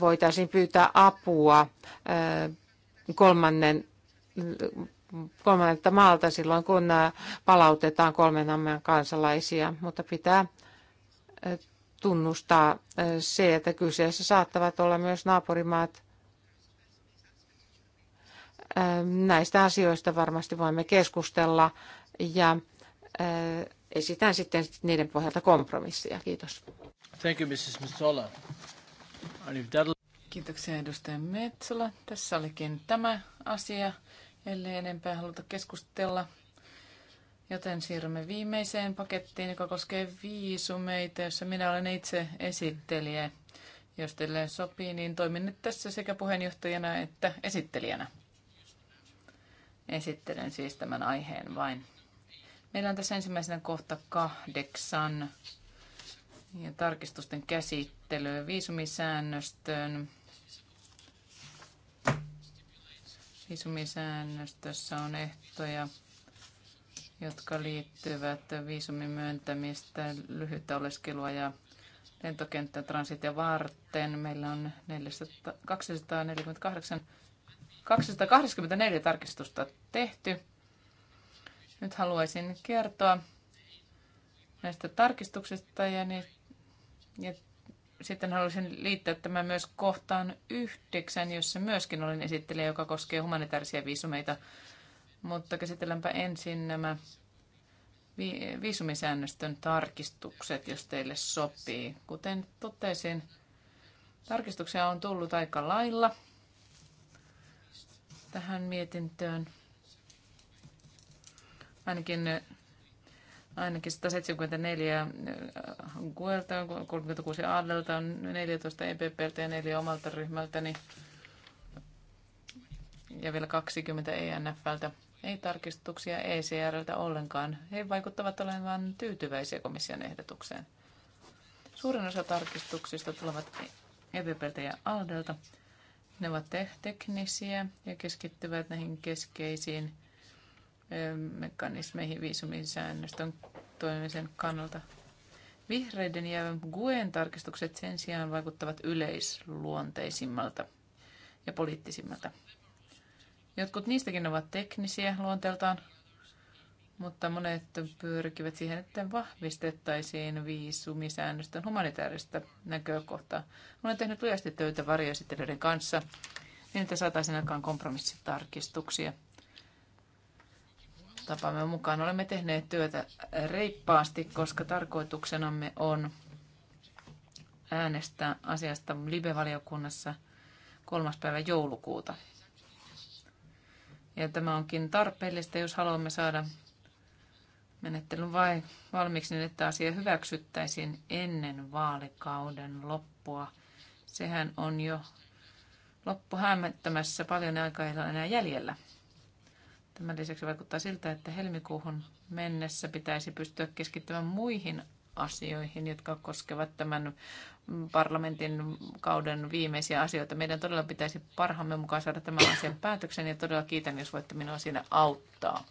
voitaisiin pyytää apua äh, kolmannen kolmannelta maalta silloin, kun äh, palautetaan kolmen kansalaisia, mutta pitää äh, tunnustaa äh, se, että kyseessä saattavat olla myös naapurimaat. Näistä asioista varmasti voimme keskustella ja esitän sitten niiden pohjalta kompromissia. Kiitos. Thank you, Mrs. Metsola. Kiitoksia edustaja Metsola. Tässä olikin tämä asia ellei enempää haluta keskustella. Joten siirrymme viimeiseen pakettiin, joka koskee viisumeita, jossa minä olen itse esittelijä. Jos teille sopii, niin toimin nyt tässä sekä puheenjohtajana että esittelijänä. Esittelen siis tämän aiheen vain. Meillä on tässä ensimmäisenä kohta kahdeksan ja tarkistusten käsittelyä viisumisäännöstöön. Viisumisäännöstössä on ehtoja, jotka liittyvät viisumin myöntämistä, lyhyttä oleskelua ja lentokenttätransitia varten. Meillä on 248, 284 tarkistusta tehty. Nyt haluaisin kertoa näistä tarkistuksista ja, ni, ja sitten haluaisin liittää tämän myös kohtaan yhdeksän, jossa myöskin olen esittelijä, joka koskee humanitaarisia viisumeita. Mutta käsitelläänpä ensin nämä viisumisäännöstön tarkistukset, jos teille sopii. Kuten totesin, tarkistuksia on tullut aika lailla tähän mietintöön. Ainakin ainakin 174 äh, Guelta, 36 Adelta, 14 EPPLT ja 4 omalta ryhmältäni ja vielä 20 ENFltä. Ei tarkistuksia ECRltä ollenkaan. He vaikuttavat olevan tyytyväisiä komission ehdotukseen. Suurin osa tarkistuksista tulevat EPPLT ja Aldelta. Ne ovat teknisiä ja keskittyvät näihin keskeisiin mekanismeihin viisumisäännöstön toimimisen kannalta. Vihreiden ja Guen tarkistukset sen sijaan vaikuttavat yleisluonteisimmalta ja poliittisimmalta. Jotkut niistäkin ovat teknisiä luonteeltaan, mutta monet pyrkivät siihen, että vahvistettaisiin viisumisäännösten humanitaarista näkökohtaa. Olen tehnyt lujasti töitä varjoesittelyiden kanssa, niin että saataisiin aikaan kompromissitarkistuksia tapamme mukaan. Olemme tehneet työtä reippaasti, koska tarkoituksenamme on äänestää asiasta libe valiokunnassa kolmas päivä joulukuuta. Ja tämä onkin tarpeellista, jos haluamme saada menettelyn vai valmiiksi niin, että asia hyväksyttäisiin ennen vaalikauden loppua. Sehän on jo loppu hämmättämässä, paljon aikaa ei ole enää jäljellä. Tämän lisäksi vaikuttaa siltä, että helmikuuhun mennessä pitäisi pystyä keskittymään muihin asioihin, jotka koskevat tämän parlamentin kauden viimeisiä asioita. Meidän todella pitäisi parhaamme mukaan saada tämän asian päätöksen ja todella kiitän, jos voitte minua siinä auttaa.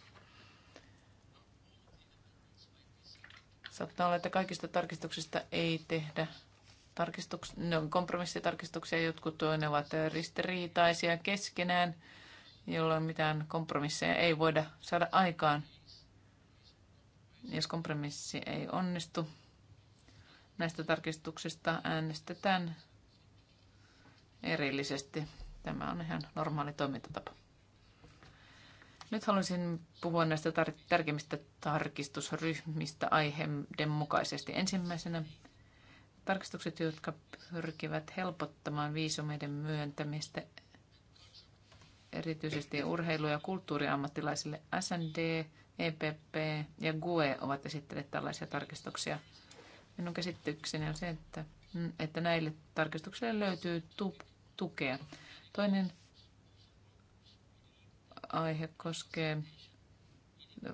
Saattaa olla, että kaikista tarkistuksista ei tehdä tarkistuks- no, kompromissitarkistuksia. Jotkut ne ovat ristiriitaisia keskenään jolloin mitään kompromisseja ei voida saada aikaan. Jos kompromissi ei onnistu, näistä tarkistuksista äänestetään erillisesti. Tämä on ihan normaali toimintatapa. Nyt haluaisin puhua näistä tar- tärkeimmistä tarkistusryhmistä aiheiden mukaisesti. Ensimmäisenä tarkistukset, jotka pyrkivät helpottamaan viisumeiden myöntämistä erityisesti urheilu- ja kulttuuriammattilaisille SND, EPP ja GUE ovat esittäneet tällaisia tarkistuksia. Minun käsitykseni on se, että, mm, että näille tarkistuksille löytyy tu- tukea. Toinen aihe koskee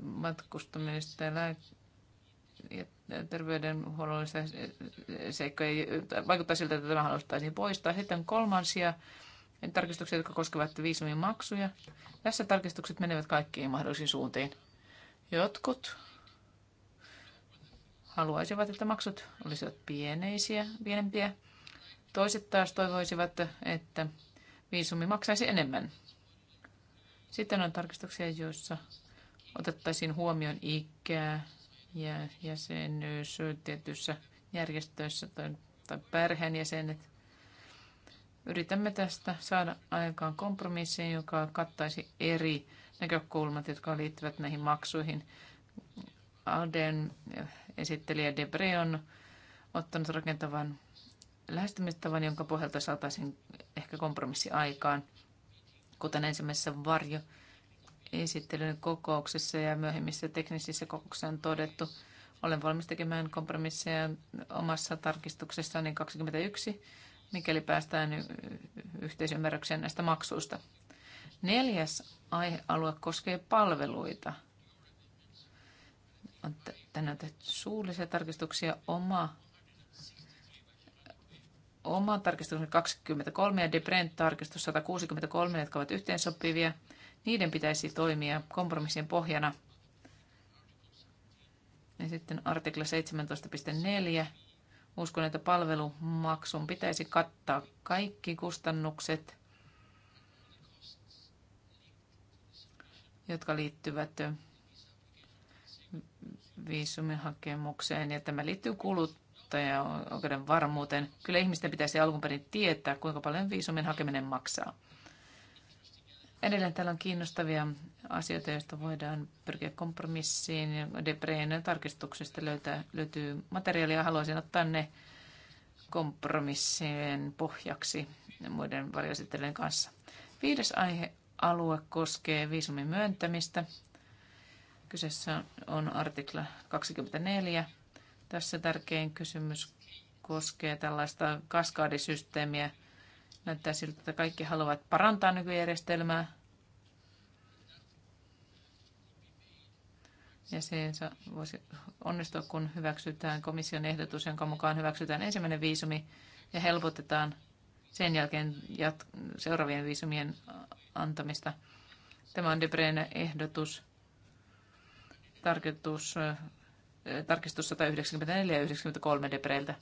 matkustamista ja, lää- ja terveydenhuollollisia seikkoja. Vaikuttaa siltä, että tämä haluttaisiin poistaa. Sitten kolmansia tarkistuksia, jotka koskevat maksuja. Tässä tarkistukset menevät kaikkiin mahdollisiin suuntiin. Jotkut haluaisivat, että maksut olisivat pieneisiä, pienempiä. Toiset taas toivoisivat, että viisumi maksaisi enemmän. Sitten on tarkistuksia, joissa otettaisiin huomioon ikää ja jäsenyys tietyissä järjestöissä tai, tai perheenjäsenet – Yritämme tästä saada aikaan kompromissin, joka kattaisi eri näkökulmat, jotka liittyvät näihin maksuihin. Alden esittelijä Debre on ottanut rakentavan lähestymistavan, jonka pohjalta saataisiin ehkä kompromissi aikaan, kuten ensimmäisessä varjo esittelyn kokouksessa ja myöhemmissä teknisissä kokouksissa on todettu. Olen valmis tekemään kompromisseja omassa tarkistuksessani 21 mikäli päästään yhteisymmärrykseen näistä maksuista. Neljäs aihealue koskee palveluita. On tänään tehty suullisia tarkistuksia. Oma, oma tarkistus 23 ja Debrent tarkistus 163, jotka ovat yhteensopivia. Niiden pitäisi toimia kompromissien pohjana. Ja sitten artikla Uskon, että palvelumaksun pitäisi kattaa kaikki kustannukset, jotka liittyvät viisumin hakemukseen, Ja tämä liittyy kuluttajan oikeuden varmuuteen. Kyllä ihmisten pitäisi alun perin tietää, kuinka paljon viisumin hakeminen maksaa. Edelleen täällä on kiinnostavia asioita, joista voidaan pyrkiä kompromissiin. Debreen tarkistuksesta löytää, löytyy materiaalia. Haluaisin ottaa ne kompromissien pohjaksi muiden varjoesittelyjen kanssa. Viides aihealue koskee viisumin myöntämistä. Kyseessä on artikla 24. Tässä tärkein kysymys koskee tällaista kaskaadisysteemiä. Näyttää siltä, että kaikki haluavat parantaa nykyjärjestelmää, ja se voisi onnistua, kun hyväksytään komission ehdotus, jonka mukaan hyväksytään ensimmäinen viisumi ja helpotetaan sen jälkeen jat- seuraavien viisumien antamista. Tämä on Debreen ehdotus, tarkistus, tarkistus 194 ja 93 Debreiltä.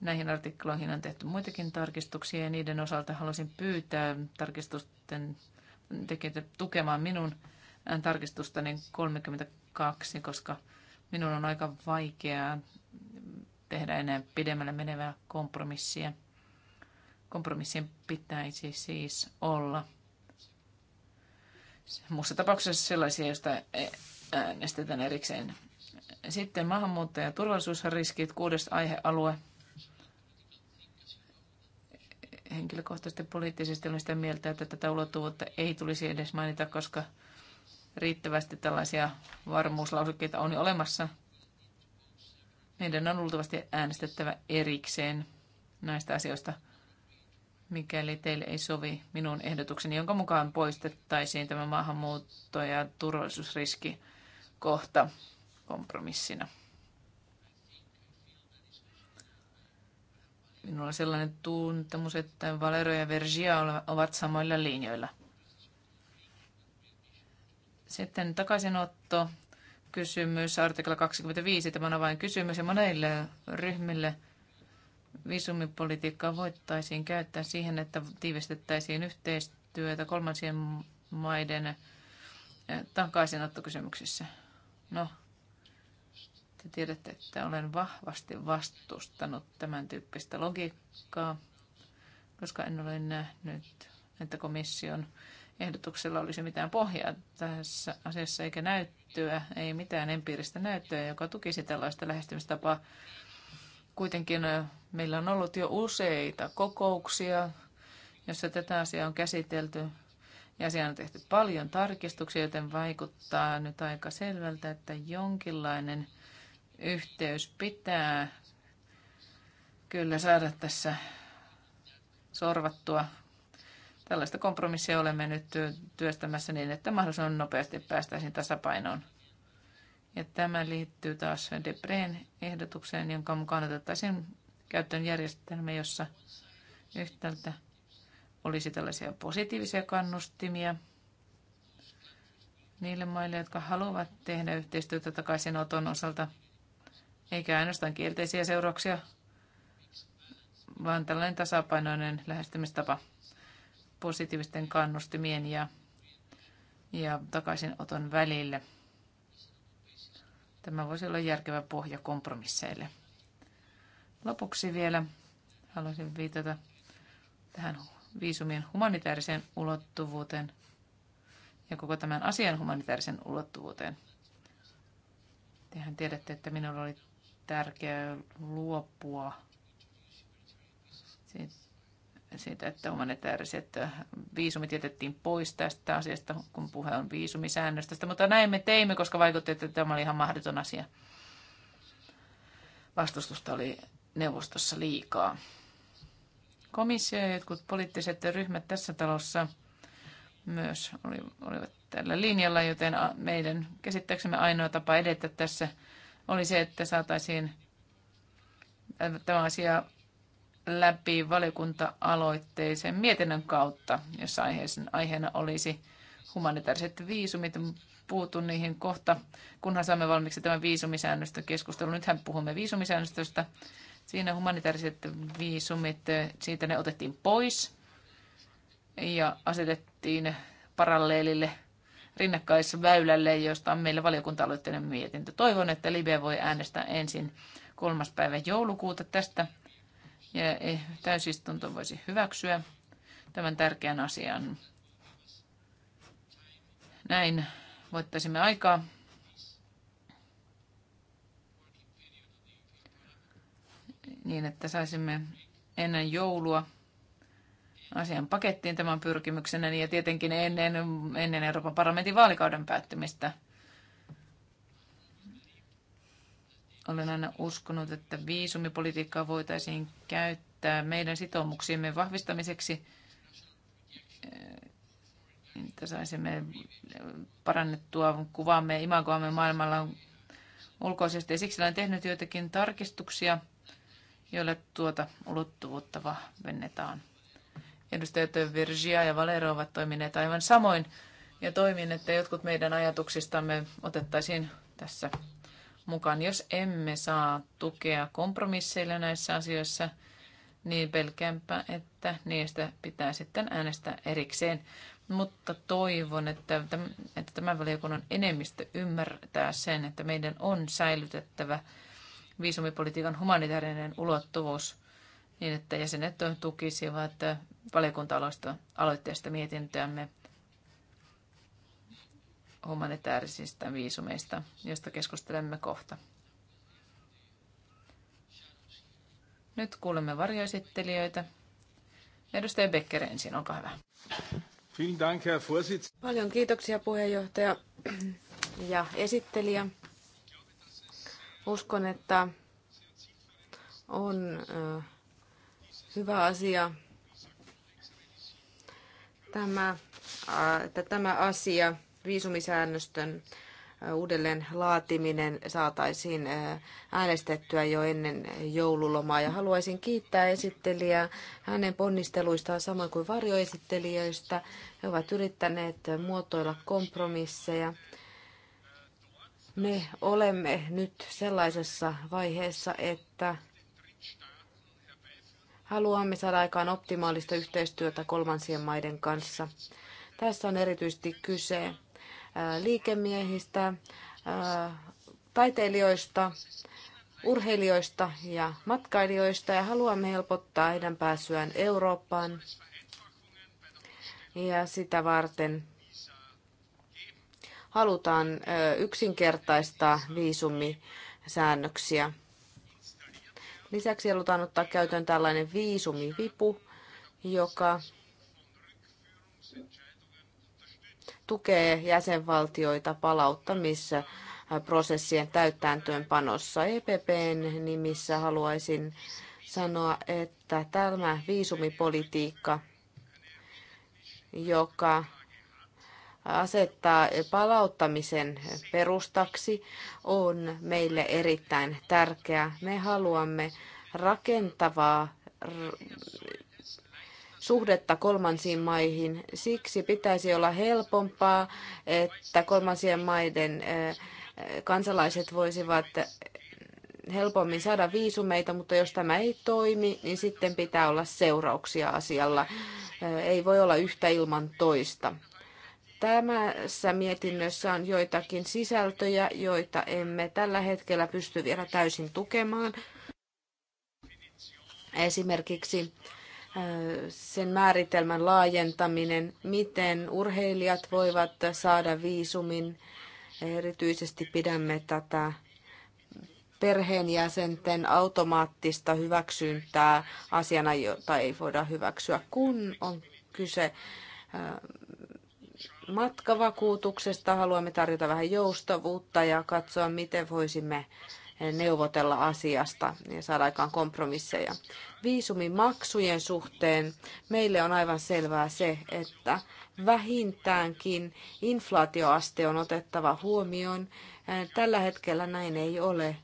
Näihin artikloihin on tehty muitakin tarkistuksia ja niiden osalta haluaisin pyytää tarkistusten tekijöitä tukemaan minun tarkistusta niin 32, koska minun on aika vaikeaa tehdä enää pidemmälle menevää kompromissia. Kompromissin pitäisi siis olla muussa tapauksessa sellaisia, joista e- äänestetään erikseen. Sitten maahanmuutto- ja turvallisuusriskit, kuudes aihealue. Henkilökohtaisesti poliittisesti olen sitä mieltä, että tätä ulottuvuutta ei tulisi edes mainita, koska riittävästi tällaisia varmuuslausukkeita on jo olemassa. Meidän on luultavasti äänestettävä erikseen näistä asioista, mikäli teille ei sovi minun ehdotukseni, jonka mukaan poistettaisiin tämä maahanmuutto- ja turvallisuusriski kohta kompromissina. Minulla on sellainen tuntemus, että Valero ja Vergia ovat samoilla linjoilla – sitten takaisinotto kysymys, artikla 25, tämä on vain kysymys ja monille ryhmille visumipolitiikkaa voittaisiin käyttää siihen, että tiivistettäisiin yhteistyötä kolmansien maiden eh, takaisinottokysymyksissä. No, te tiedätte, että olen vahvasti vastustanut tämän tyyppistä logiikkaa, koska en ole nähnyt, että komission ehdotuksella olisi mitään pohjaa tässä asiassa eikä näyttöä, ei mitään empiiristä näyttöä, joka tukisi tällaista lähestymistapaa. Kuitenkin meillä on ollut jo useita kokouksia, jossa tätä asiaa on käsitelty ja asiaan on tehty paljon tarkistuksia, joten vaikuttaa nyt aika selvältä, että jonkinlainen yhteys pitää kyllä saada tässä sorvattua Tällaista kompromissia olemme nyt työstämässä niin, että mahdollisimman nopeasti päästäisiin tasapainoon. Ja tämä liittyy taas Debreen ehdotukseen, jonka mukaan otettaisiin käyttöön järjestelmä, jossa yhtäältä olisi tällaisia positiivisia kannustimia niille maille, jotka haluavat tehdä yhteistyötä takaisinoton osalta, eikä ainoastaan kielteisiä seurauksia, vaan tällainen tasapainoinen lähestymistapa positiivisten kannustimien ja, ja takaisinoton välillä. Tämä voisi olla järkevä pohja kompromisseille. Lopuksi vielä haluaisin viitata tähän viisumien humanitaariseen ulottuvuuteen ja koko tämän asian humanitaarisen ulottuvuuteen. Tehän tiedätte, että minulla oli tärkeää luopua siitä siitä, että humanitaariset äh, viisumit jätettiin pois tästä asiasta, kun puhe on viisumisäännöstä. Mutta näin me teimme, koska vaikutti, että tämä oli ihan mahdoton asia. Vastustusta oli neuvostossa liikaa. Komissio ja jotkut poliittiset ryhmät tässä talossa myös olivat tällä linjalla, joten meidän käsittääksemme ainoa tapa edetä tässä oli se, että saataisiin äh, tämä asia läpi valiokunta-aloitteisen mietinnön kautta, jossa aiheena olisi humanitaariset viisumit. Puutun niihin kohta, kunhan saamme valmiiksi tämän keskustelun. Nythän puhumme viisumisäännöstöstä. Siinä humanitaariset viisumit, siitä ne otettiin pois ja asetettiin paralleelille rinnakkaisväylälle, josta on meillä valiokunta mietintö. Toivon, että Libe voi äänestää ensin kolmas päivä joulukuuta tästä ja eh, täysistunto voisi hyväksyä tämän tärkeän asian. Näin voittaisimme aikaa. niin, että saisimme ennen joulua asian pakettiin tämän pyrkimyksenä niin, ja tietenkin ennen, ennen Euroopan parlamentin vaalikauden päättymistä – Olen aina uskonut, että viisumipolitiikkaa voitaisiin käyttää meidän sitoumuksiemme vahvistamiseksi, eh, että saisimme parannettua kuvaamme, imagoamme maailmalla ulkoisesti. Ja siksi olen tehnyt joitakin tarkistuksia, joilla tuota ulottuvuutta vahvennetaan. Edustajat Virgia ja Valero ovat toimineet aivan samoin ja toimin, että jotkut meidän ajatuksistamme otettaisiin tässä mukaan. Jos emme saa tukea kompromisseilla näissä asioissa, niin pelkäänpä, että niistä pitää sitten äänestää erikseen. Mutta toivon, että, että tämän valiokunnan enemmistö ymmärtää sen, että meidän on säilytettävä viisumipolitiikan humanitaarinen ulottuvuus niin, että jäsenet tukisivat valiokunta-aloitteesta mietintöämme humanitaarisista viisumeista, josta keskustelemme kohta. Nyt kuulemme varjoesittelijöitä. Edustaja Becker ensin, olkaa hyvä. Paljon kiitoksia puheenjohtaja ja esittelijä. Uskon, että on hyvä asia tämä, että tämä asia viisumisäännöstön uudelleen laatiminen saataisiin äänestettyä jo ennen joululomaa. Ja haluaisin kiittää esittelijää hänen ponnisteluistaan samoin kuin varjoesittelijöistä. He ovat yrittäneet muotoilla kompromisseja. Me olemme nyt sellaisessa vaiheessa, että haluamme saada aikaan optimaalista yhteistyötä kolmansien maiden kanssa. Tässä on erityisesti kyse Äh, liikemiehistä, äh, taiteilijoista, urheilijoista ja matkailijoista ja haluamme helpottaa heidän pääsyään Eurooppaan. Ja sitä varten halutaan äh, yksinkertaistaa viisumisäännöksiä. Lisäksi halutaan ottaa käytön tällainen viisumivipu, joka tukee jäsenvaltioita palauttamissa prosessien täyttääntöönpanossa. EPPn nimissä haluaisin sanoa, että tämä viisumipolitiikka, joka asettaa palauttamisen perustaksi, on meille erittäin tärkeä. Me haluamme rakentavaa suhdetta kolmansiin maihin. Siksi pitäisi olla helpompaa, että kolmansien maiden kansalaiset voisivat helpommin saada viisumeita, mutta jos tämä ei toimi, niin sitten pitää olla seurauksia asialla. Ei voi olla yhtä ilman toista. Tämässä mietinnössä on joitakin sisältöjä, joita emme tällä hetkellä pysty vielä täysin tukemaan. Esimerkiksi sen määritelmän laajentaminen, miten urheilijat voivat saada viisumin. Erityisesti pidämme tätä perheenjäsenten automaattista hyväksyntää asiana, jota ei voida hyväksyä, kun on kyse äh, matkavakuutuksesta. Haluamme tarjota vähän joustavuutta ja katsoa, miten voisimme neuvotella asiasta ja saada aikaan kompromisseja. Viisumimaksujen suhteen meille on aivan selvää se, että vähintäänkin inflaatioaste on otettava huomioon. Tällä hetkellä näin ei ole.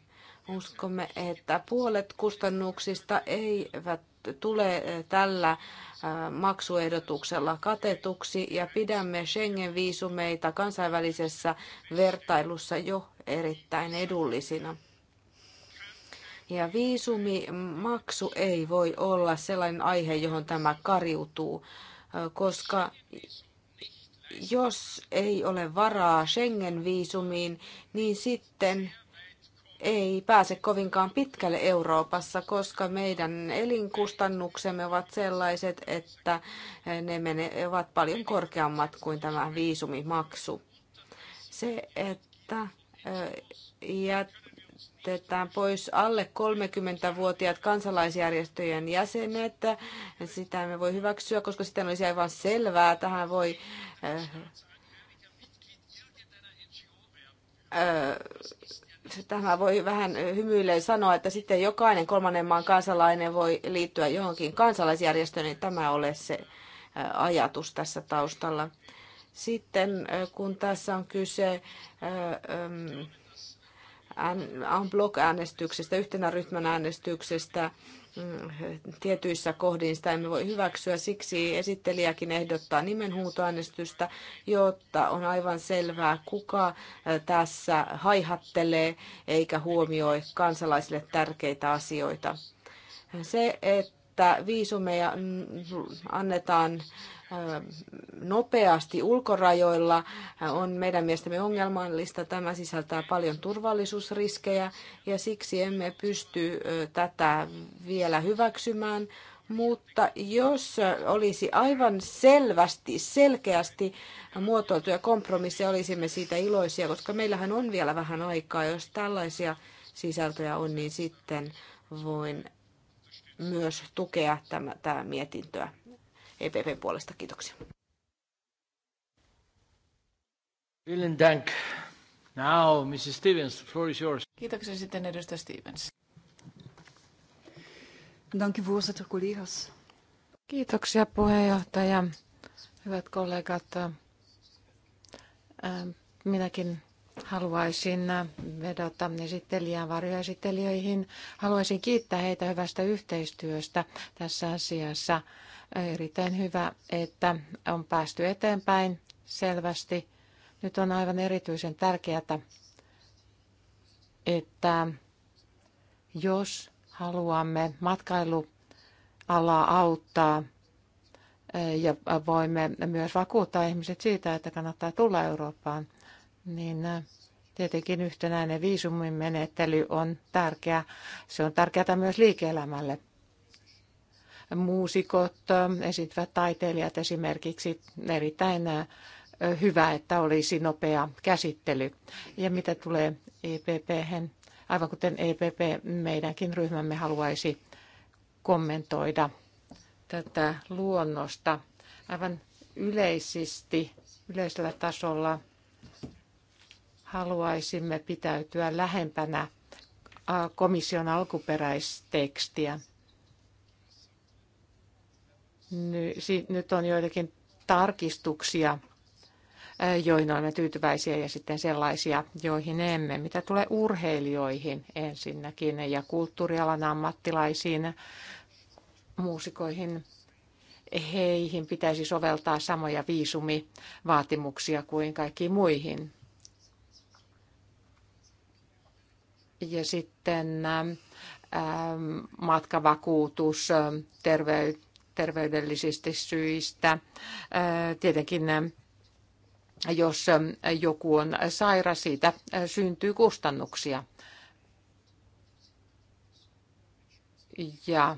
Uskomme, että puolet kustannuksista eivät tule tällä maksuehdotuksella katetuksi ja pidämme Schengen-viisumeita kansainvälisessä vertailussa jo erittäin edullisina. Ja viisumimaksu ei voi olla sellainen aihe, johon tämä kariutuu, koska jos ei ole varaa Schengen-viisumiin, niin sitten ei pääse kovinkaan pitkälle Euroopassa, koska meidän elinkustannuksemme ovat sellaiset, että ne menevät paljon korkeammat kuin tämä viisumimaksu. Se, että jätetään pois alle 30-vuotiaat kansalaisjärjestöjen jäsenet. Sitä emme voi hyväksyä, koska sitten olisi aivan selvää. Tähän voi eh, eh, tämä voi vähän hymyilleen sanoa, että sitten jokainen kolmannen maan kansalainen voi liittyä johonkin kansalaisjärjestöön, niin tämä ole se eh, ajatus tässä taustalla. Sitten kun tässä on kyse en bloc-äänestyksestä, yhtenä ryhmän äänestyksestä mm, tietyissä kohdin sitä emme voi hyväksyä. Siksi esittelijäkin ehdottaa nimenhuutoäänestystä, jotta on aivan selvää, kuka tässä haihattelee eikä huomioi kansalaisille tärkeitä asioita. Se, että että viisumeja annetaan nopeasti ulkorajoilla on meidän mielestämme ongelmallista. Tämä sisältää paljon turvallisuusriskejä ja siksi emme pysty tätä vielä hyväksymään. Mutta jos olisi aivan selvästi, selkeästi muotoiltuja kompromisseja, olisimme siitä iloisia, koska meillähän on vielä vähän aikaa. Jos tällaisia sisältöjä on, niin sitten voin myös tukea tätä mietintöä EPPn puolesta. Kiitoksia. dank. Now, Mrs. Stevens, floor is yours. Kiitoksia sitten edustaja Stevens. Kiitoksia puheenjohtaja. Hyvät kollegat, äh, minäkin Haluaisin äh, vedota esittelijään varjoesittelijöihin. Haluaisin kiittää heitä hyvästä yhteistyöstä tässä asiassa. Erittäin hyvä, että on päästy eteenpäin selvästi. Nyt on aivan erityisen tärkeää, että jos haluamme matkailualaa auttaa äh, ja voimme myös vakuuttaa ihmiset siitä, että kannattaa tulla Eurooppaan, niin äh, tietenkin yhtenäinen viisumin menettely on tärkeä. Se on tärkeää myös liike-elämälle. Muusikot, äh, esiintyvät taiteilijat esimerkiksi erittäin äh, hyvä, että olisi nopea käsittely. Ja mitä tulee epp aivan kuten EPP, meidänkin ryhmämme haluaisi kommentoida tätä luonnosta aivan yleisesti, yleisellä tasolla – haluaisimme pitäytyä lähempänä komission alkuperäistekstiä. Nyt on joitakin tarkistuksia, joihin olemme tyytyväisiä ja sitten sellaisia, joihin emme. Mitä tulee urheilijoihin ensinnäkin ja kulttuurialan ammattilaisiin, muusikoihin, heihin pitäisi soveltaa samoja viisumivaatimuksia kuin kaikkiin muihin. Ja sitten ähm, matkavakuutus äh, terveydellisistä syistä. Äh, tietenkin äh, jos joku on saira, siitä syntyy kustannuksia. Ja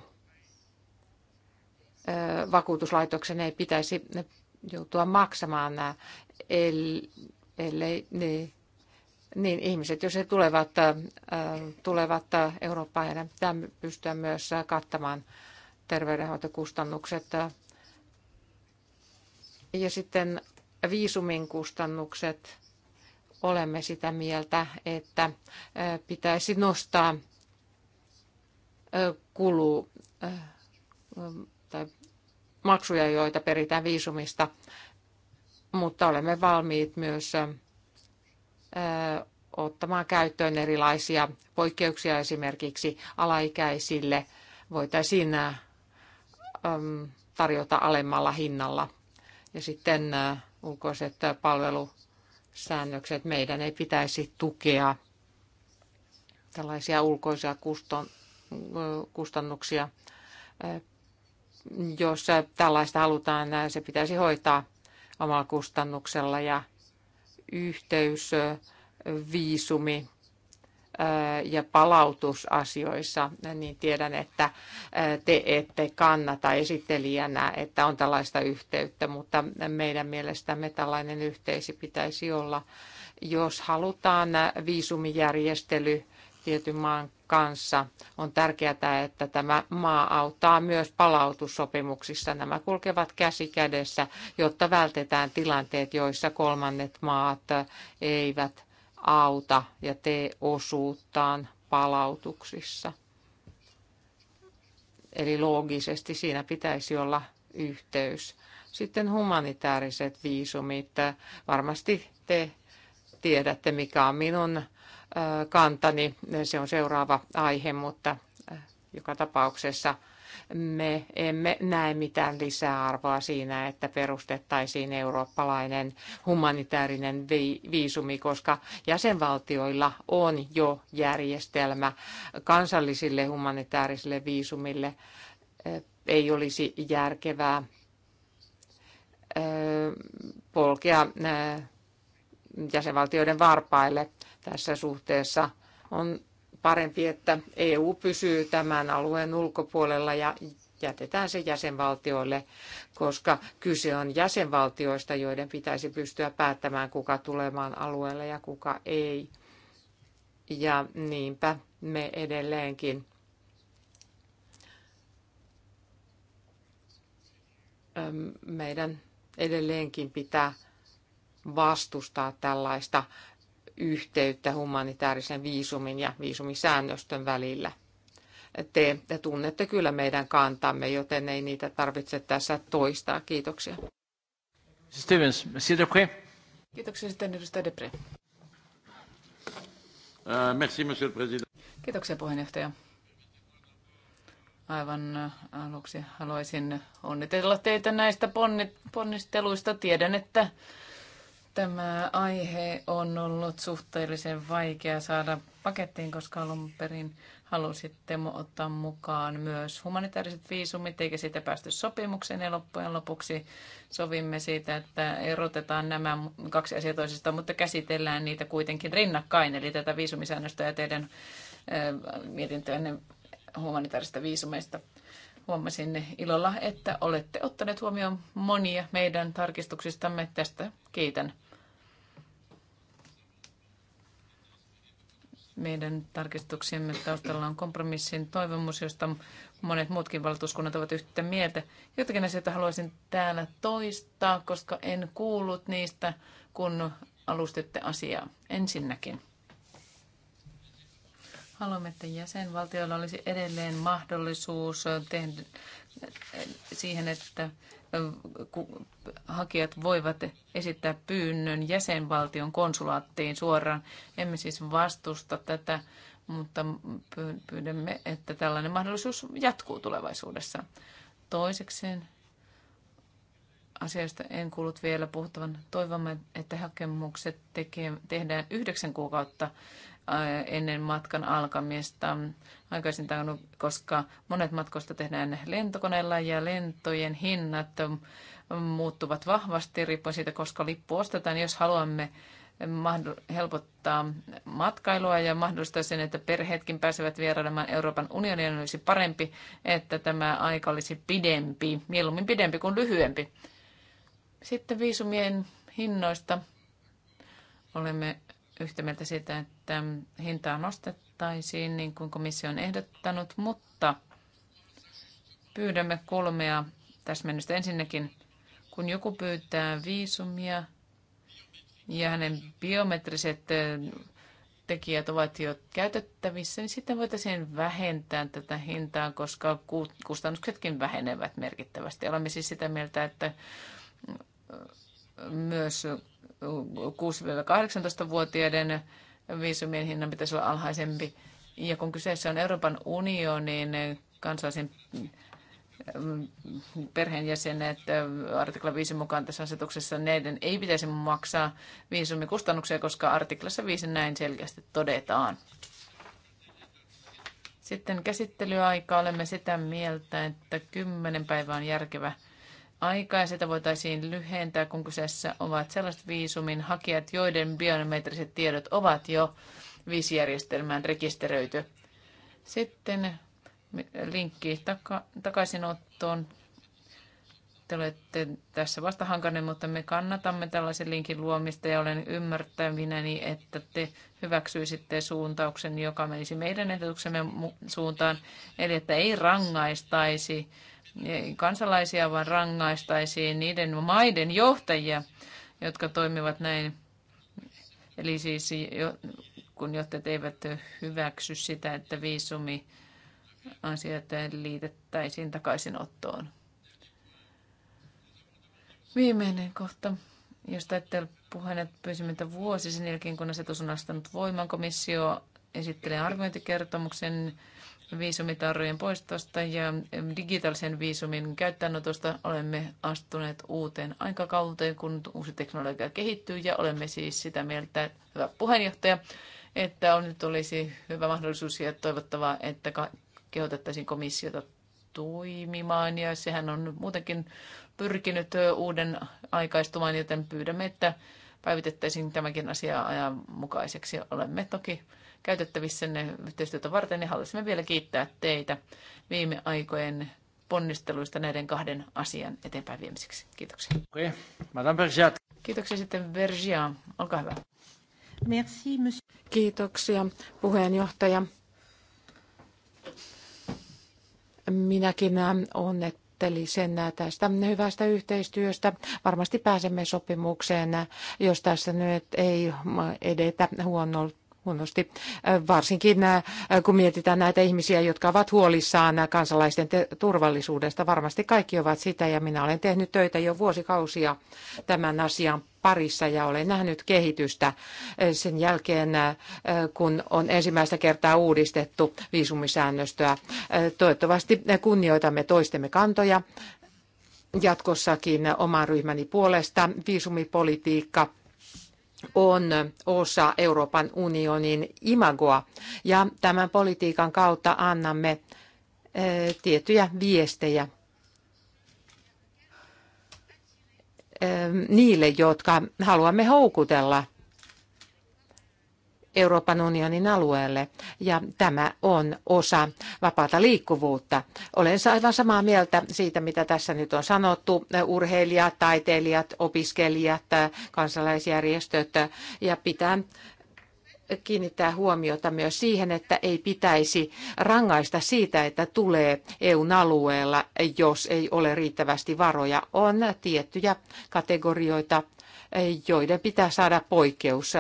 vakuutuslaitoksen ei pitäisi joutua maksamaan ellei ne niin ihmiset, jos he tulevat, äh, tulevat äh, Eurooppaan, heidän pitää pystyä myös äh, kattamaan terveydenhoitokustannukset. Ja sitten viisumin kustannukset. Olemme sitä mieltä, että pitäisi nostaa kulu tai maksuja, joita peritään viisumista, mutta olemme valmiit myös ottamaan käyttöön erilaisia poikkeuksia esimerkiksi alaikäisille. Voitaisiin tarjota alemmalla hinnalla. Ja sitten ulkoiset palvelusäännökset. Meidän ei pitäisi tukea tällaisia ulkoisia kustannuksia. Jos tällaista halutaan, se pitäisi hoitaa omalla kustannuksella ja yhteys viisumi ja palautusasioissa, niin tiedän, että te ette kannata esittelijänä, että on tällaista yhteyttä, mutta meidän mielestämme tällainen yhteisi pitäisi olla, jos halutaan viisumijärjestely tietyn maan kanssa. On tärkeää, että tämä maa auttaa myös palautussopimuksissa. Nämä kulkevat käsi kädessä, jotta vältetään tilanteet, joissa kolmannet maat eivät auta ja tee osuuttaan palautuksissa. Eli loogisesti siinä pitäisi olla yhteys. Sitten humanitaariset viisumit. Varmasti te tiedätte, mikä on minun kantani. Se on seuraava aihe, mutta joka tapauksessa me emme näe mitään lisäarvoa siinä, että perustettaisiin eurooppalainen humanitaarinen viisumi, koska jäsenvaltioilla on jo järjestelmä kansallisille humanitaarisille viisumille. Ei olisi järkevää polkea jäsenvaltioiden varpaille tässä suhteessa. On parempi, että EU pysyy tämän alueen ulkopuolella ja jätetään se jäsenvaltioille, koska kyse on jäsenvaltioista, joiden pitäisi pystyä päättämään, kuka tulemaan alueelle ja kuka ei. Ja niinpä me edelleenkin ähm, meidän edelleenkin pitää vastustaa tällaista yhteyttä humanitaarisen viisumin ja viisumisäännöstön välillä. Te, te tunnette kyllä meidän kantamme, joten ei niitä tarvitse tässä toistaa. Kiitoksia. Stevens, Monsieur Kiitoksia sitten edustaja Uh, Merci, Monsieur le Président. Kiitoksia puheenjohtaja. Aivan äh, aluksi haluaisin onnitella teitä näistä ponnisteluista. Tiedän, että Tämä aihe on ollut suhteellisen vaikea saada pakettiin, koska alun perin halusitte ottaa mukaan myös humanitaariset viisumit, eikä siitä päästy sopimukseen. Ja loppujen lopuksi sovimme siitä, että erotetaan nämä kaksi asiaa toisistaan, mutta käsitellään niitä kuitenkin rinnakkain. Eli tätä viisumisäännöstä ja teidän mietintöänne humanitaarista viisumeista huomasin ilolla, että olette ottaneet huomioon monia meidän tarkistuksistamme. Tästä kiitän. Meidän tarkistuksiemme taustalla on kompromissin toivomus, josta monet muutkin valtuuskunnat ovat yhtä mieltä. Jotakin asioita haluaisin täällä toistaa, koska en kuullut niistä, kun alustitte asiaa. Ensinnäkin. Haluamme, että jäsenvaltioilla olisi edelleen mahdollisuus tehdä siihen, että hakijat voivat esittää pyynnön jäsenvaltion konsulaattiin suoraan. Emme siis vastusta tätä, mutta pyydämme, että tällainen mahdollisuus jatkuu tulevaisuudessa. Toisekseen asiasta en kuullut vielä puhuttavan. Toivomme, että hakemukset tekee, tehdään yhdeksän kuukautta ennen matkan alkamista aikaisintaan, koska monet matkoista tehdään lentokoneella ja lentojen hinnat muuttuvat vahvasti riippuen siitä, koska lippu ostetaan. Jos haluamme helpottaa matkailua ja mahdollistaa sen, että perheetkin pääsevät vierailemaan Euroopan unionin, olisi parempi, että tämä aika olisi pidempi, mieluummin pidempi kuin lyhyempi. Sitten viisumien hinnoista olemme yhtä mieltä siitä, että että hintaa nostettaisiin niin kuin komissio on ehdottanut, mutta pyydämme kolmea täsmennystä. Ensinnäkin, kun joku pyytää viisumia ja hänen biometriset tekijät ovat jo käytettävissä, niin sitten voitaisiin vähentää tätä hintaa, koska kustannuksetkin vähenevät merkittävästi. Olemme siis sitä mieltä, että myös 6-18-vuotiaiden viisumien hinnan pitäisi olla alhaisempi. Ja kun kyseessä on Euroopan unionin kansallisen mm, perheenjäsenet artikla 5 mukaan tässä asetuksessa, neiden ei pitäisi maksaa viisumikustannuksia, koska artiklassa 5 näin selkeästi todetaan. Sitten käsittelyaika. Olemme sitä mieltä, että 10 päivää on järkevä aikaa. Sitä voitaisiin lyhentää, kun kyseessä ovat sellaiset viisumin hakijat, joiden biometriset tiedot ovat jo viisijärjestelmään rekisteröity. Sitten linkki taka- takaisinottoon. Te olette tässä vastahankainen, mutta me kannatamme tällaisen linkin luomista ja olen ymmärtävinäni, että te hyväksyisitte suuntauksen, joka menisi meidän ehdotuksemme suuntaan, eli että ei rangaistaisi kansalaisia, vaan rangaistaisiin niiden maiden johtajia, jotka toimivat näin. Eli siis kun johtajat eivät hyväksy sitä, että viisumi asiat liitettäisiin takaisinottoon. Viimeinen kohta, josta ette ole puhuneet pysymättä vuosi sen jälkeen, kun asetus on astanut voimaan, komissio esittelee arviointikertomuksen viisumitarrojen poistosta ja digitaalisen viisumin käyttöönotosta olemme astuneet uuteen aikakauteen, kun uusi teknologia kehittyy ja olemme siis sitä mieltä, hyvä puheenjohtaja, että on nyt olisi hyvä mahdollisuus ja toivottavaa, että kehotettaisiin komissiota toimimaan ja sehän on muutenkin pyrkinyt uuden aikaistumaan, joten pyydämme, että päivitettäisiin tämäkin asia ajan mukaiseksi. Olemme toki ne yhteistyötä varten ja niin haluaisimme vielä kiittää teitä viime aikojen ponnisteluista näiden kahden asian eteenpäin viemiseksi. Kiitoksia. Okay. Madame Bergiat. Kiitoksia sitten Vergia. Olkaa hyvä. Merci, monsieur. Kiitoksia puheenjohtaja. Minäkin onnettelisin tästä hyvästä yhteistyöstä. Varmasti pääsemme sopimukseen, jos tässä nyt ei edetä huonolta huonosti, äh, varsinkin äh, kun mietitään näitä ihmisiä, jotka ovat huolissaan kansalaisten turvallisuudesta. Varmasti kaikki ovat sitä ja minä olen tehnyt töitä jo vuosikausia tämän asian parissa ja olen nähnyt kehitystä äh, sen jälkeen, kun on ensimmäistä kertaa uudistettu viisumisäännöstöä. Toivottavasti kunnioitamme toistemme kantoja jatkossakin oman ryhmäni puolesta. Viisumipolitiikka on osa Euroopan unionin imagoa ja tämän politiikan kautta annamme eh, tiettyjä viestejä eh, niille, jotka haluamme houkutella – Euroopan unionin alueelle ja tämä on osa vapaata liikkuvuutta. Olen aivan samaa mieltä siitä, mitä tässä nyt on sanottu. Urheilijat, taiteilijat, opiskelijat, kansalaisjärjestöt ja pitää kiinnittää huomiota myös siihen, että ei pitäisi rangaista siitä, että tulee EUn alueella, jos ei ole riittävästi varoja. On tiettyjä kategorioita, joiden pitää saada poikkeus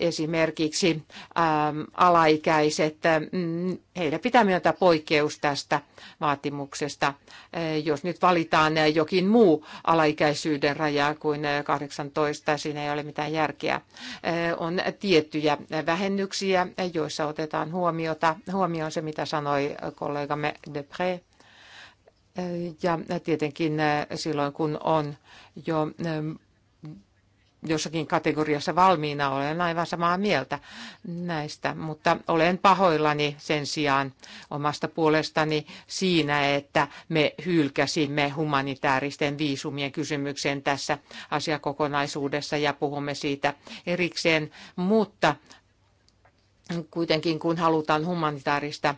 esimerkiksi ähm, alaikäiset, äh, mm, heille pitää myöntää poikkeus tästä vaatimuksesta. Äh, jos nyt valitaan äh, jokin muu alaikäisyyden raja kuin 18, siinä ei ole mitään järkeä. On tiettyjä vähennyksiä, joissa otetaan huomiota. huomioon se, mitä sanoi kollegamme Depre. Ja tietenkin silloin, kun on jo ähm, jossakin kategoriassa valmiina, olen aivan samaa mieltä näistä, mutta olen pahoillani sen sijaan omasta puolestani siinä, että me hylkäsimme humanitaaristen viisumien kysymyksen tässä asiakokonaisuudessa ja puhumme siitä erikseen, mutta kuitenkin kun halutaan humanitaarista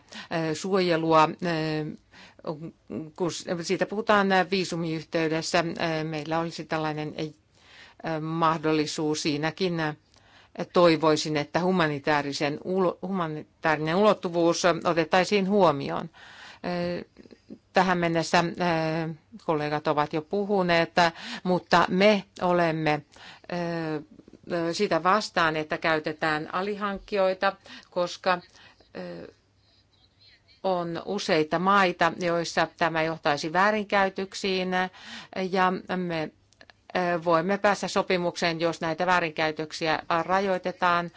suojelua, kun siitä puhutaan viisumiyhteydessä, meillä olisi tällainen mahdollisuus siinäkin. Toivoisin, että humanitaarisen, humanitaarinen ulottuvuus otettaisiin huomioon. Tähän mennessä kollegat ovat jo puhuneet, mutta me olemme sitä vastaan, että käytetään alihankkijoita, koska on useita maita, joissa tämä johtaisi väärinkäytöksiin ja me voimme päästä sopimukseen, jos näitä väärinkäytöksiä rajoitetaan.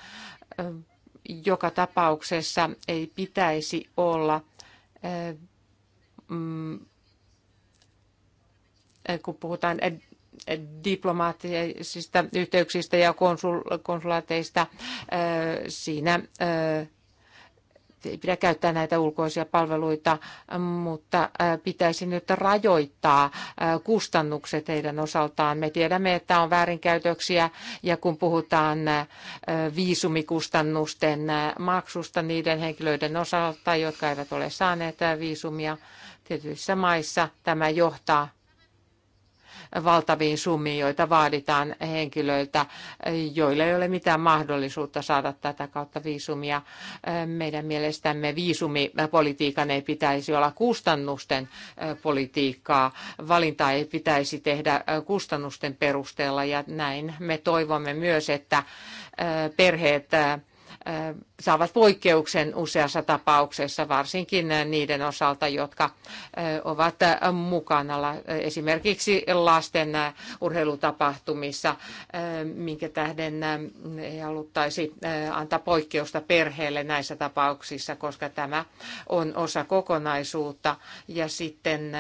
Joka tapauksessa ei pitäisi olla, mm, kun puhutaan diplomaattisista yhteyksistä ja konsulaateista, siinä ei pidä käyttää näitä ulkoisia palveluita, mutta pitäisi nyt rajoittaa kustannukset heidän osaltaan. Me tiedämme, että on väärinkäytöksiä ja kun puhutaan viisumikustannusten maksusta niiden henkilöiden osalta, jotka eivät ole saaneet viisumia tietyissä maissa, tämä johtaa valtaviin summiin, joita vaaditaan henkilöiltä, joilla ei ole mitään mahdollisuutta saada tätä kautta viisumia. Meidän mielestämme viisumipolitiikan ei pitäisi olla kustannusten politiikkaa. Valinta ei pitäisi tehdä kustannusten perusteella ja näin me toivomme myös, että perheet saavat poikkeuksen useassa tapauksessa, varsinkin niiden osalta, jotka ovat mukana esimerkiksi lasten urheilutapahtumissa, minkä tähden ei haluttaisi antaa poikkeusta perheelle näissä tapauksissa, koska tämä on osa kokonaisuutta. Ja sitten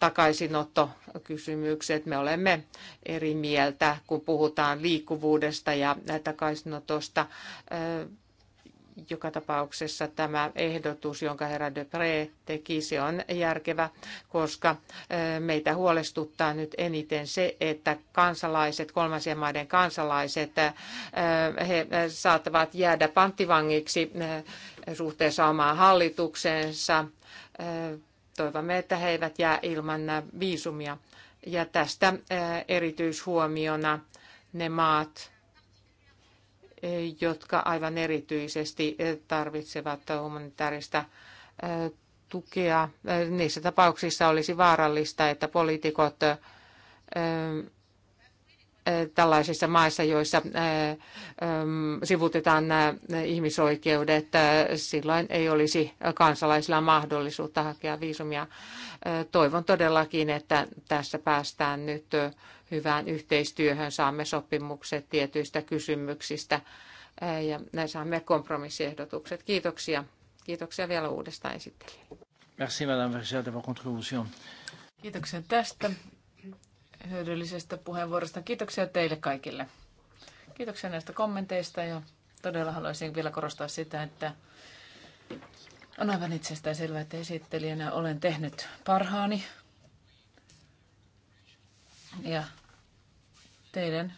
takaisinottokysymykset. Me olemme eri mieltä, kun puhutaan liikkuvuudesta ja takaisinotosta joka tapauksessa tämä ehdotus, jonka herra Pré teki, se on järkevä, koska meitä huolestuttaa nyt eniten se, että kansalaiset, kolmansien maiden kansalaiset, he saattavat jäädä panttivangiksi suhteessa omaan hallitukseensa. Toivomme, että he eivät jää ilman viisumia. Ja tästä erityishuomiona ne maat, jotka aivan erityisesti tarvitsevat humanitaarista tukea. Niissä tapauksissa olisi vaarallista, että poliitikot tällaisissa maissa, joissa sivutetaan nämä ihmisoikeudet, silloin ei olisi kansalaisilla mahdollisuutta hakea viisumia. Toivon todellakin, että tässä päästään nyt hyvään yhteistyöhön. Saamme sopimukset tietyistä kysymyksistä eh, ja näin saamme kompromissiehdotukset. Kiitoksia. Kiitoksia vielä uudestaan esittelijälle. Merci Madame Verger de contribution. Kiitoksia tästä hyödyllisestä puheenvuorosta. Kiitoksia teille kaikille. Kiitoksia näistä kommenteista ja todella haluaisin vielä korostaa sitä, että on aivan itsestään selvää, että esittelijänä olen tehnyt parhaani ja Teidän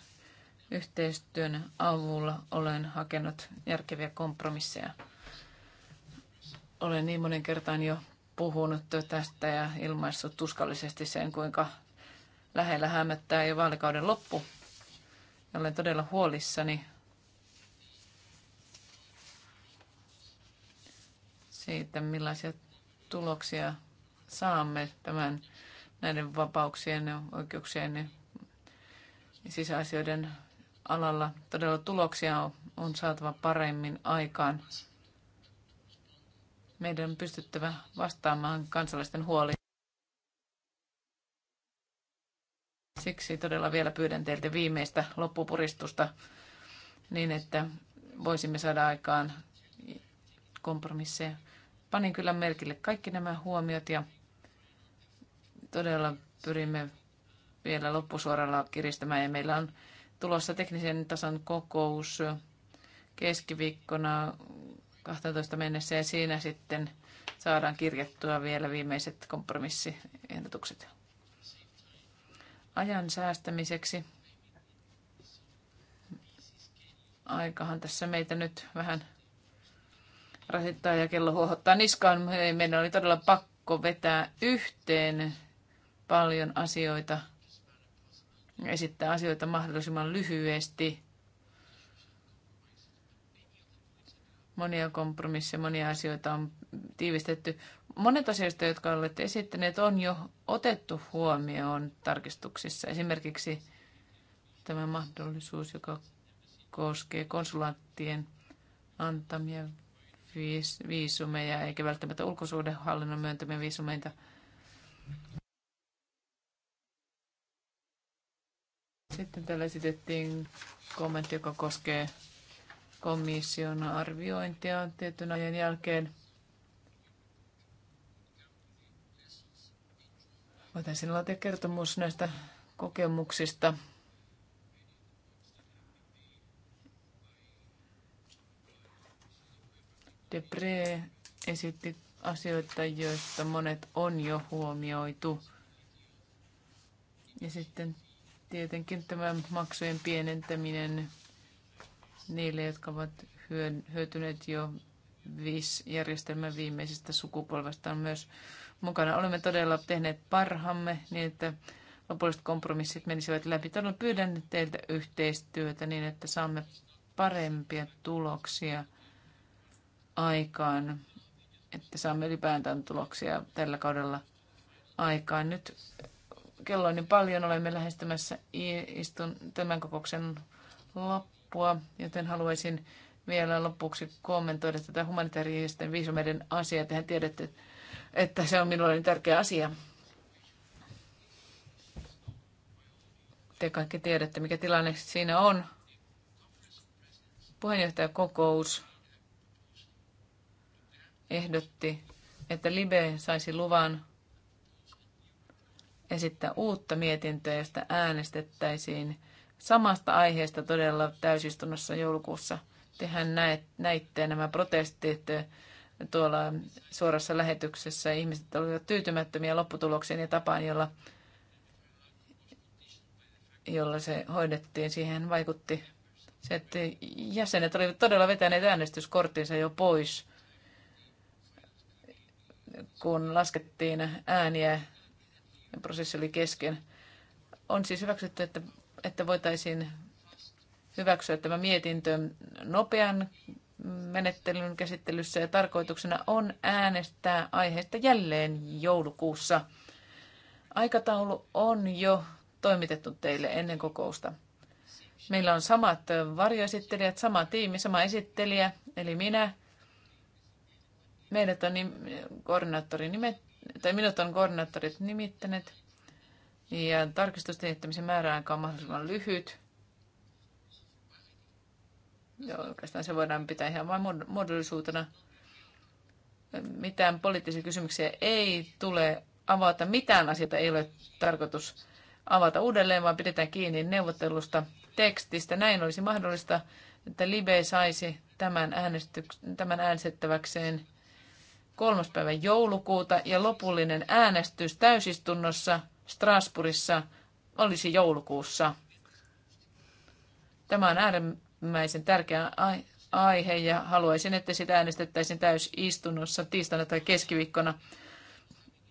yhteistyön avulla olen hakenut järkeviä kompromisseja. Olen niin monen kertaan jo puhunut tästä ja ilmaissut tuskallisesti sen, kuinka lähellä hämättää jo vaalikauden loppu. Olen todella huolissani siitä, millaisia tuloksia saamme tämän näiden vapauksien ja oikeuksien sisäasioiden alalla todella tuloksia on, saatava paremmin aikaan. Meidän on pystyttävä vastaamaan kansalaisten huoliin. Siksi todella vielä pyydän teiltä viimeistä loppupuristusta niin, että voisimme saada aikaan kompromisseja. Panin kyllä merkille kaikki nämä huomiot ja todella pyrimme vielä loppusuoralla kiristämään ja meillä on tulossa teknisen tasan kokous keskiviikkona 12 mennessä ja siinä sitten saadaan kirjattua vielä viimeiset kompromissiehdotukset. Ajan säästämiseksi. Aikahan tässä meitä nyt vähän rasittaa ja kello huohottaa niskaan. Meidän oli todella pakko vetää yhteen paljon asioita esittää asioita mahdollisimman lyhyesti. Monia kompromisseja, monia asioita on tiivistetty. Monet asioista, jotka olette esittäneet, on jo otettu huomioon tarkistuksissa. Esimerkiksi tämä mahdollisuus, joka koskee konsulaattien antamia viisumeja, eikä välttämättä ulkosuhdehallinnon myöntämiä viisumeita. Sitten täällä esitettiin kommentti, joka koskee komission arviointia tietyn ajan jälkeen. Voitaisiin laatia kertomus näistä kokemuksista. Debre esitti asioita, joista monet on jo huomioitu. Ja sitten Tietenkin tämä maksujen pienentäminen niille, jotka ovat hyötyneet jo VIS-järjestelmän viimeisestä sukupolvesta on myös mukana. Olemme todella tehneet parhamme niin, että lopulliset kompromissit menisivät läpi. Todella pyydän teiltä yhteistyötä niin, että saamme parempia tuloksia aikaan, että saamme ylipäätään tuloksia tällä kaudella aikaan. Nyt kello on niin paljon, olemme lähestymässä istun tämän kokouksen loppua, joten haluaisin vielä lopuksi kommentoida tätä humanitaaristen viisumeiden asiaa. Tehän tiedätte, että se on minulle niin tärkeä asia. Te kaikki tiedätte, mikä tilanne siinä on. Puheenjohtajakokous ehdotti, että Libe saisi luvan esittää uutta mietintöä, josta äänestettäisiin samasta aiheesta todella täysistunnossa joulukuussa. Tehän näitte nämä protestit tuolla suorassa lähetyksessä. Ihmiset olivat tyytymättömiä lopputulokseen ja tapaan, jolla, jolla se hoidettiin. Siihen vaikutti se, että jäsenet olivat todella vetäneet äänestyskorttinsa jo pois, kun laskettiin ääniä ja prosessi oli kesken. On siis hyväksytty, että, että voitaisiin hyväksyä tämä mietintö nopean menettelyn käsittelyssä ja tarkoituksena on äänestää aiheesta jälleen joulukuussa. Aikataulu on jo toimitettu teille ennen kokousta. Meillä on samat varjoesittelijät, sama tiimi, sama esittelijä, eli minä. Meidät on koordinaattori nimetty tai minut on koordinaattorit nimittäneet, ja tarkistusten määräaika on mahdollisimman lyhyt. Ja oikeastaan se voidaan pitää ihan vain muodollisuutena. Mitään poliittisia kysymyksiä ei tule avata. Mitään asioita ei ole tarkoitus avata uudelleen, vaan pidetään kiinni neuvottelusta tekstistä. Näin olisi mahdollista, että Libe saisi tämän, äänestyks- tämän äänestettäväkseen 3. päivä joulukuuta ja lopullinen äänestys täysistunnossa Strasbourgissa olisi joulukuussa. Tämä on äärimmäisen tärkeä aihe ja haluaisin, että sitä äänestettäisiin täysistunnossa tiistaina tai keskiviikkona.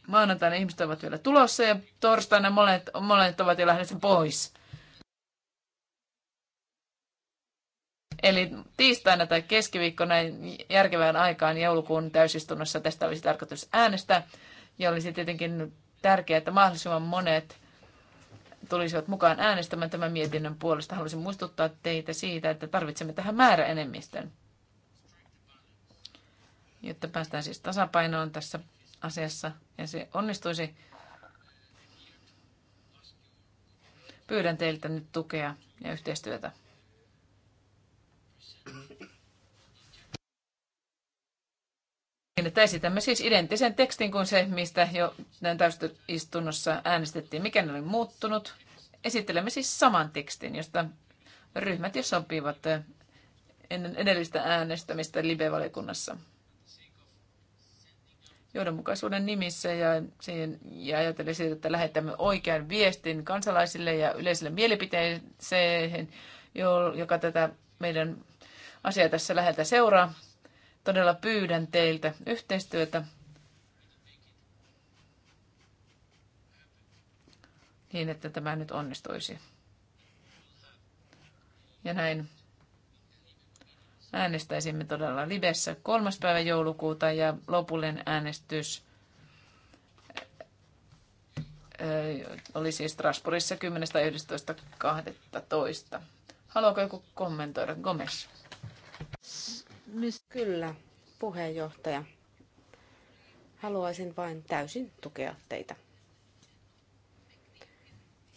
Maanantaina ihmiset ovat vielä tulossa ja torstaina molemmat, molemmat ovat jo lähdössä pois. Eli tiistaina tai keskiviikkona järkevään aikaan joulukuun täysistunnossa tästä olisi tarkoitus äänestää. Ja olisi tietenkin tärkeää, että mahdollisimman monet tulisivat mukaan äänestämään tämän mietinnön puolesta. Haluaisin muistuttaa teitä siitä, että tarvitsemme tähän määräenemmistön, jotta päästään siis tasapainoon tässä asiassa ja se onnistuisi. Pyydän teiltä nyt tukea ja yhteistyötä. Niin, että esitämme siis identtisen tekstin kuin se, mistä jo täystöistunnossa äänestettiin. Mikä oli muuttunut? Esittelemme siis saman tekstin, josta ryhmät jo sopivat eh, ennen edellistä äänestämistä live-valiokunnassa. Johdonmukaisuuden nimissä ja, siihen, ja ajatellen siitä, että lähetämme oikean viestin kansalaisille ja yleiselle mielipiteeseen, joka tätä meidän asia tässä läheltä seuraa. Todella pyydän teiltä yhteistyötä niin, että tämä nyt onnistuisi. Ja näin äänestäisimme todella livessä kolmas päivä joulukuuta ja lopullinen äänestys oli siis Strasbourgissa 10.11.12. Haluaako joku kommentoida? Gomes. Kyllä, puheenjohtaja. Haluaisin vain täysin tukea teitä.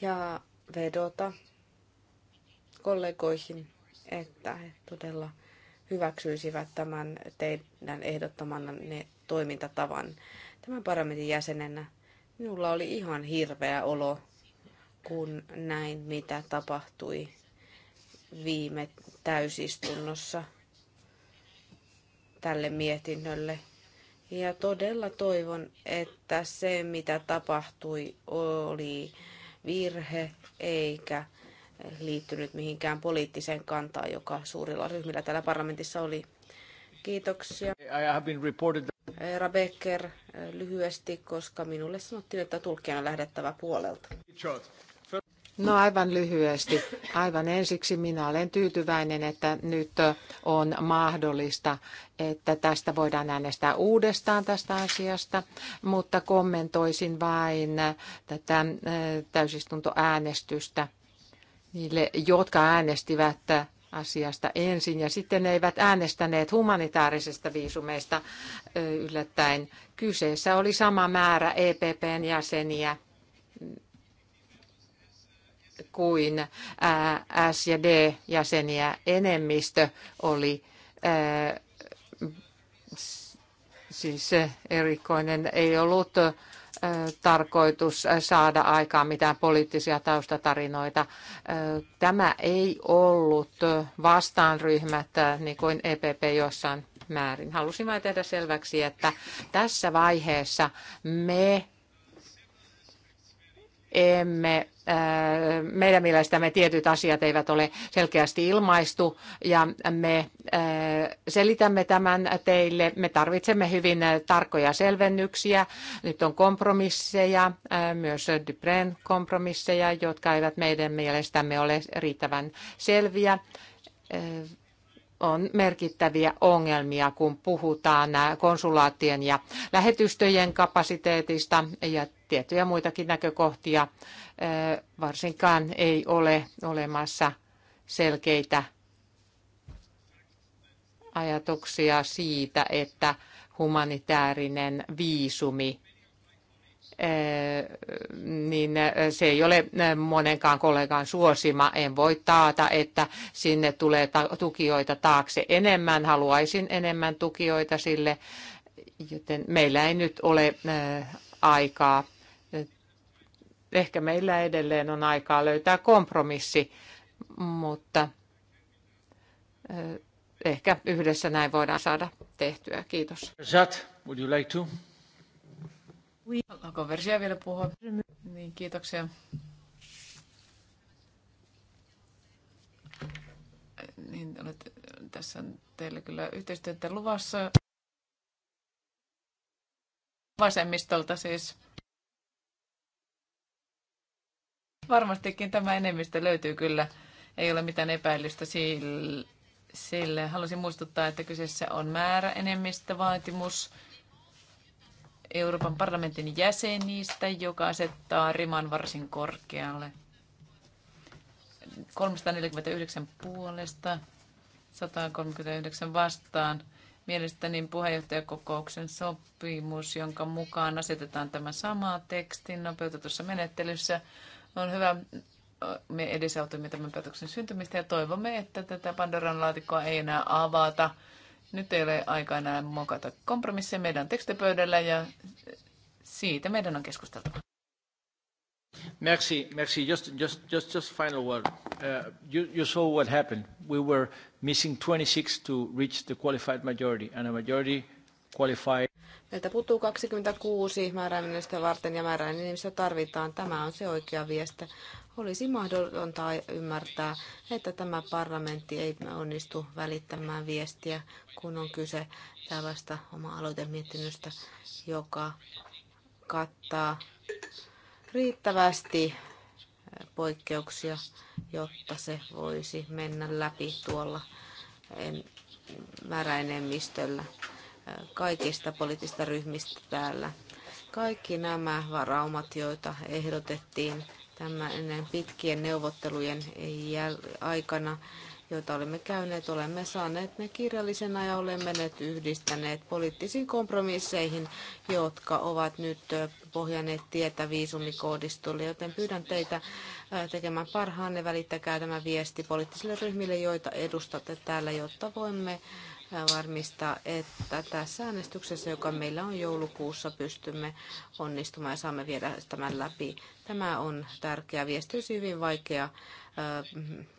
Ja vedota kollegoihin, että he todella hyväksyisivät tämän teidän ehdottamanne toimintatavan. Tämän parlamentin jäsenenä minulla oli ihan hirveä olo, kun näin mitä tapahtui viime täysistunnossa – tälle mietinnölle. Ja todella toivon, että se mitä tapahtui oli virhe eikä liittynyt mihinkään poliittiseen kantaan, joka suurilla ryhmillä täällä parlamentissa oli. Kiitoksia. Herra Becker lyhyesti, koska minulle sanottiin, että tulkkien on lähdettävä puolelta. No aivan lyhyesti. Aivan ensiksi minä olen tyytyväinen, että nyt on mahdollista, että tästä voidaan äänestää uudestaan tästä asiasta, mutta kommentoisin vain tätä äh, täysistuntoäänestystä niille, jotka äänestivät asiasta ensin ja sitten eivät äänestäneet humanitaarisesta viisumeista äh, yllättäen. Kyseessä oli sama määrä EPPn jäseniä kuin S- ja D-jäseniä enemmistö oli siis erikoinen. Ei ollut tarkoitus saada aikaan mitään poliittisia taustatarinoita. Tämä ei ollut vastaanryhmät niin kuin EPP jossain määrin. Halusin vain tehdä selväksi, että tässä vaiheessa me emme, äh, meidän mielestämme tietyt asiat eivät ole selkeästi ilmaistu ja me äh, selitämme tämän teille. Me tarvitsemme hyvin tarkkoja selvennyksiä. Nyt on kompromisseja, äh, myös Dupren kompromisseja, jotka eivät meidän mielestämme ole riittävän selviä on merkittäviä ongelmia, kun puhutaan konsulaattien ja lähetystöjen kapasiteetista ja tiettyjä muitakin näkökohtia. Varsinkaan ei ole olemassa selkeitä ajatuksia siitä, että humanitaarinen viisumi, niin se ei ole monenkaan kollegan suosima. En voi taata, että sinne tulee tukijoita taakse enemmän. Haluaisin enemmän tukijoita sille, joten meillä ei nyt ole aikaa Ehkä meillä edelleen on aikaa löytää kompromissi, mutta ehkä yhdessä näin voidaan saada tehtyä. Kiitos. Jat, would you like to? Haluanko versio vielä puhua? Niin, kiitoksia. Niin, olet, tässä on teillä kyllä yhteistyötä luvassa. Vasemmistolta siis. Varmastikin tämä enemmistö löytyy kyllä. Ei ole mitään epäilystä sille. Haluaisin muistuttaa, että kyseessä on määrä enemmistövaatimus Euroopan parlamentin jäsenistä, joka asettaa riman varsin korkealle. 349 puolesta, 139 vastaan. Mielestäni puheenjohtajakokouksen sopimus, jonka mukaan asetetaan tämä sama teksti nopeutetussa menettelyssä, on hyvä, me edesautuimme tämän päätöksen syntymistä ja toivomme, että tätä Pandoran laatikkoa ei enää avata. Nyt ei ole aika enää mokata kompromisseja meidän tekstipöydällä ja siitä meidän on keskusteltava. Merci, merci. Just, just, just, just final word. Uh, you, you saw what happened. We were missing 26 to reach the qualified majority, and a majority qualified. Meiltä puuttuu 26 määräämistä varten ja nimissä tarvitaan. Tämä on se oikea viesti. Olisi mahdotonta ymmärtää, että tämä parlamentti ei onnistu välittämään viestiä, kun on kyse tällaista oma aloitemiettinystä joka kattaa riittävästi poikkeuksia, jotta se voisi mennä läpi tuolla määräenemmistöllä kaikista poliittisista ryhmistä täällä. Kaikki nämä varaumat, joita ehdotettiin tämän pitkien neuvottelujen aikana, joita olemme käyneet, olemme saaneet ne kirjallisena ja olemme ne yhdistäneet poliittisiin kompromisseihin, jotka ovat nyt pohjanneet tietä viisumikoodistolle, joten pyydän teitä tekemään parhaanne, välittäkää tämä viesti poliittisille ryhmille, joita edustatte täällä, jotta voimme varmistaa, että tässä äänestyksessä, joka meillä on joulukuussa, pystymme onnistumaan ja saamme viedä tämän läpi. Tämä on tärkeä viesti, olisi hyvin vaikea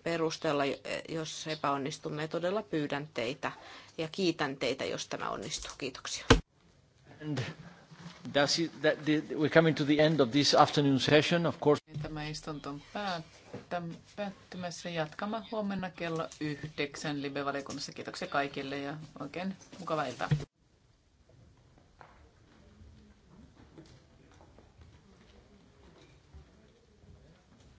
perustella, jos epäonnistumme. Todella pyydän teitä ja kiitän teitä, jos tämä onnistuu. Kiitoksia. And it, that, we're coming to the end of this afternoon session, of course. Tämä istunto on päättynyt päättymässä. Jatkamme huomenna kello yhdeksän Libe-valiokunnassa. Kiitoksia kaikille ja oikein mukavaa iltaa.